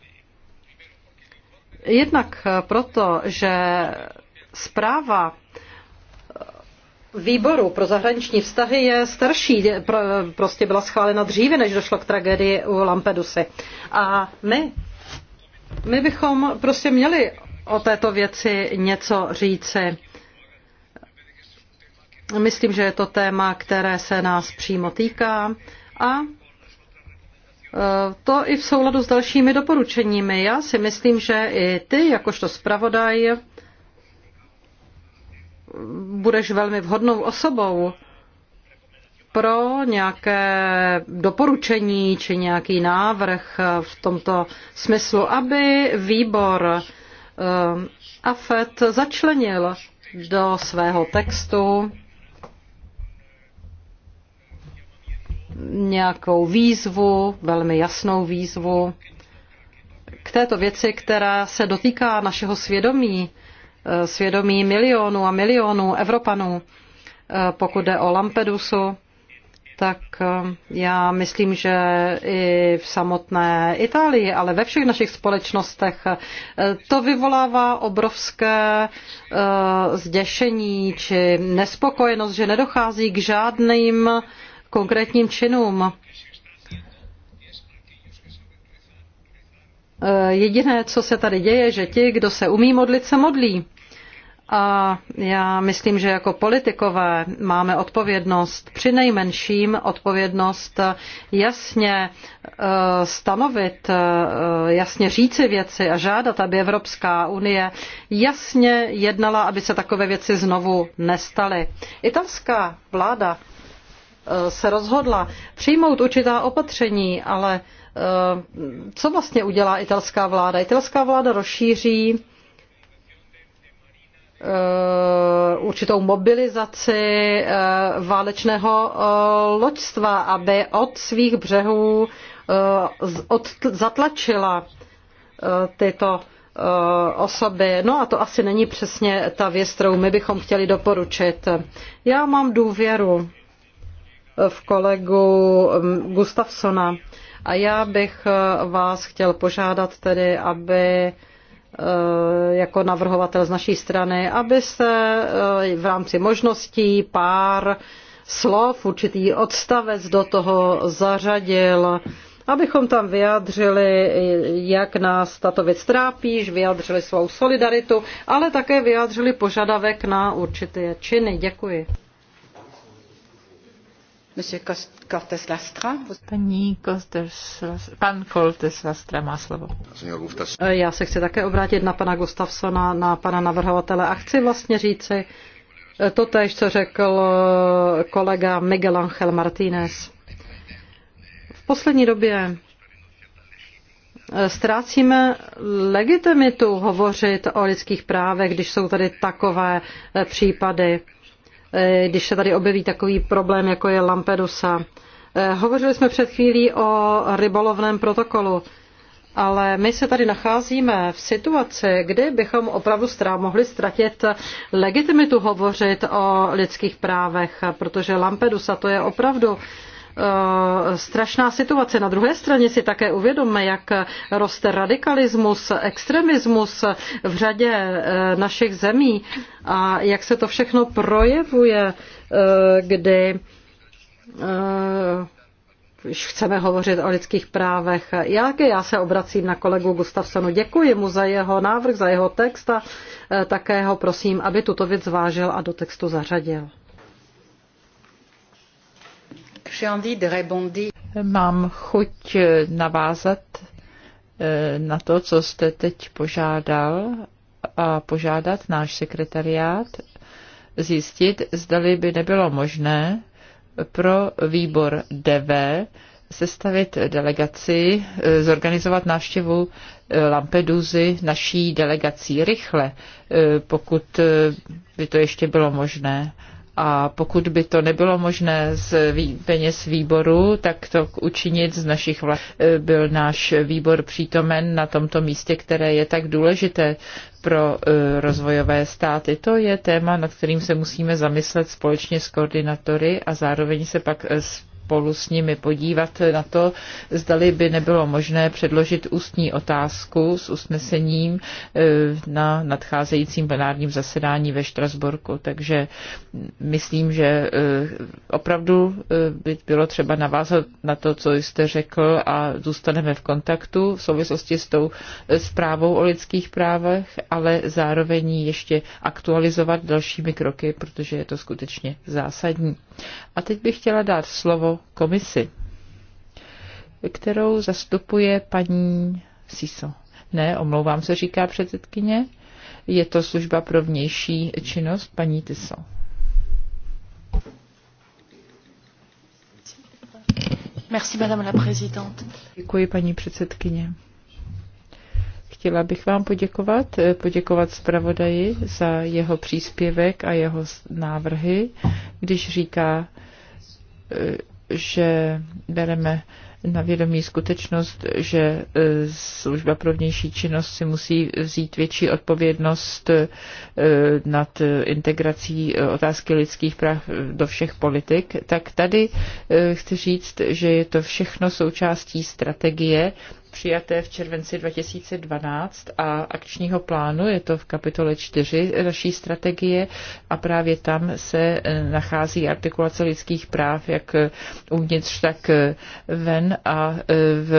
Jednak proto, že zpráva výboru pro zahraniční vztahy je starší, prostě byla schválena dříve, než došlo k tragédii u Lampedusy. A my, my bychom prostě měli o této věci něco říci. Myslím, že je to téma, které se nás přímo týká a Eh, to i v souladu s dalšími doporučeními. Já si myslím, že i ty, jakožto zpravodaj, budeš velmi vhodnou osobou pro nějaké doporučení či nějaký návrh v tomto smyslu, aby výbor eh, AFET začlenil do svého textu nějakou výzvu, velmi jasnou výzvu k této věci, která se dotýká našeho svědomí, eh, svědomí milionů a milionů Evropanů. Eh, pokud jde o Lampedusu, tak eh, já myslím, že i v samotné Itálii, ale ve všech našich společnostech to vyvolává obrovské zděšení či nespokojenost, že nedochází k žádným konkrétním činům. Eh, jediné, co se tady děje, že ti, kdo se umí modlit, se modlí. A já myslím, že jako politikové máme odpovědnost, při nejmenším odpovědnost eh, jasně eh, stanovit, jasně říci věci a žádat, aby Evropská unie jasně jednala, aby se takové věci znovu nestaly. Italská vláda Eh, se rozhodla přijmout určitá opatření, ale eh, co vlastně udělá italská vláda? Italská vláda rozšíří eh, určitou mobilizaci válečného loďstva, aby od svých břehů zatlačila tyto osoby. No a to asi není přesně ta věc, kterou my bychom chtěli doporučit. Já mám důvěru v kolegu mm, Gustafsona. A já bych eh, vás chtěl požádat tedy, aby eh, jako navrhovatel z naší strany, aby se eh, v rámci možností pár slov, určitý odstavec do toho zařadil, abychom tam vyjádřili, jak nás tato věc trápí, vyjádřili svou solidaritu, ale také vyjádřili požadavek na určité činy. Děkuji má slovo. Eh, já se chci také obrátit na pana Gustafsona, na pana navrhovatele a chci vlastně říci eh, to tež, co řekl eh, kolega Miguel Angel Martínez. V poslední době ztrácíme legitimitu hovořit o lidských právech, když jsou tady takové případy Eh, když se tady objeví takový problém, jako je Lampedusa. Eh, hovořili jsme před chvílí o rybolovném protokolu, ale my se tady nacházíme v situaci, kdy bychom opravdu strá mohli ztratit legitimitu hovořit o lidských právech, protože Lampedusa to je opravdu Eh, strašná situace. Na druhé straně si také uvědomme, jak roste radikalismus, extremismus v řadě eh, našich zemí a jak se to všechno projevuje, eh, kdy když chceme hovořit o lidských právech. Já, já se obracím na kolegu Gustavsonu. Děkuji mu za jeho návrh, za jeho text a také ho prosím, aby tuto věc zvážil a do textu zařadil. Mám chuť eh, navázat eh, na to, co jste teď požádal a požádat náš sekretariát zjistit, zdali by nebylo možné pro výbor DV sestavit delegaci, eh, zorganizovat návštěvu Lampeduzy naší delegací rychle, pokud by to ještě bylo možné. A pokud by to nebylo možné z peněz výboru, tak to učinit z našich vla... Eh, byl náš výbor přítomen na tomto místě, které je tak důležité pro eh, rozvojové státy. To je téma, nad kterým se musíme zamyslet společně s koordinátory a zároveň se pak eh, s spolu s nimi podívat na to, zdali by nebylo možné předložit ústní otázku s usnesením eh, na nadcházejícím plenárním zasedání ve Štrasburku. Takže myslím, že eh, opravdu eh, by bylo třeba navázat na to, co jste řekl a zůstaneme v kontaktu v souvislosti s tou zprávou o lidských právech, ale zároveň ještě aktualizovat dalšími kroky, protože je to skutečně zásadní. A teď bych chtěla dát slovo komisi, kterou zastupuje paní Siso. Ne, omlouvám se, říká předsedkyně. Je to služba pro vnější činnost paní Tiso. Merci, madame la présidente. Děkuji, paní předsedkyně. Chtěla bych vám poděkovat, eh, poděkovat zpravodaji za jeho příspěvek a jeho návrhy, když říká, eh, že bereme na vědomí skutečnost, že eh, služba pro vnější činnost si musí vzít větší odpovědnost nad integrací otázky lidských práv do všech politik, tak tady chci říct, že je to všechno součástí strategie přijaté v červenci 2012 a akčního plánu, je to v kapitole 4 naší strategie a právě tam se eh, nachází artikulace lidských práv, jak uvnitř, tak eh, ven a eh, v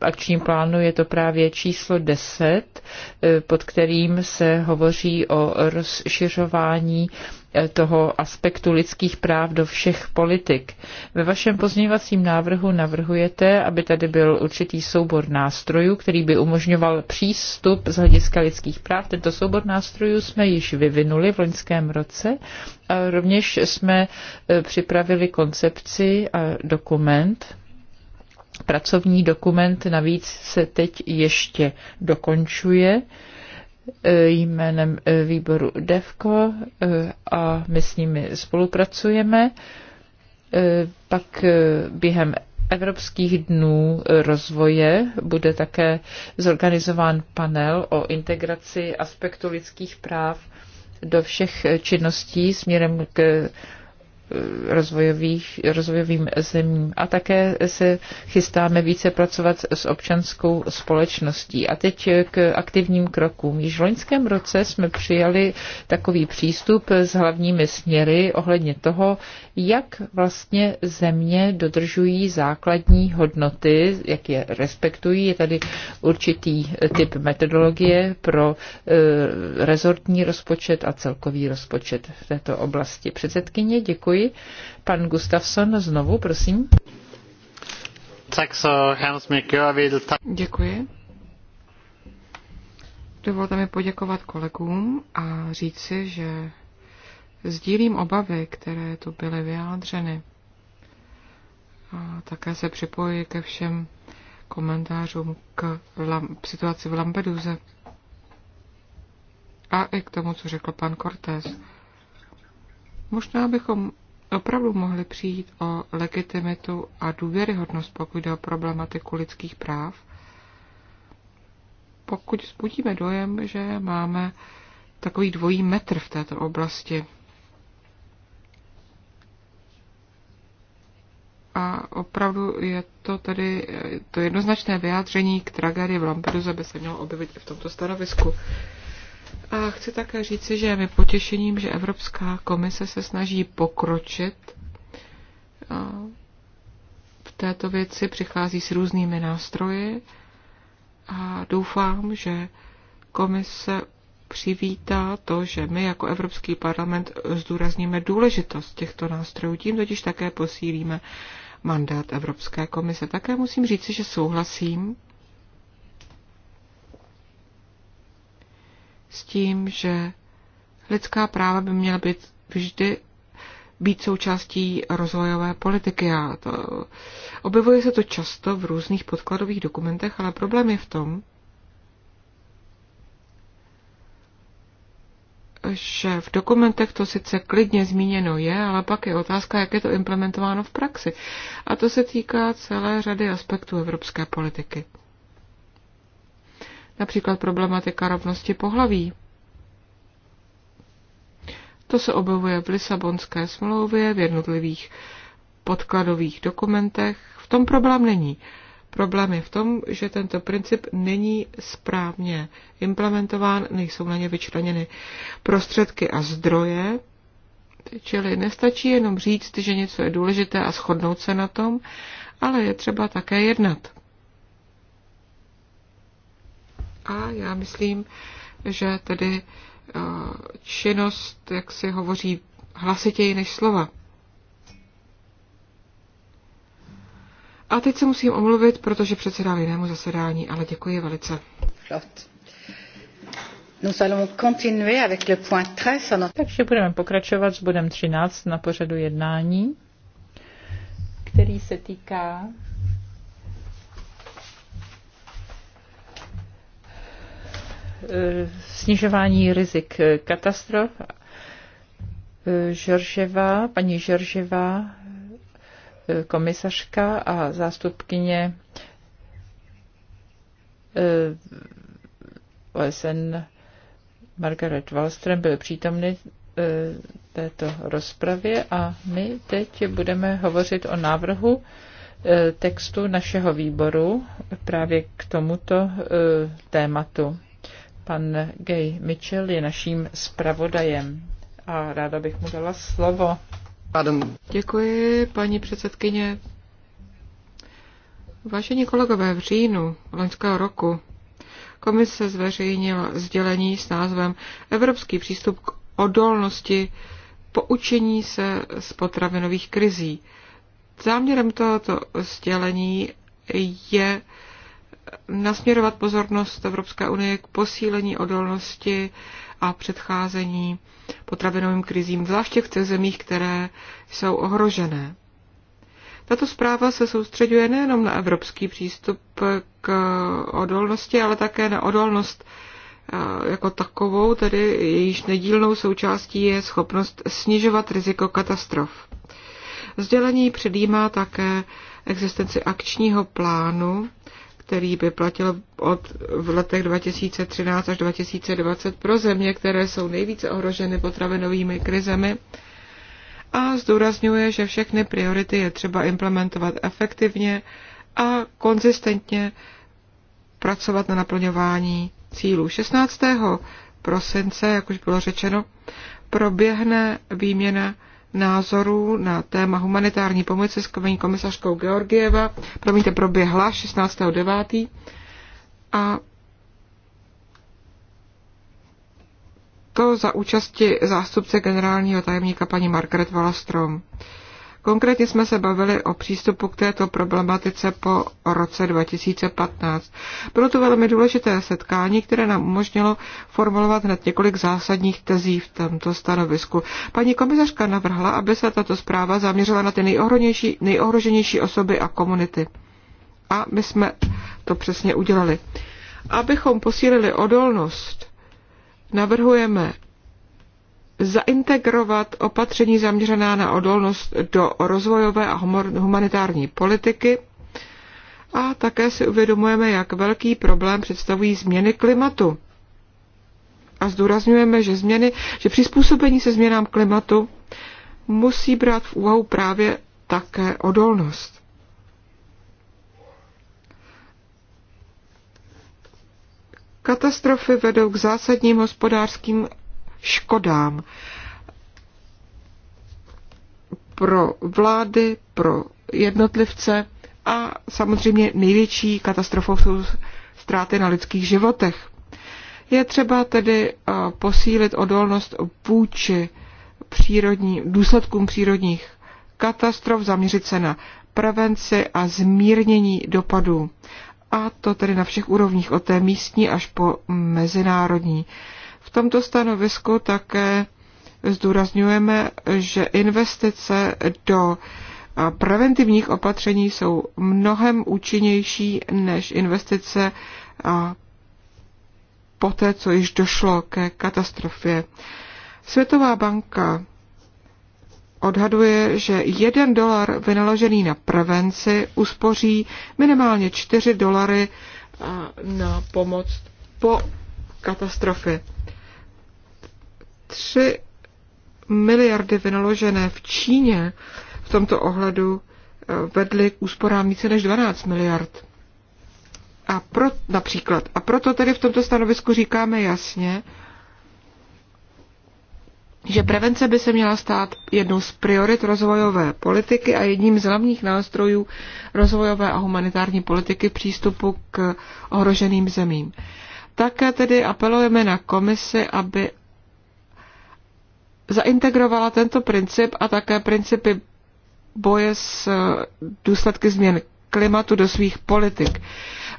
akčním plánu je to právě číslo 10, pod kterým se hovoří o rozšiřování toho aspektu lidských práv do všech politik. Ve vašem pozměňovacím návrhu navrhujete, aby tady byl určitý soubor nástrojů, který by umožňoval přístup z hlediska lidských práv. Tento soubor nástrojů jsme již vyvinuli v loňském roce a rovněž jsme e, připravili koncepci a dokument, pracovní dokument navíc se teď ještě dokončuje jménem výboru DEVKO eh, a my s nimi spolupracujeme. Eh, pak eh, během Evropských dnů rozvoje bude také zorganizován panel o integraci aspektu lidských práv do všech činností směrem k rozvojových, rozvojovým zemím. A také se chystáme více pracovat s občanskou společností. A teď k aktivním krokům. Již v loňském roce jsme přijali takový přístup s hlavními směry ohledně toho, jak vlastně země dodržují základní hodnoty, jak je respektují. Je tady určitý typ metodologie pro eh, rezortní rozpočet a celkový rozpočet v této oblasti. Předsedkyně, děkuji Děkuji. Pan Gustafsson znovu, prosím. Děkuji. Dovolte mi poděkovat kolegům a říci, že sdílím obavy, které tu byly vyjádřeny. A také se připojuji ke všem komentářům k situaci v Lampeduze a i k tomu, co řekl pan Cortés. Možná bychom opravdu mohli přijít o legitimitu a důvěryhodnost, pokud jde o problematiku lidských práv, pokud vzbudíme dojem, že máme takový dvojí metr v této oblasti. A opravdu je to tedy to jednoznačné vyjádření k tragédii v Lampeduze by se mělo objevit i v tomto stanovisku. A chci také říci, že je mi potěšením, že Evropská komise se snaží pokročit v této věci, přichází s různými nástroji a doufám, že komise přivítá to, že my jako Evropský parlament zdůrazníme důležitost těchto nástrojů, tím totiž také posílíme mandát Evropské komise. Také musím říci, že souhlasím s tím, že lidská práva by měla být vždy být součástí rozvojové politiky. A to, objevuje se to často v různých podkladových dokumentech, ale problém je v tom, že v dokumentech to sice klidně zmíněno je, ale pak je otázka, jak je to implementováno v praxi. A to se týká celé řady aspektů evropské politiky například problematika rovnosti pohlaví. To se objevuje v Lisabonské smlouvě, v jednotlivých podkladových dokumentech. V tom problém není. Problém je v tom, že tento princip není správně implementován, nejsou na ně vyčleněny prostředky a zdroje, čili nestačí jenom říct, že něco je důležité a shodnout se na tom, ale je třeba také jednat. A já myslím, že tedy eh, činnost, jak si hovoří, hlasitěji než slova. A teď se musím omluvit, protože předsedám jinému zasedání, ale děkuji velice. Takže budeme pokračovat s bodem 13 na pořadu jednání, který se týká Eh, snižování rizik katastrof. Eh, Žorževa, paní Žorževa, eh, komisařka a zástupkyně OSN Margaret Wallström byly přítomny této rozpravě a my teď budeme hovořit o návrhu textu našeho výboru právě k tomuto tématu. Pan Gay Mitchell je naším zpravodajem a ráda bych mu dala slovo. Pardon. Děkuji, paní předsedkyně. Vážení kolegové, v říjnu loňského roku komise zveřejnila sdělení s názvem Evropský přístup k odolnosti poučení se z potravinových krizí. Záměrem tohoto sdělení je nasměrovat pozornost Evropské unie k posílení odolnosti a předcházení potravinovým krizím, zvláště v těch zemích, které jsou ohrožené. Tato zpráva se soustředuje nejenom na evropský přístup k odolnosti, ale také na odolnost eh, jako takovou, tedy jejíž nedílnou součástí je schopnost snižovat riziko katastrof. Vzdělení předjímá také existenci akčního plánu který by platil od v letech 2013 až 2020 pro země, které jsou nejvíce ohroženy potravinovými krizemi a zdůrazňuje, že všechny priority je třeba implementovat efektivně a konzistentně pracovat na naplňování cílů. 16. prosince, jak už bylo řečeno, proběhne výměna názorů na téma humanitární pomoci s paní komisařkou Georgieva. Promiňte, proběhla 16.9. A to za účasti zástupce generálního tajemníka paní Margaret Wallastrom. Konkrétně jsme se bavili o přístupu k této problematice po roce 2015. Bylo to velmi důležité setkání, které nám umožnilo formulovat hned několik zásadních tezí v tomto stanovisku. Paní komisařka navrhla, aby se tato zpráva zaměřila na ty nejohroženější, nejohroženější osoby a komunity. A my jsme to přesně udělali. Abychom posílili odolnost, navrhujeme zaintegrovat opatření zaměřená na odolnost do rozvojové a humanitární politiky a také si uvědomujeme, jak velký problém představují změny klimatu. A zdůrazňujeme, že změny, že přizpůsobení se změnám klimatu musí brát v úvahu právě také odolnost. Katastrofy vedou k zásadním hospodářským škodám pro vlády, pro jednotlivce a samozřejmě největší katastrofou jsou ztráty na lidských životech. Je třeba tedy eh, posílit odolnost vůči přírodní, důsledkům přírodních katastrof, zaměřit se na prevenci a zmírnění dopadů. A to tedy na všech úrovních, od té místní až po mezinárodní tomto stanovisku také zdůrazňujeme, že investice do preventivních opatření jsou mnohem účinnější než investice po té, co již došlo ke katastrofě. Světová banka odhaduje, že jeden dolar vynaložený na prevenci uspoří minimálně 4 dolary na pomoc po katastrofě. 3 miliardy vynaložené v Číně v tomto ohledu eh, vedly k úsporám více než 12 miliard. A pro, například. A proto tedy v tomto stanovisku říkáme jasně, že prevence by se měla stát jednou z priorit rozvojové politiky a jedním z hlavních nástrojů rozvojové a humanitární politiky přístupu k ohroženým zemím. Také tedy apelujeme na komisi, aby zaintegrovala tento princip a také principy boje s eh, důsledky změn klimatu do svých politik.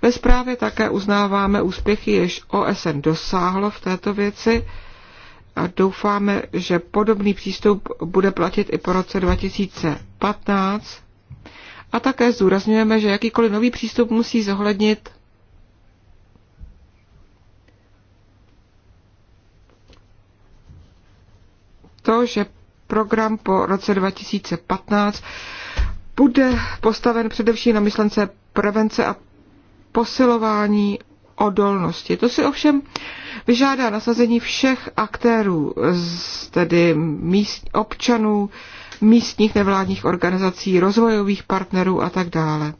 Ve zprávě také uznáváme úspěchy, jež OSN dosáhlo v této věci a doufáme, že podobný přístup bude platit i po roce 2015. A také zdůrazňujeme, že jakýkoliv nový přístup musí zohlednit to, že program po roce 2015 bude postaven především na myšlence prevence a posilování odolnosti. To si ovšem vyžádá nasazení všech aktérů, tedy míst, občanů, místních nevládních organizací, rozvojových partnerů a tak dále.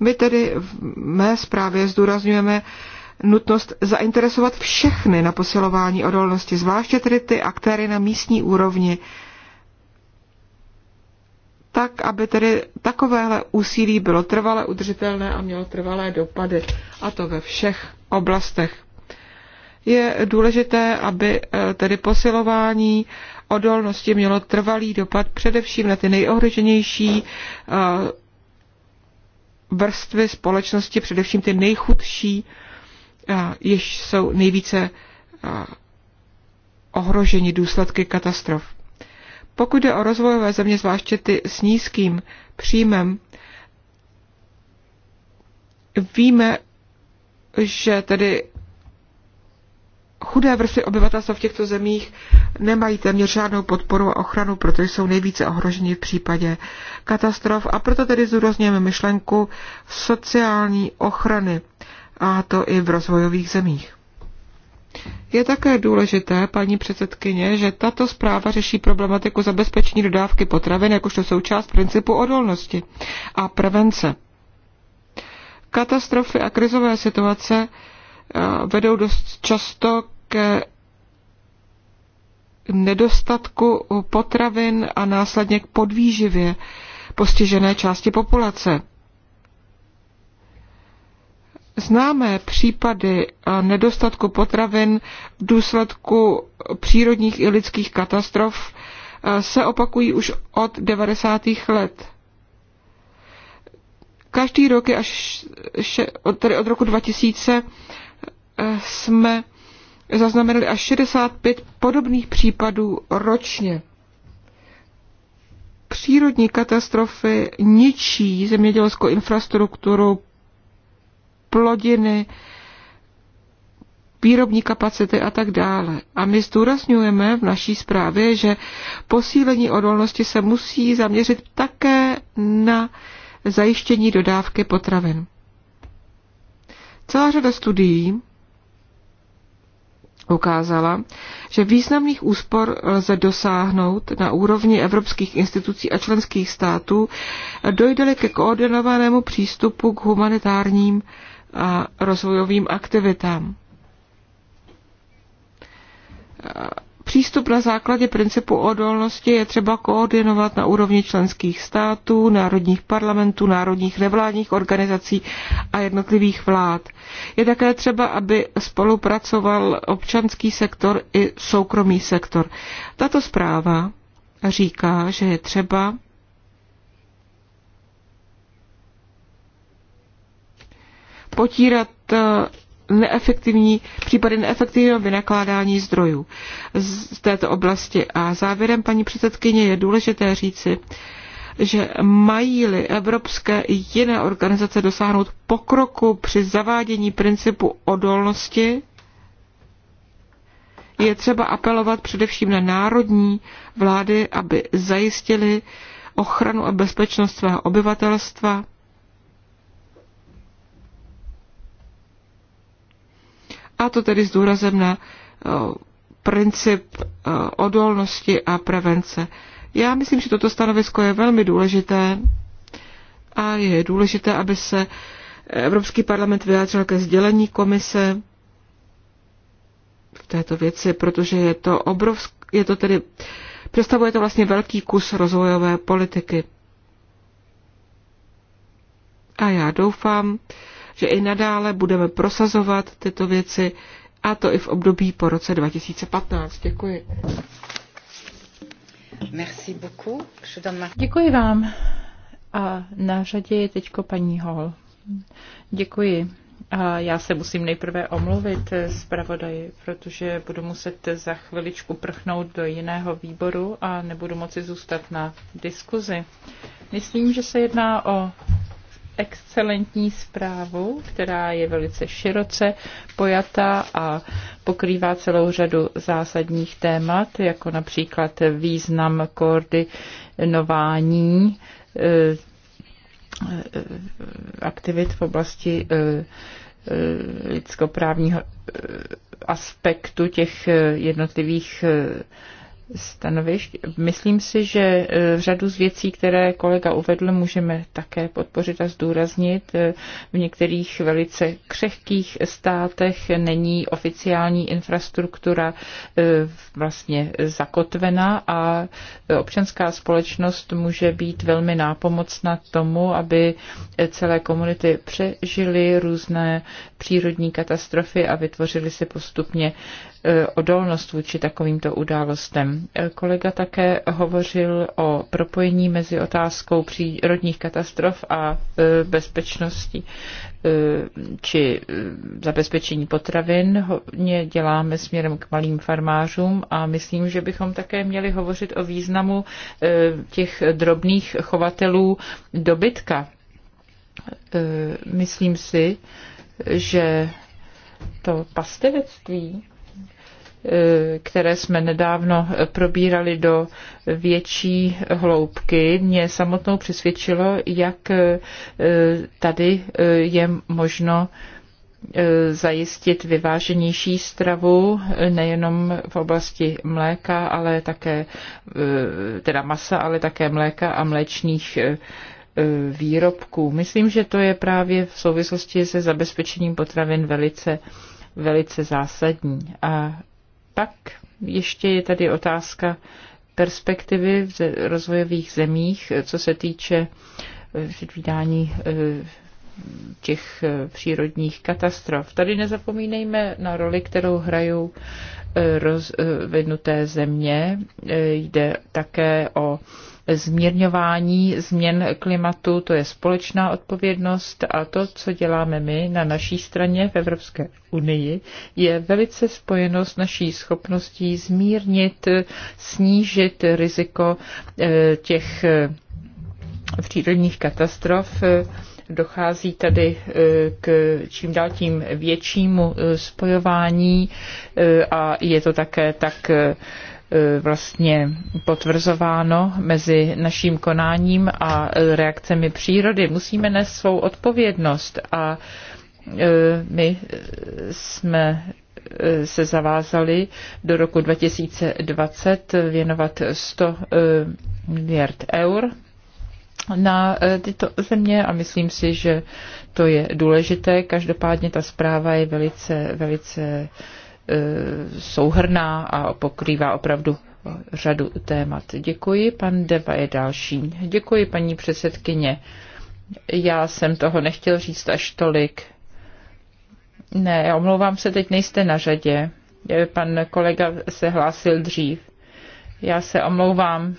My tedy v mé zprávě zdůrazňujeme nutnost zainteresovat všechny na posilování odolnosti, zvláště tedy ty aktéry na místní úrovni, tak, aby tedy takovéhle úsilí bylo trvale udržitelné a mělo trvalé dopady, a to ve všech oblastech. Je důležité, aby eh, tedy posilování odolnosti mělo trvalý dopad především na ty nejohroženější eh, vrstvy společnosti, především ty nejchudší jež jsou nejvíce ohroženi důsledky katastrof. Pokud jde o rozvojové země, zvláště ty s nízkým příjmem, víme, že tedy chudé vrstvy obyvatelstva v těchto zemích nemají téměř žádnou podporu a ochranu, protože jsou nejvíce ohroženi v případě katastrof a proto tedy zúrozněme myšlenku sociální ochrany a to i v rozvojových zemích. Je také důležité, paní předsedkyně, že tato zpráva řeší problematiku zabezpečení dodávky potravin jakožto součást principu odolnosti a prevence. Katastrofy a krizové situace eh, vedou dost často ke nedostatku potravin a následně k podvýživě postižené části populace. Známe případy eh, nedostatku potravin v důsledku přírodních i lidských katastrof eh, se opakují už od 90. let. Každý rok je až še, tedy od roku 2000 eh, jsme zaznamenali až 65 podobných případů ročně. Přírodní katastrofy ničí zemědělskou infrastrukturu, plodiny, výrobní kapacity a tak dále. A my zdůrazňujeme v naší zprávě, že posílení odolnosti se musí zaměřit také na zajištění dodávky potravin. Celá řada studií ukázala, že významných úspor lze dosáhnout na úrovni evropských institucí a členských států, dojde ke koordinovanému přístupu k humanitárním a rozvojovým aktivitám. Přístup na základě principu odolnosti je třeba koordinovat na úrovni členských států, národních parlamentů, národních nevládních organizací a jednotlivých vlád. Je také třeba, aby spolupracoval občanský sektor i soukromý sektor. Tato zpráva říká, že je třeba potírat eh, neefektivní, případy neefektivního vynakládání zdrojů z této oblasti. A závěrem, paní předsedkyně, je důležité říci, že mají-li evropské i jiné organizace dosáhnout pokroku při zavádění principu odolnosti, je třeba apelovat především na národní vlády, aby zajistili ochranu a bezpečnost svého obyvatelstva, a to tedy s důrazem na eh, princip eh, odolnosti a prevence. Já myslím, že toto stanovisko je velmi důležité a je důležité, aby se Evropský parlament vyjádřil ke sdělení komise v této věci, protože je to obrovský, je to tedy, představuje to vlastně velký kus rozvojové politiky. A já doufám, že i nadále budeme prosazovat tyto věci a to i v období po roce 2015. Děkuji. Merci beaucoup. Děkuji vám. A na řadě je teď paní Hall. Děkuji. A já se musím nejprve omluvit zpravodaji, protože budu muset za chviličku prchnout do jiného výboru a nebudu moci zůstat na diskuzi. Myslím, že se jedná o excelentní zprávu, která je velice široce pojatá a pokrývá celou řadu zásadních témat, jako například význam koordinování eh, eh, aktivit v oblasti eh, lidskoprávního aspektu těch jednotlivých stanovišť. Myslím si, že v e, řadu z věcí, které kolega uvedl, můžeme také podpořit a zdůraznit. E, v některých velice křehkých státech není oficiální infrastruktura e, vlastně zakotvena a občanská společnost může být velmi nápomocna tomu, aby celé komunity přežily různé přírodní katastrofy a vytvořily si postupně E, odolnost vůči takovýmto událostem. E, kolega také hovořil o propojení mezi otázkou přírodních katastrof a e, bezpečnosti či zabezpečení potravin. Hodně děláme směrem k malým farmářům a myslím, že bychom také měli hovořit o významu těch drobných chovatelů dobytka. Myslím si, že to pastevectví které jsme nedávno probírali do větší hloubky, mě samotnou přesvědčilo, jak eh, tady eh, je možno eh, zajistit vyváženější stravu nejenom v oblasti mléka, ale také teda masa, ale také mléka a mléčných výrobků. Myslím, že to je právě v souvislosti se zabezpečením potravin velice, velice zásadní. A pak ještě je tady otázka perspektivy v rozvojových zemích, co se týče eh, předvídání eh, těch eh, přírodních katastrof. Tady nezapomínejme na roli, kterou hrajou rozvinuté země. Jde také o zmírňování změn klimatu, to je společná odpovědnost a to, co děláme my na naší straně v Evropské unii, je velice spojeno s naší schopností zmírnit, snížit riziko eh, těch eh, přírodních katastrof dochází tady eh, k čím dál tím většímu spojování a je to také tak E, vlastně potvrzováno mezi naším konáním a e, reakcemi přírody. Musíme nést svou odpovědnost a e, my jsme se zavázali do roku 2020 věnovat 100 miliard eur na tyto země a myslím si, že to je důležité. Každopádně ta zpráva je velice, velice Eh, souhrná a pokrývá opravdu řadu témat. Děkuji, pan Deva je další. Děkuji, paní předsedkyně. Já jsem toho nechtěl říct až tolik. Ne, omlouvám se, teď nejste na řadě. Eh, pan kolega se hlásil dřív. Já se omlouvám.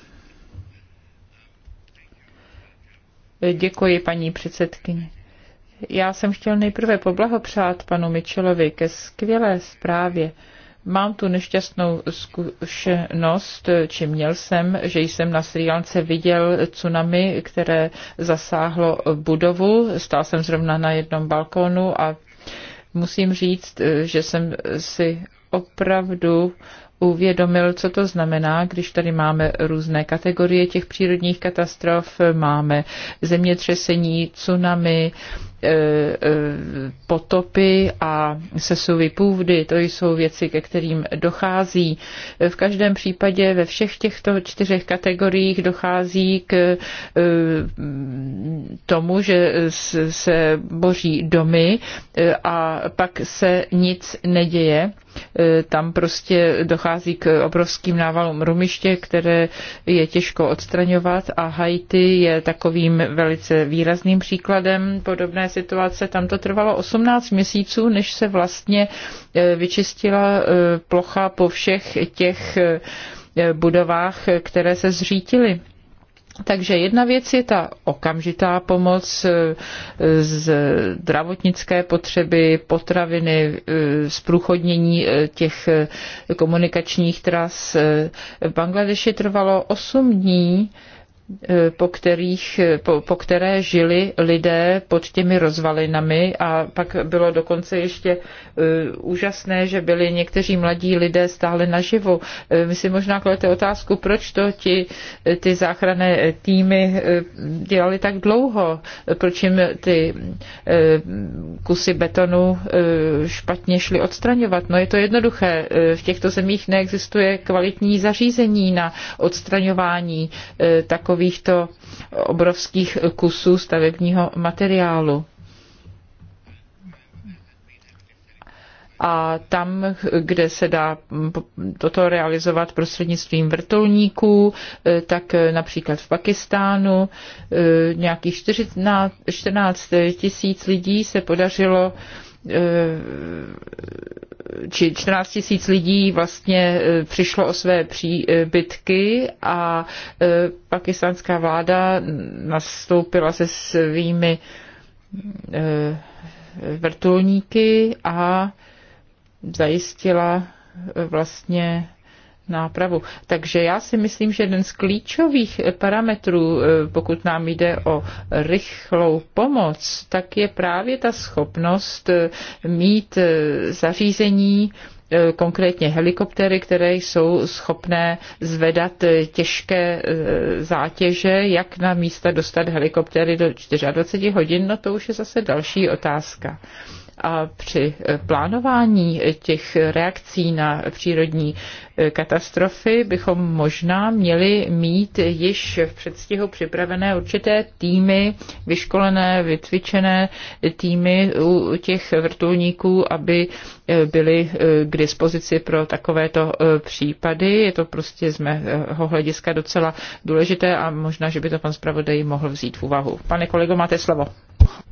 Eh, děkuji, paní předsedkyně. Já jsem chtěl nejprve poblahopřát panu Mitchellovi ke skvělé zprávě. Mám tu nešťastnou zkušenost, či měl jsem, že jsem na Sri Lance viděl tsunami, které zasáhlo budovu. Stál jsem zrovna na jednom balkónu a musím říct, že jsem si opravdu uvědomil, co to znamená, když tady máme různé kategorie těch přírodních katastrof, máme zemětřesení, tsunami, E, e, potopy a sesuvy původy, to jsou věci, ke kterým dochází. V každém případě ve všech těchto čtyřech kategoriích dochází k e, tomu, že se boří domy a pak se nic neděje. Tam prostě dochází k obrovským návalům rumiště, které je těžko odstraňovat a Haiti je takovým velice výrazným příkladem podobné situace. Tam to trvalo 18 měsíců, než se vlastně e, vyčistila e, plocha po všech těch e, budovách, které se zřítily. Takže jedna věc je ta okamžitá pomoc z zdravotnické potřeby, potraviny, zprůchodnění těch komunikačních tras. V Bangladeši trvalo 8 dní, E, po, kterých, po, po které žili lidé pod těmi rozvalinami a pak bylo dokonce ještě uh, úžasné, že byli někteří mladí lidé stále naživu. Uh, my si možná kladete otázku, proč to ti, ty záchranné týmy uh, dělali tak dlouho, proč jim ty uh, kusy betonu uh, špatně šli odstraňovat. No je to jednoduché, uh, v těchto zemích neexistuje kvalitní zařízení na odstraňování uh, takových takovýchto obrovských kusů stavebního materiálu. a tam, kde se dá toto realizovat prostřednictvím vrtulníků, tak například v Pakistánu nějakých 14 tisíc lidí se podařilo eh, či 14 tisíc lidí vlastně e, přišlo o své příbytky a e, pakistánská vláda nastoupila se svými e, vrtulníky a zajistila vlastně nápravu. Takže já si myslím, že jeden z klíčových parametrů, eh, pokud nám jde o rychlou pomoc, tak je právě ta schopnost eh, mít eh, zařízení, konkrétně helikoptery, které jsou schopné zvedat těžké zátěže, jak na místa dostat helikoptery do 24 hodin, no to už je zase další otázka. A při plánování těch reakcí na přírodní e, katastrofy bychom možná měli mít již v předstihu připravené určité týmy, vyškolené, vytvičené týmy u těch vrtulníků, aby e, byly e, k dispozici pro takovéto případy. Je to prostě z mého hlediska docela důležité a možná, že by to pan zpravodaj mohl vzít v úvahu. Pane kolego, máte slovo.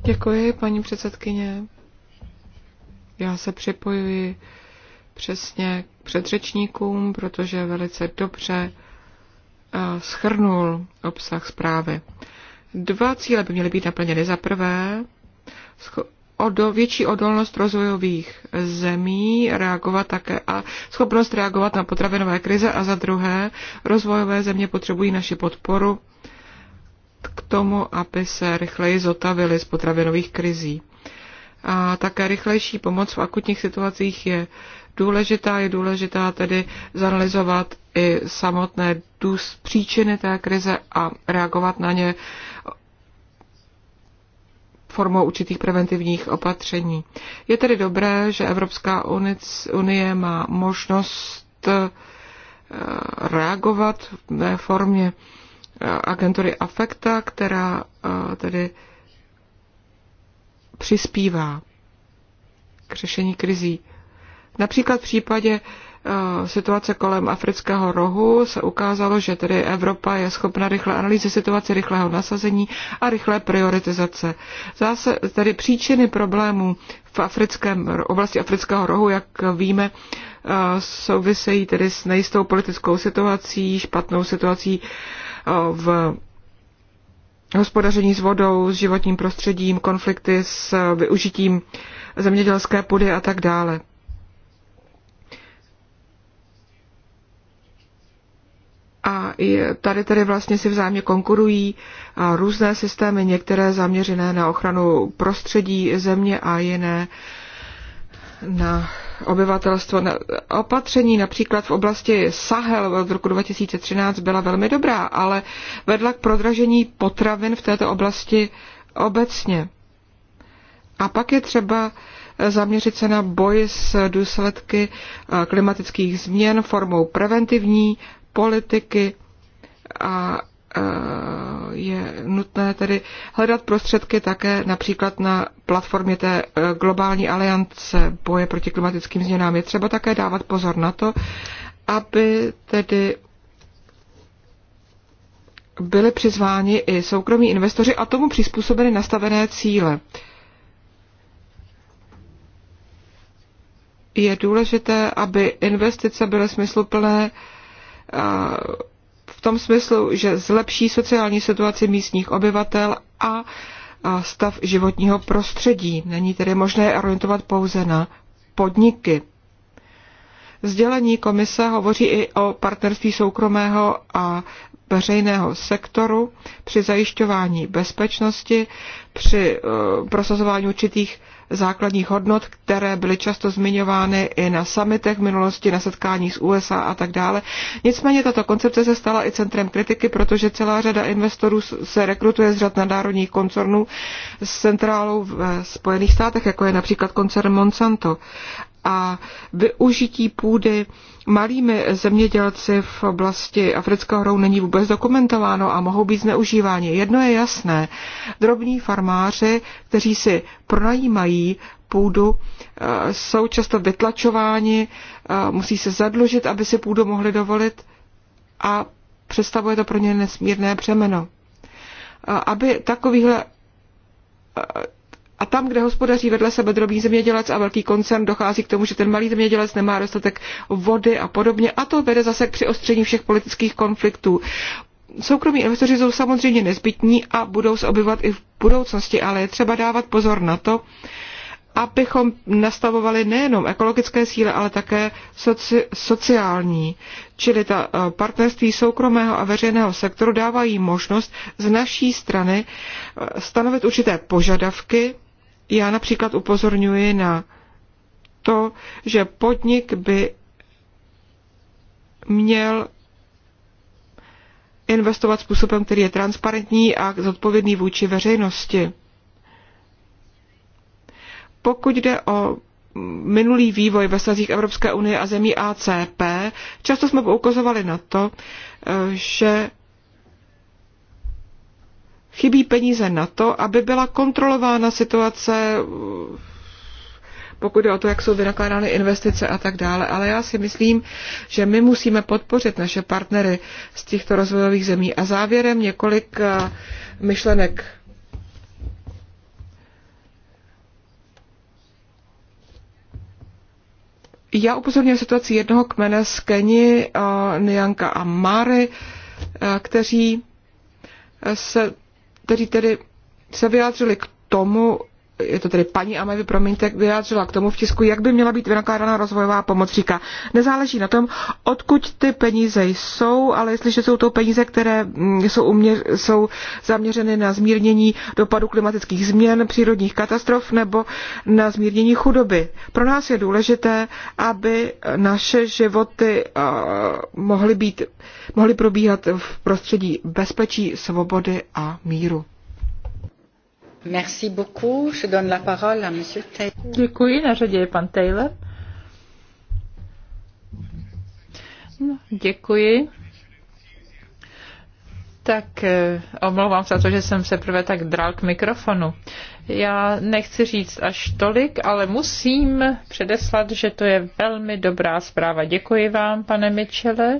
Děkuji, paní předsedkyně. Já se připojuji přesně k předřečníkům, protože velice dobře eh, schrnul obsah zprávy. Dva cíle by měly být naplněny. Za prvé, větší odolnost rozvojových zemí, reagovat také a schopnost reagovat na potravinové krize a za druhé, rozvojové země potřebují naši podporu k tomu, aby se rychleji zotavili z potravinových krizí a také rychlejší pomoc v akutních situacích je důležitá. Je důležitá tedy zanalizovat i samotné důs příčiny té krize a reagovat na ně formou určitých preventivních opatření. Je tedy dobré, že Evropská unie má možnost eh, reagovat ve formě eh, agentury Afekta, která eh, tedy přispívá k řešení krizí. Například v případě eh, situace kolem afrického rohu se ukázalo, že tedy Evropa je schopna rychle analýzy situace, rychlého nasazení a rychlé prioritizace. Zase tedy příčiny problémů v africkém, oblasti afrického rohu, jak víme, eh, souvisejí tedy s nejistou politickou situací, špatnou situací eh, v hospodaření s vodou, s životním prostředím, konflikty s využitím zemědělské půdy a tak dále. A tady tedy vlastně si vzájemně konkurují různé systémy, některé zaměřené na ochranu prostředí země a jiné na obyvatelstvo. Opatření například v oblasti Sahel v roku 2013 byla velmi dobrá, ale vedla k prodražení potravin v této oblasti obecně. A pak je třeba zaměřit se na boj s důsledky eh, klimatických změn formou preventivní politiky a Eh, je nutné tedy hledat prostředky také například na platformě té eh, globální aliance boje proti klimatickým změnám. Je třeba také dávat pozor na to, aby tedy byly přizváni i soukromí investoři a tomu přizpůsobeny nastavené cíle. Je důležité, aby investice byly smysluplné tom smyslu, že zlepší sociální situaci místních obyvatel a stav životního prostředí. Není tedy možné orientovat pouze na podniky. Vzdělení komise hovoří i o partnerství soukromého a veřejného sektoru při zajišťování bezpečnosti, při eh, prosazování určitých základních hodnot, které byly často zmiňovány i na samitech v minulosti, na setkání s USA a tak dále. Nicméně tato koncepce se stala i centrem kritiky, protože celá řada investorů se rekrutuje z řad nadárodních koncernů s centrálou v Spojených státech, jako je například koncern Monsanto a využití půdy malými zemědělci v oblasti afrického rohu není vůbec dokumentováno a mohou být zneužíváni. Jedno je jasné, drobní farmáři, kteří si pronajímají půdu, eh, jsou často vytlačováni, eh, musí se zadlužit, aby si půdu mohli dovolit a představuje to pro ně nesmírné břemeno. Eh, aby takovýhle a tam, kde hospodaří vedle sebe drobný zemědělec a velký koncern, dochází k tomu, že ten malý zemědělec nemá dostatek vody a podobně. A to vede zase k přiostření všech politických konfliktů. Soukromí investoři jsou samozřejmě nezbytní a budou se obyvat i v budoucnosti, ale je třeba dávat pozor na to, abychom nastavovali nejenom ekologické síly, ale také soci, sociální. Čili ta eh, partnerství soukromého a veřejného sektoru dávají možnost z naší strany eh, stanovit určité požadavky já například upozorňuji na to, že podnik by měl investovat způsobem, který je transparentní a zodpovědný vůči veřejnosti. Pokud jde o minulý vývoj ve stazích Evropské unie a zemí ACP, často jsme poukazovali na to, že chybí peníze na to, aby byla kontrolována situace, pokud jde o to, jak jsou vynakládány investice a tak dále. Ale já si myslím, že my musíme podpořit naše partnery z těchto rozvojových zemí. A závěrem několik eh, myšlenek Já upozorňuji situaci jednoho kmene z Keni, eh, Nianka a Mary, eh, kteří se kteří tedy se vyjádřili k tomu, je to tedy paní Amevi, promiňte, vyjádřila k tomu v tisku, jak by měla být vynakládána rozvojová pomoc. Říká, nezáleží na tom, odkud ty peníze jsou, ale jestliže jsou to peníze, které mm, jsou, uměř, jsou zaměřeny na zmírnění dopadu klimatických změn, přírodních katastrof nebo na zmírnění chudoby. Pro nás je důležité, aby naše životy uh, mohly, být, mohly probíhat v prostředí bezpečí, svobody a míru. Merci beaucoup. Je donne la parole à Monsieur Taylor. Děkuji, na řadě je pan Taylor. No, děkuji. Tak eh, omlouvám se za to, že jsem se prvé tak dral k mikrofonu. Já nechci říct až tolik, ale musím předeslat, že to je velmi dobrá zpráva. Děkuji vám, pane Michele.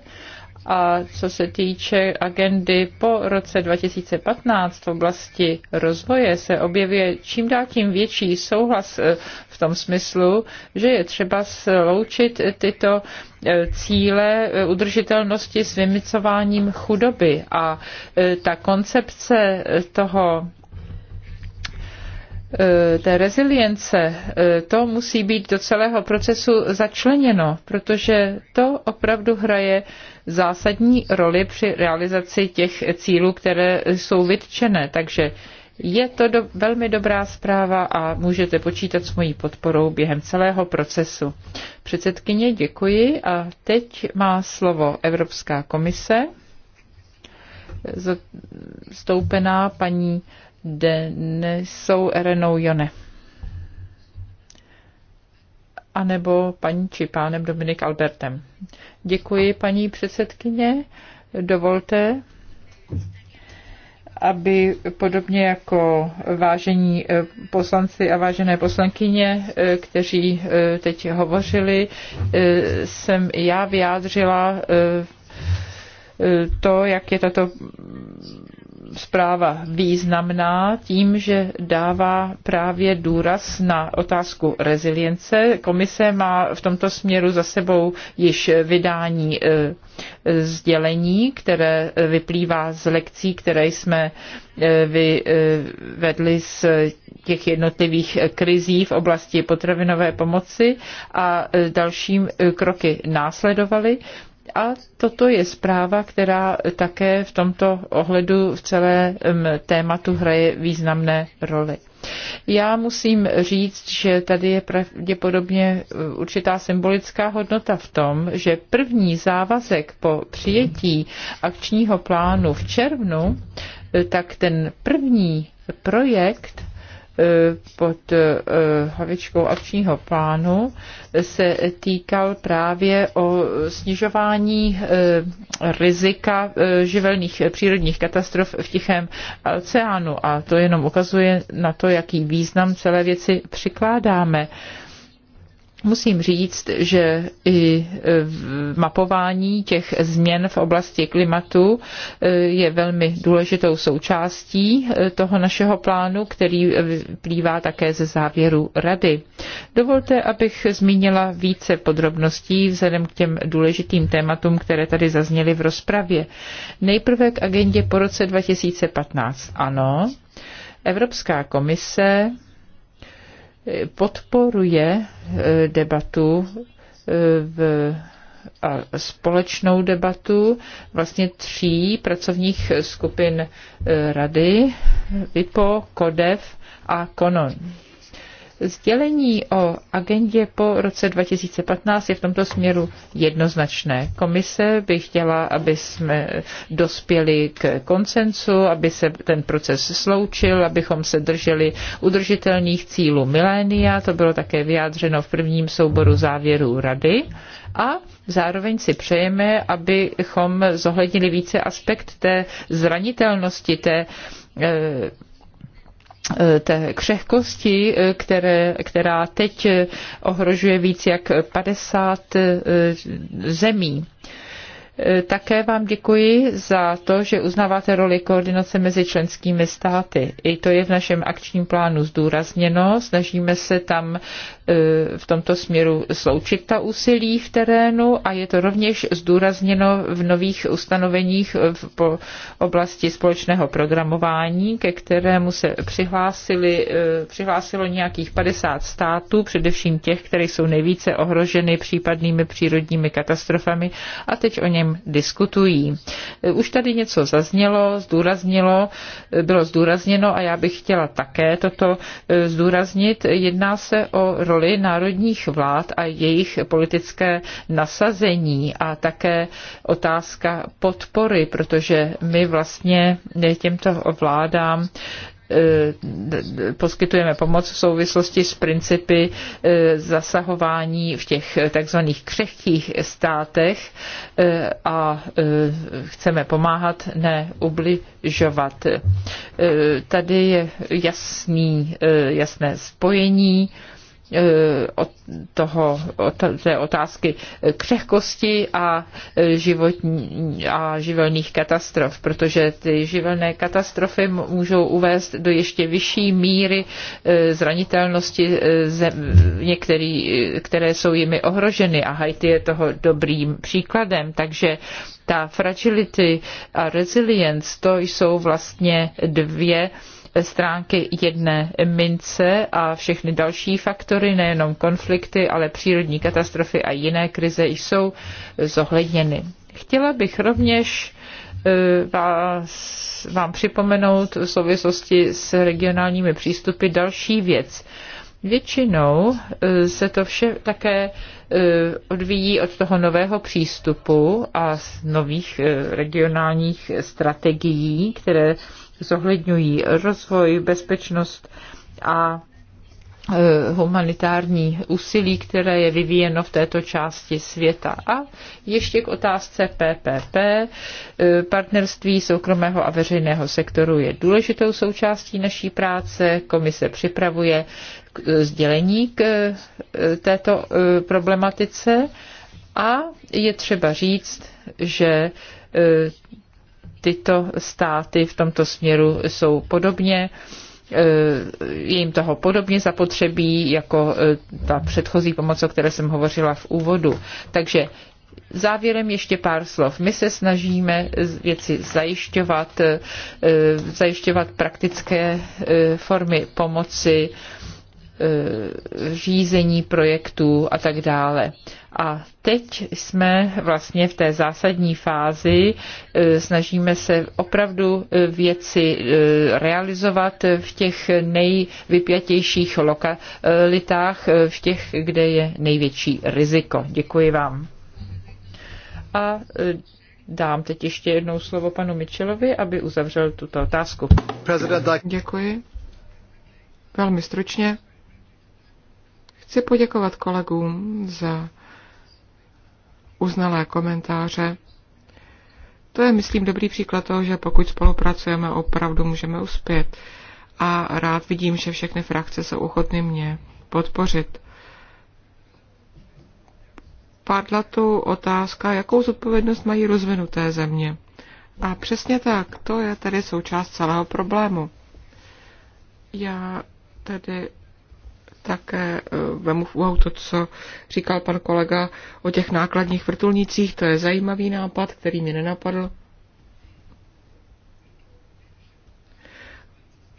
A co se týče agendy po roce 2015 v oblasti rozvoje, se objevuje čím dál tím větší souhlas eh, v tom smyslu, že je třeba sloučit tyto eh, cíle eh, udržitelnosti s vymicováním chudoby. A ta koncepce toho té rezilience, to musí být do celého procesu začleněno, protože to opravdu hraje zásadní roli při realizaci těch cílů, které jsou vytčené. Takže je to do, velmi dobrá zpráva a můžete počítat s mojí podporou během celého procesu. Předsedkyně, děkuji a teď má slovo Evropská komise, zastoupená paní Denisou Erenou Jone anebo paní či pánem Dominik Albertem. Děkuji, paní předsedkyně. Dovolte, aby podobně jako vážení eh, poslanci a vážené poslankyně, eh, kteří eh, teď hovořili, jsem i já vyjádřila to, jak je tato zpráva významná tím, že dává právě důraz na otázku rezilience. Komise má v tomto směru za sebou již vydání e, sdělení, které vyplývá z lekcí, které jsme e, vyvedli e, z těch jednotlivých krizí v oblasti potravinové pomoci a dalším kroky následovaly. A toto je zpráva, která také v tomto ohledu v celém tématu hraje významné roli. Já musím říct, že tady je pravděpodobně určitá symbolická hodnota v tom, že první závazek po přijetí akčního plánu v červnu, tak ten první projekt E, pod e, hlavičkou akčního plánu se týkal právě o snižování e, rizika živelných přírodních katastrof v Tichém oceánu. A to jenom ukazuje na to, jaký význam celé věci přikládáme. Musím říct, že i mapování těch změn v oblasti klimatu eh, je velmi důležitou součástí eh, toho našeho plánu, který plývá také ze závěru Rady. Dovolte, abych zmínila více podrobností vzhledem k těm důležitým tématům, které tady zazněly v rozpravě. Nejprve k agendě po roce 2015. Ano, Evropská komise podporuje eh, debatu eh, v a společnou debatu vlastně tří pracovních skupin eh, rady, VIPO, KODEV a KONON. Sdělení o agendě po roce 2015 je v tomto směru jednoznačné. Komise by chtěla, aby jsme dospěli k koncensu, aby se ten proces sloučil, abychom se drželi udržitelných cílů milénia, to bylo také vyjádřeno v prvním souboru závěrů rady a zároveň si přejeme, abychom zohlednili více aspekt té zranitelnosti, té eh, Eh, té křehkosti, eh, které, která teď eh, ohrožuje víc jak 50 zemí. Také vám děkuji za to, že uznáváte roli koordinace mezi členskými státy. I to je v našem akčním plánu zdůrazněno. Snažíme se tam v tomto směru sloučit ta úsilí v terénu a je to rovněž zdůrazněno v nových ustanoveních v oblasti společného programování, ke kterému se přihlásili, eh, přihlásilo nějakých 50 států, především těch, které jsou nejvíce ohroženy případnými přírodními katastrofami a teď o něm diskutují. Eh, už tady něco zaznělo, zdůraznilo, eh, bylo zdůrazněno a já bych chtěla také toto zdůraznit. Jedná se o roli národních vlád a jejich politické nasazení a také otázka podpory, protože my vlastně těmto vládám eh, poskytujeme pomoc v souvislosti s principy eh, zasahování v těch takzvaných křehkých státech eh, a chceme pomáhat, ne ubližovat. Tady je jasný, jasné spojení E, od toho, od té otázky křehkosti a, e, životní, a živelných katastrof, protože ty živelné katastrofy můžou uvést do ještě vyšší míry e, zranitelnosti zem, některý, které jsou jimi ohroženy a Haiti je toho dobrým příkladem, takže ta fragility a resilience, to jsou vlastně dvě stránky jedné mince a všechny další faktory, nejenom konflikty, ale přírodní katastrofy a jiné krize jsou zohledněny. Chtěla bych rovněž eh, vás, vám připomenout v souvislosti s regionálními přístupy další věc. Většinou eh, se to vše také eh, odvíjí od toho nového přístupu a nových regionálních strategií, které zohledňují rozvoj, bezpečnost a e, humanitární úsilí, které je vyvíjeno v této části světa. A ještě k otázce PPP. E, partnerství soukromého a veřejného sektoru je důležitou součástí naší práce. Komise připravuje e, sdělení k této problematice a je třeba říct, že tyto státy v tomto směru jsou podobně e, je jim toho podobně zapotřebí jako e, ta předchozí pomoc, o které jsem hovořila v úvodu. Takže Závěrem ještě pár slov. My se snažíme věci zajišťovat, e, zajišťovat praktické formy pomoci, Eh, řízení projektů a tak dále. A teď jsme vlastně v té zásadní fázi, eh, snažíme se opravdu eh, věci realizovat v těch nejvypjatějších lokalitách, v těch, kde je největší riziko. Děkuji vám. A dám teď ještě jednou slovo panu Mitchellovi, aby uzavřel tuto otázku. Děkuji. Velmi stručně. Chci poděkovat kolegům za uznalé komentáře. To je, myslím, dobrý příklad toho, že pokud spolupracujeme, opravdu můžeme uspět. A rád vidím, že všechny frakce jsou ochotny mě podpořit. Padla tu otázka, jakou zodpovědnost mají rozvinuté země. A přesně tak, to je tedy součást celého problému. Já tedy také eh, vemu v úvahu to, co říkal pan kolega o těch nákladních vrtulnicích. To je zajímavý nápad, který mě nenapadl.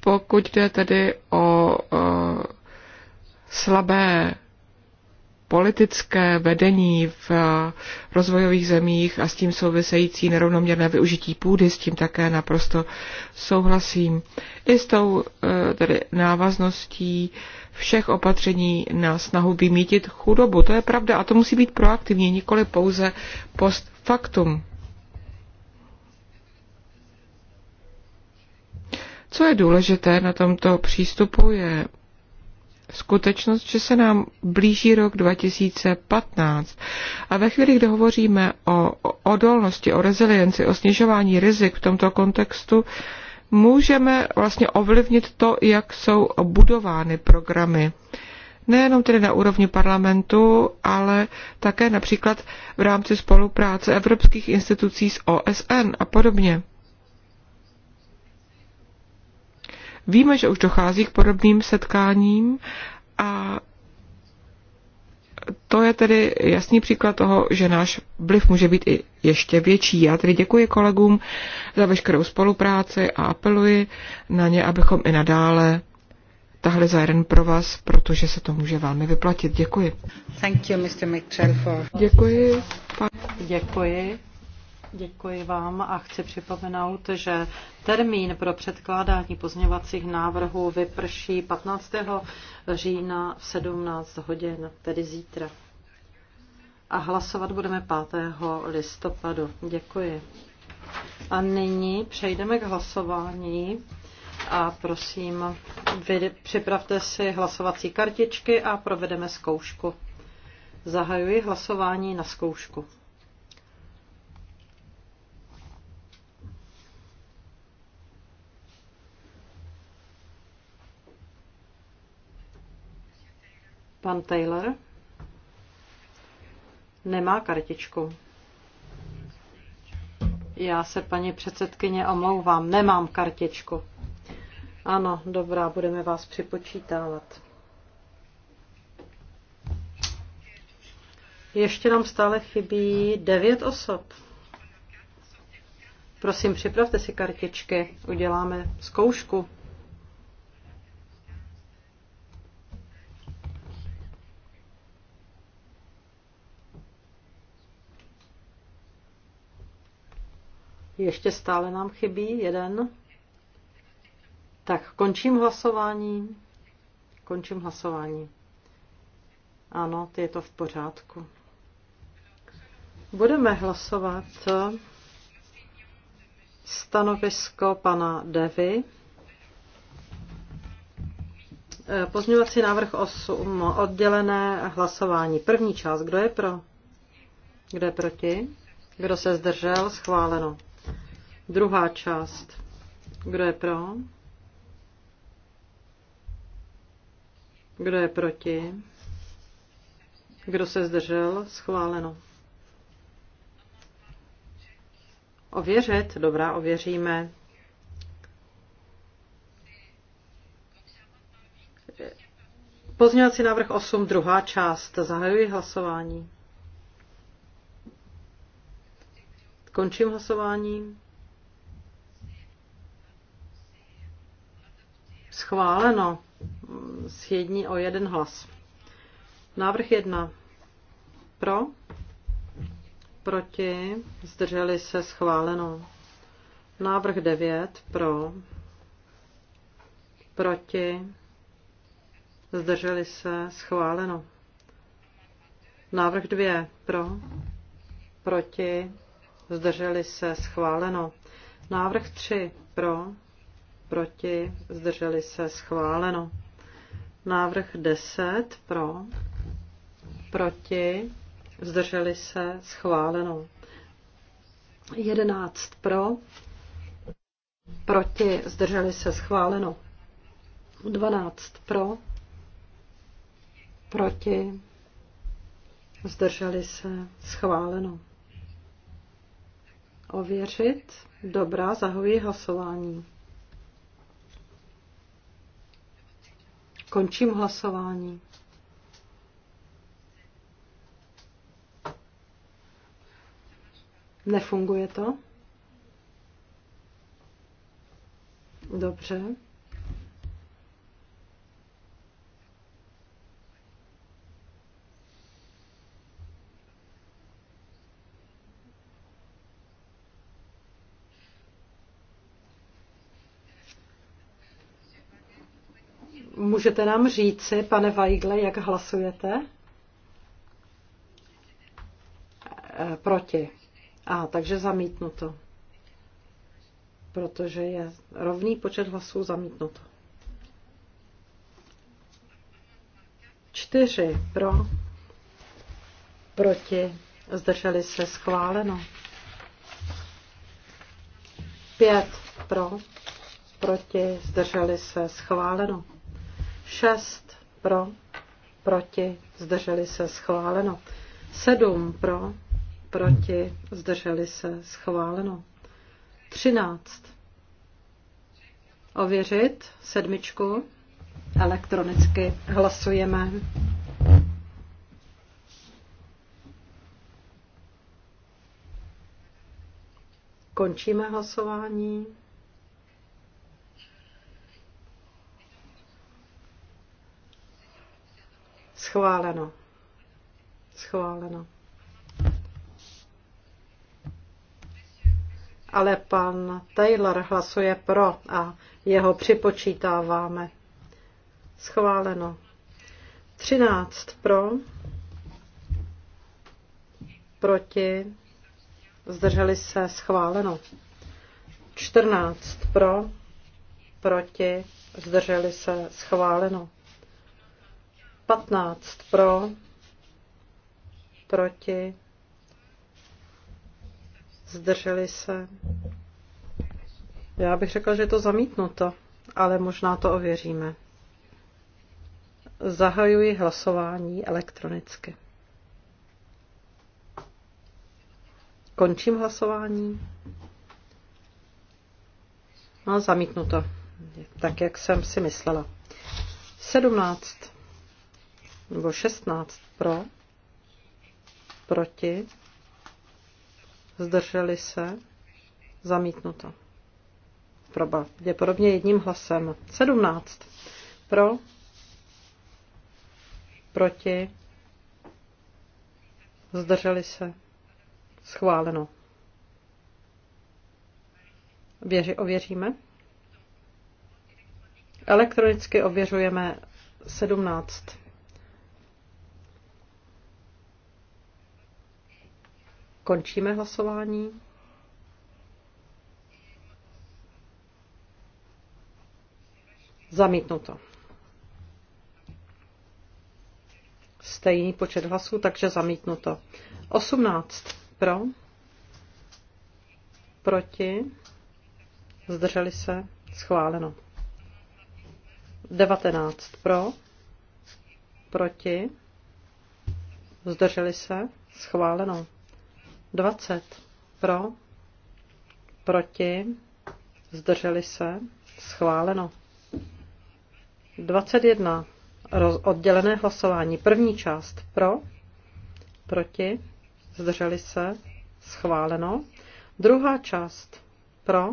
Pokud jde tedy o eh, slabé politické vedení v eh, rozvojových zemích a s tím související nerovnoměrné využití půdy, s tím také naprosto souhlasím. I s tou tedy návazností všech opatření na snahu vymítit chudobu. To je pravda a to musí být proaktivní, nikoli pouze post factum. Co je důležité na tomto přístupu je skutečnost, že se nám blíží rok 2015 a ve chvíli, kdy hovoříme o odolnosti, o rezilienci, o snižování rizik v tomto kontextu, můžeme vlastně ovlivnit to, jak jsou budovány programy. Nejenom tedy na úrovni parlamentu, ale také například v rámci spolupráce evropských institucí s OSN a podobně. Víme, že už dochází k podobným setkáním a to je tedy jasný příklad toho, že náš vliv může být i ještě větší. Já tedy děkuji kolegům za veškerou spolupráci a apeluji na ně, abychom i nadále tahli za jeden pro vás, protože se to může velmi vyplatit. Děkuji. Thank you, Mr. Mitchell, for... Děkuji. Děkuji Děkuji vám a chci připomenout, že termín pro předkládání pozměňovacích návrhů vyprší 15. října v 17 hodin, tedy zítra. A hlasovat budeme 5. listopadu. Děkuji. A nyní přejdeme k hlasování a prosím, vy připravte si hlasovací kartičky a provedeme zkoušku. Zahajuji hlasování na zkoušku. Pan Taylor nemá kartičku. Já se paní předsedkyně omlouvám, nemám kartičku. Ano, dobrá, budeme vás připočítávat. Ještě nám stále chybí devět osob. Prosím, připravte si kartičky, uděláme zkoušku. Ještě stále nám chybí jeden. Tak končím hlasování. Končím hlasování. Ano, je to v pořádku. Budeme hlasovat stanovisko pana Devy. Pozměňovací návrh 8, oddělené hlasování. První část, kdo je pro? Kdo je proti? Kdo se zdržel? Schváleno. Druhá část. Kdo je pro? Kdo je proti? Kdo se zdržel? Schváleno. Ověřit? Dobrá, ověříme. Pozměňovací návrh 8, druhá část. Zahajuji hlasování. Končím hlasování. Schváleno s jední o jeden hlas. Návrh jedna. Pro? Proti? Zdrželi se schváleno. Návrh 9. Pro? Proti? Zdrželi se schváleno. Návrh 2. Pro? Proti? Zdrželi se schváleno. Návrh 3. Pro? proti, zdrželi se, schváleno. Návrh 10 pro, proti, zdrželi se, schváleno. 11 pro, proti, zdrželi se, schváleno. 12 pro, proti, zdrželi se, schváleno. Ověřit, dobrá, zahojí hlasování. Končím hlasování. Nefunguje to? Dobře. Můžete nám říci, pane Weigle, jak hlasujete? Eh, proti. A, takže zamítnuto. Protože je rovný počet hlasů zamítnuto. Čtyři pro, proti, zdrželi se schváleno. Pět pro, proti, zdrželi se schváleno. 6 pro, proti, zdrželi se, schváleno. 7 pro, proti, zdrželi se, schváleno. 13. Ověřit sedmičku. Elektronicky hlasujeme. Končíme hlasování. Schváleno. Schváleno. Ale pan Taylor hlasuje pro a jeho připočítáváme. Schváleno. 13 pro, proti, zdrželi se, schváleno. 14 pro, proti, zdrželi se, schváleno. 15 pro, proti, zdrželi se. Já bych řekla, že je to zamítnuto, ale možná to ověříme. Zahajuji hlasování elektronicky. Končím hlasování. No, zamítnuto, tak jak jsem si myslela. 17 nebo 16 pro, proti, zdrželi se, zamítnuto. Proba, pravděpodobně jedním hlasem. 17 pro, proti, zdrželi se, schváleno. Věři, ověříme? Elektronicky ověřujeme 17. Končíme hlasování. Zamítnuto. Stejný počet hlasů, takže zamítnuto. 18 pro, proti, zdrželi se, schváleno. 19 pro, proti, zdrželi se, schváleno. 20 pro, proti, zdrželi se, schváleno. 21 roz, oddělené hlasování. První část pro, proti, zdrželi se, schváleno. Druhá část pro,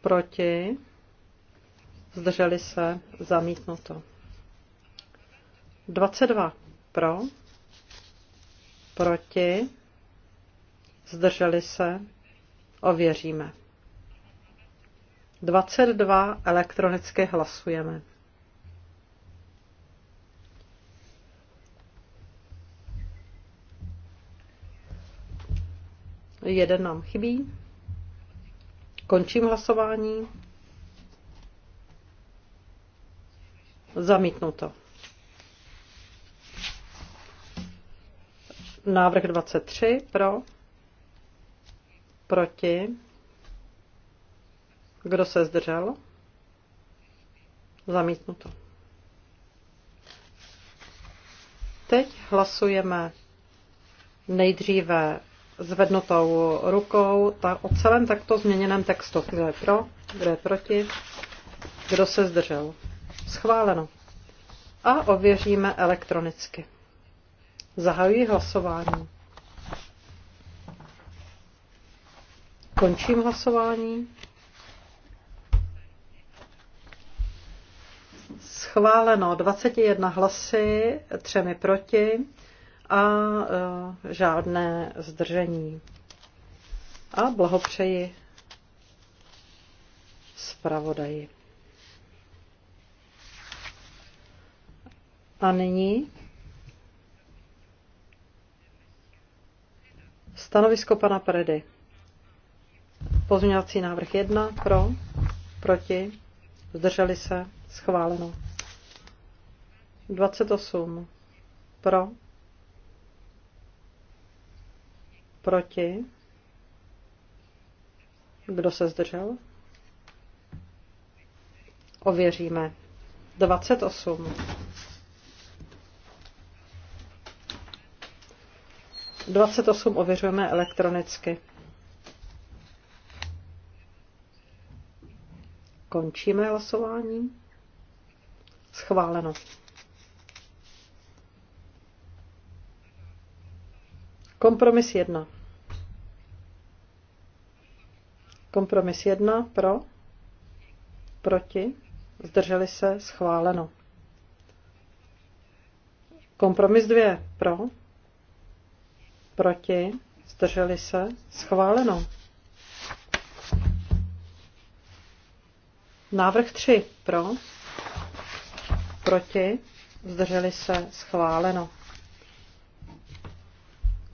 proti, zdrželi se, zamítnuto. 22 pro, proti, zdrželi se, ověříme. 22 elektronicky hlasujeme. Jeden nám chybí. Končím hlasování. Zamítnuto. Návrh 23 pro, proti, kdo se zdržel? Zamítnuto. Teď hlasujeme nejdříve zvednutou rukou ta, o celém takto změněném textu. Kdo je pro, kdo je proti, kdo se zdržel. Schváleno. A ověříme elektronicky. Zahajuji hlasování. Končím hlasování. Schváleno 21 hlasy, třemi proti a e, žádné zdržení. A blahopřeji zpravodaji. A nyní Stanovisko pana Predy. Pozměňovací návrh 1 pro, proti, zdrželi se, schváleno. 28 pro, proti, kdo se zdržel? Ověříme. 28. 28 ověřujeme elektronicky. Končíme hlasování. Schváleno. Kompromis 1. Kompromis 1 pro, proti, zdrželi se, schváleno. Kompromis 2 pro, proti, zdrželi se, schváleno. Návrh 3 pro, proti, zdrželi se, schváleno.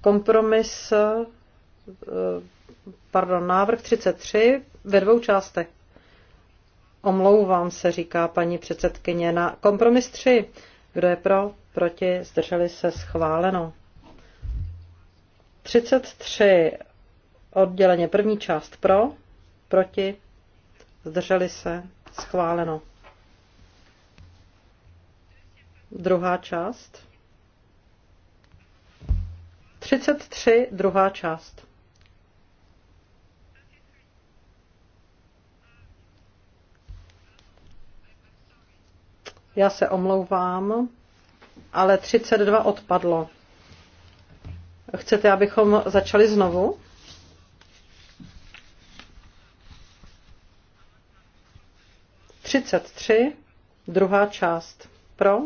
Kompromis, eh, pardon, návrh 33 ve dvou částech. Omlouvám se, říká paní předsedkyně, na kompromis 3. Kdo je pro, proti, zdrželi se, schváleno. 33 odděleně první část pro, proti, zdrželi se, schváleno. Druhá část. 33, druhá část. Já se omlouvám, ale 32 odpadlo. Chcete, abychom začali znovu? Třicet tři, druhá část. Pro?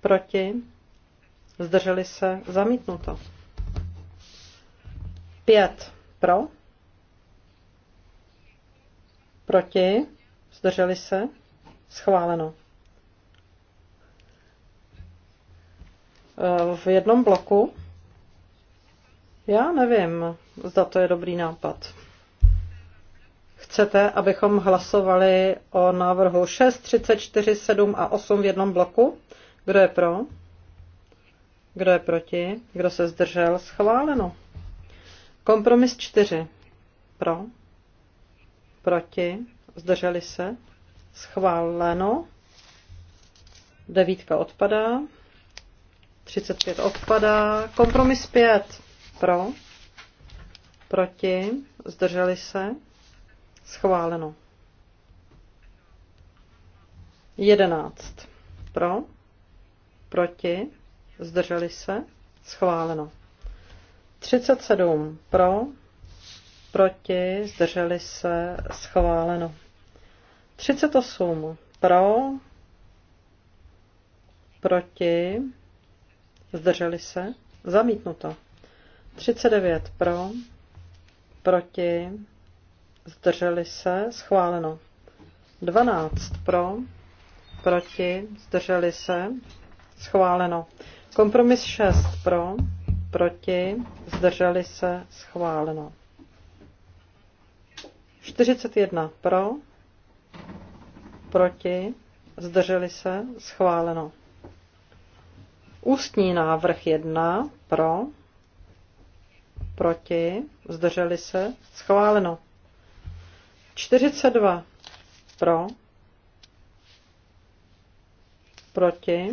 Proti? Zdrželi se? Zamítnuto. Pět. Pro? Proti? Zdrželi se? Schváleno. Eh, v jednom bloku? Já nevím, zda to je dobrý nápad. Chcete, abychom hlasovali o návrhu 6, 34, 7 a 8 v jednom bloku? Kdo je pro? Kdo je proti? Kdo se zdržel? Schváleno. Kompromis 4. Pro. Proti. Zdrželi se. Schváleno. Devítka odpadá. 35 odpadá. Kompromis 5 pro, proti, zdrželi se, schváleno. 11 pro, proti, zdrželi se, schváleno. 37 pro, proti, zdrželi se, schváleno. 38 pro, proti, zdrželi se, zamítnuto. 39 pro, proti, zdrželi se, schváleno. 12 pro, proti, zdrželi se, schváleno. Kompromis 6 pro, proti, zdrželi se, schváleno. 41 pro, proti, zdrželi se, schváleno. Ústní návrh 1 pro, proti, zdrželi se, schváleno. 42 pro, proti,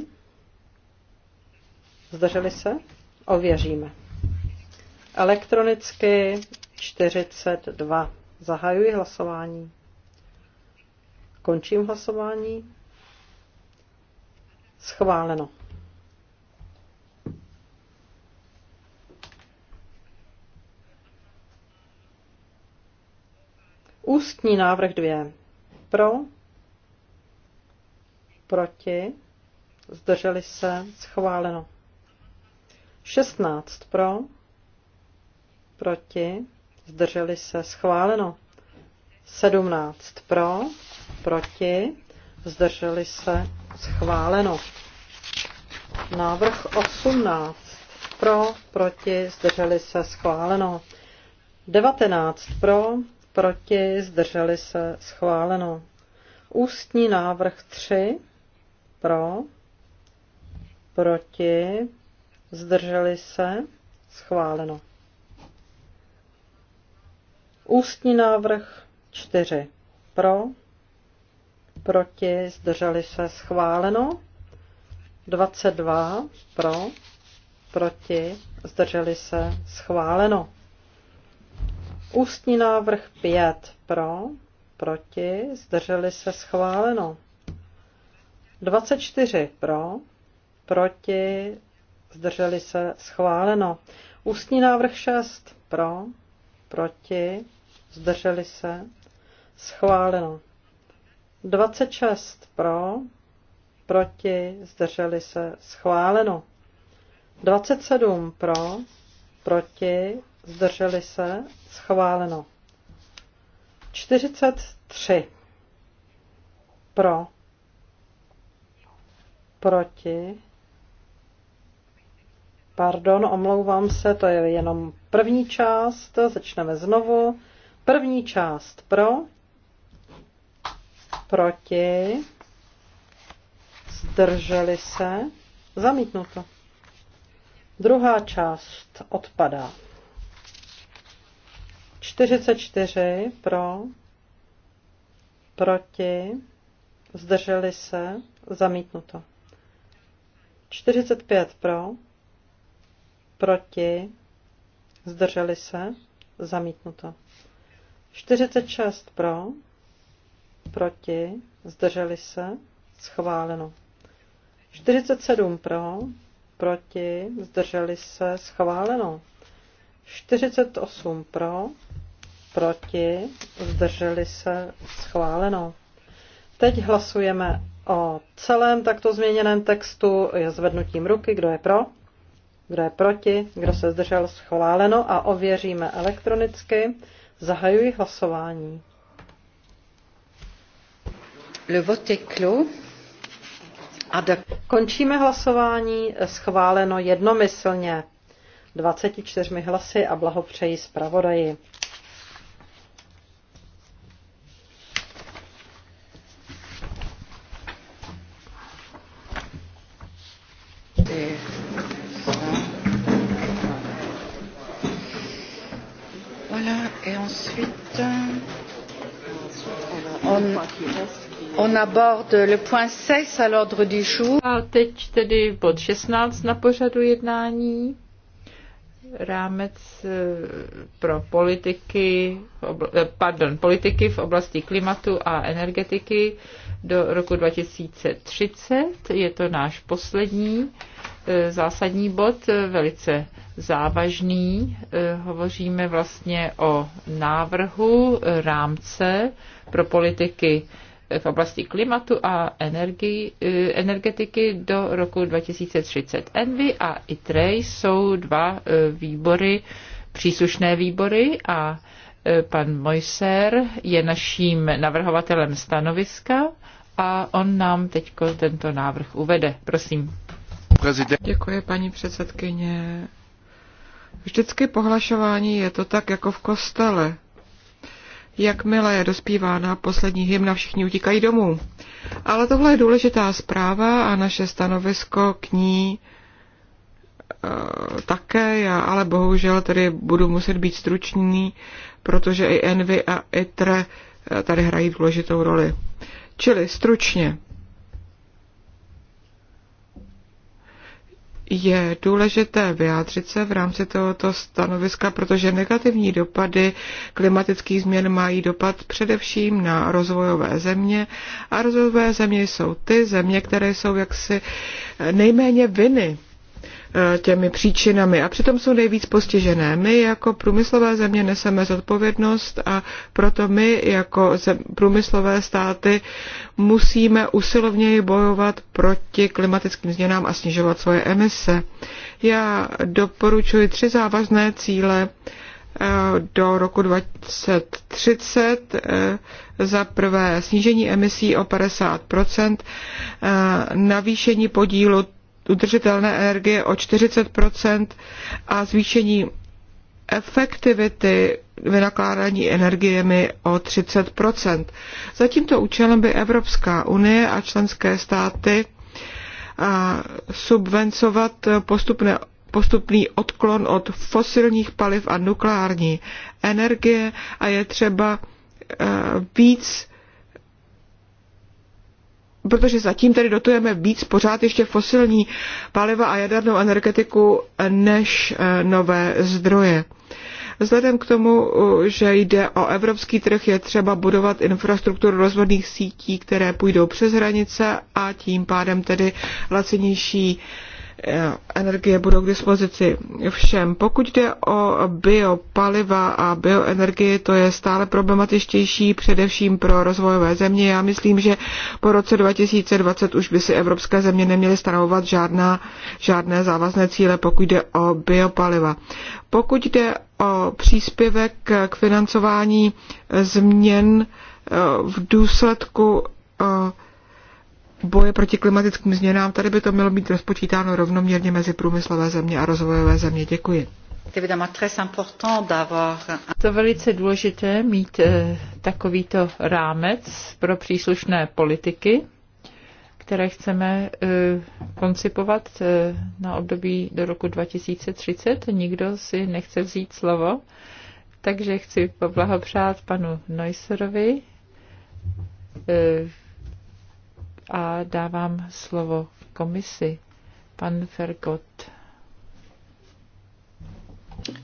zdrželi se, ověříme. Elektronicky 42. Zahajuji hlasování. Končím hlasování. Schváleno. Ústní návrh dvě Pro, proti, zdrželi se, schváleno. 16 pro, proti, zdrželi se, schváleno. 17 pro, proti, zdrželi se, schváleno. Návrh 18 pro, proti, zdrželi se, schváleno. 19 pro, proti, zdrželi se, schváleno. Ústní návrh 3, pro, proti, zdrželi se, schváleno. Ústní návrh 4, pro, proti, zdrželi se, schváleno. 22, pro, proti, zdrželi se, schváleno. Ústní návrh 5 pro, proti, zdrželi se schváleno. 24 pro, proti, zdrželi se schváleno. Ústní návrh 6 pro, proti, zdrželi se schváleno. 26 pro, proti, zdrželi se schváleno. 27 pro, proti, zdrželi se, schváleno. 43 pro, proti, pardon, omlouvám se, to je jenom první část, začneme znovu. První část pro, proti, zdrželi se, zamítnuto. Druhá část odpadá. 44 pro, proti, zdrželi se, zamítnuto. 45 pro, proti, zdrželi se, zamítnuto. 46 pro, proti, zdrželi se, schváleno. 47 pro, proti, zdrželi se, schváleno. 48 pro, proti, zdrželi se, schváleno. Teď hlasujeme o celém takto změněném textu je zvednutím ruky, kdo je pro, kdo je proti, kdo se zdržel, schváleno a ověříme elektronicky. Zahajuji hlasování. Le vote de... Končíme hlasování schváleno jednomyslně 24 hlasy a blahopřeji zpravodaji. On aborde le point 16 à l'ordre du jour. A teď tedy bod 16 na pořadu jednání. Rámec eh, pro politiky, eh, pardon, politiky v oblasti klimatu a energetiky do roku 2030. Je to náš poslední eh, zásadní bod, velice závažný. Hovoříme vlastně o návrhu rámce pro politiky v oblasti klimatu a energii, eh, energetiky do roku 2030. Envy a ITRE jsou dva eh, výbory, příslušné výbory a eh, pan Mojser je naším navrhovatelem stanoviska a on nám teď tento návrh uvede. Prosím. Prezident. Děkuji, paní předsedkyně. Vždycky pohlašování je to tak jako v kostele. Jakmile je dospívána poslední hymna, všichni utíkají domů. Ale tohle je důležitá zpráva a naše stanovisko k ní eh, také, já ale bohužel tedy budu muset být stručný, protože i Envy a ITRE eh, tady hrají důležitou roli. Čili stručně. je důležité vyjádřit se v rámci tohoto stanoviska, protože negativní dopady klimatických změn mají dopad především na rozvojové země a rozvojové země jsou ty země, které jsou jaksi nejméně viny E, těmi příčinami. A přitom jsou nejvíc postižené. My jako průmyslové země neseme zodpovědnost a proto my jako zem, průmyslové státy musíme usilovněji bojovat proti klimatickým změnám a snižovat svoje emise. Já doporučuji tři závazné cíle e, do roku 2030 e, za prvé snížení emisí o 50 navýšení podílu udržitelné energie o 40 a zvýšení efektivity vynakládání energiemi o 30 Za tímto účelem by Evropská unie a členské státy subvencovat postupné postupný odklon od fosilních paliv a nukleární energie a je třeba e, víc protože zatím tedy dotujeme víc pořád ještě fosilní paliva a jadernou energetiku než eh, nové zdroje. Vzhledem k tomu, eh, že jde o evropský trh, je třeba budovat infrastrukturu rozvodných sítí, které půjdou přes hranice a tím pádem tedy lacenější. uh, energie budou k dispozici všem. Pokud jde o biopaliva a bioenergie to je stále problematičtější, především pro rozvojové země. Já myslím, že po roce 2020 už by si evropské země neměly stanovovat žádná, žádné závazné cíle, pokud jde o biopaliva. Pokud jde o příspěvek k financování změn eh, v důsledku eh, boje proti klimatickým změnám, tady by to mělo být rozpočítáno rovnoměrně mezi průmyslové země a rozvojové země. Děkuji. To velice důležité mít eh, takovýto rámec pro příslušné politiky, které chceme eh, koncipovat eh, na období do roku 2030. Nikdo si nechce vzít slovo, takže chci poblahopřát panu Neusserovi a dávám slovo komisi. Pan Fergot.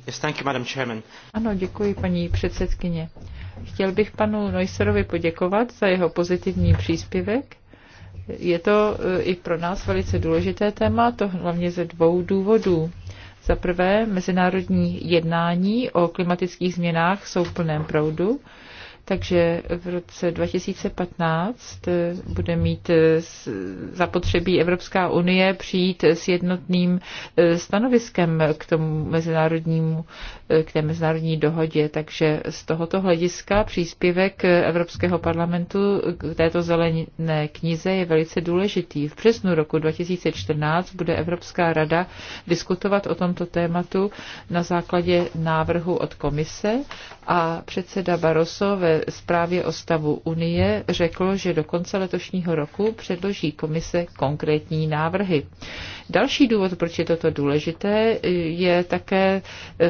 Yes, thank you, Madam Chairman. Ano, děkuji, paní předsedkyně. Chtěl bych panu Neusserovi poděkovat za jeho pozitivní příspěvek. Je to eh, i pro nás velice důležité téma, to hlavně ze dvou důvodů. Za prvé, mezinárodní jednání o klimatických změnách jsou v plném proudu. Takže v roce 2015 eh, bude mít eh, zapotřebí Evropská unie přijít s jednotným eh, stanoviskem k tomu mezinárodnímu, k té mezinárodní dohodě. Takže z tohoto hlediska příspěvek Evropského parlamentu k této zelené knize je velice důležitý. V březnu roku 2014 bude Evropská rada diskutovat o tomto tématu na základě návrhu od komise a předseda Barroso ve zprávě o stavu Unie řekl, že do konce letošního roku předloží komise konkrétní návrhy. Další důvod, proč je toto důležité, je také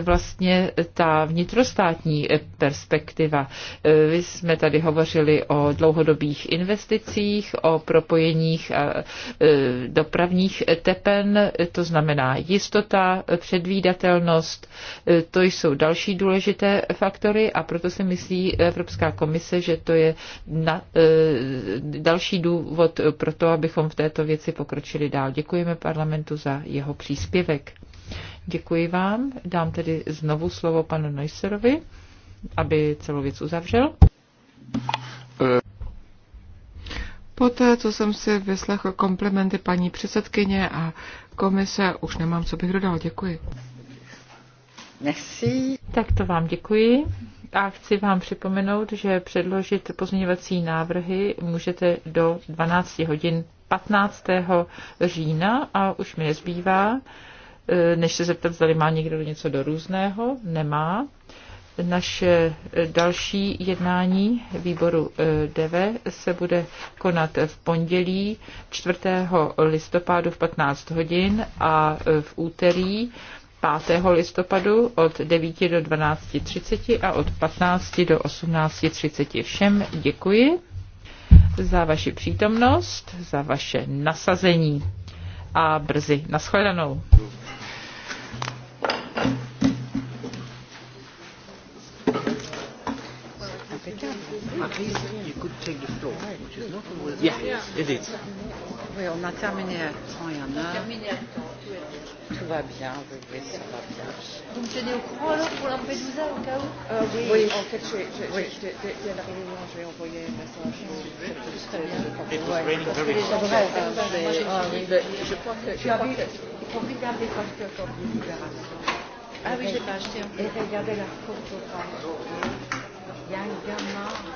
vlastně ta vnitrostátní perspektiva. Vy jsme tady hovořili o dlouhodobých investicích, o propojeních eh, eh, dopravních tepen, to znamená jistota, předvídatelnost, eh, to jsou další důležité faktory a proto si myslí Evropská komise, že to je na, další důvod pro to, abychom v této věci pokročili dál. Děkujeme parlamentu parlamentu za jeho příspěvek. Děkuji vám. Dám tedy znovu slovo panu Neusserovi, aby celou věc uzavřel. Poté, co jsem si vyslechl komplimenty paní předsedkyně a komise, už nemám, co bych dodal. Děkuji. Merci. Tak to vám děkuji a chci vám připomenout, že předložit pozměňovací návrhy můžete do 12 hodin 15. října a už mi nezbývá, e, než se zeptat, zda má někdo něco do různého. Nemá. Naše e, další jednání výboru e, DV se bude konat v pondělí 4. listopadu v 15 hodin a v úterý 5. listopadu od 9 do 12.30 a od 15 do 18.30. Všem děkuji za vaši přítomnost, za vaše nasazení a brzy nashledanou. At Oui, on a terminé à temps et en heure. Tout va bien, oui, oui, ça va bien. Vous me tenez au courant alors pour Lampedusa au cas où euh, oui, oui, en fait, je, je, je, la réunion, je vais envoyer un message. Euh, je crois que... Tu as vu, il faut regarder parce que quand vous libération... Ah oui, je pas acheté. Et regardez la photo. Il y a un gamin.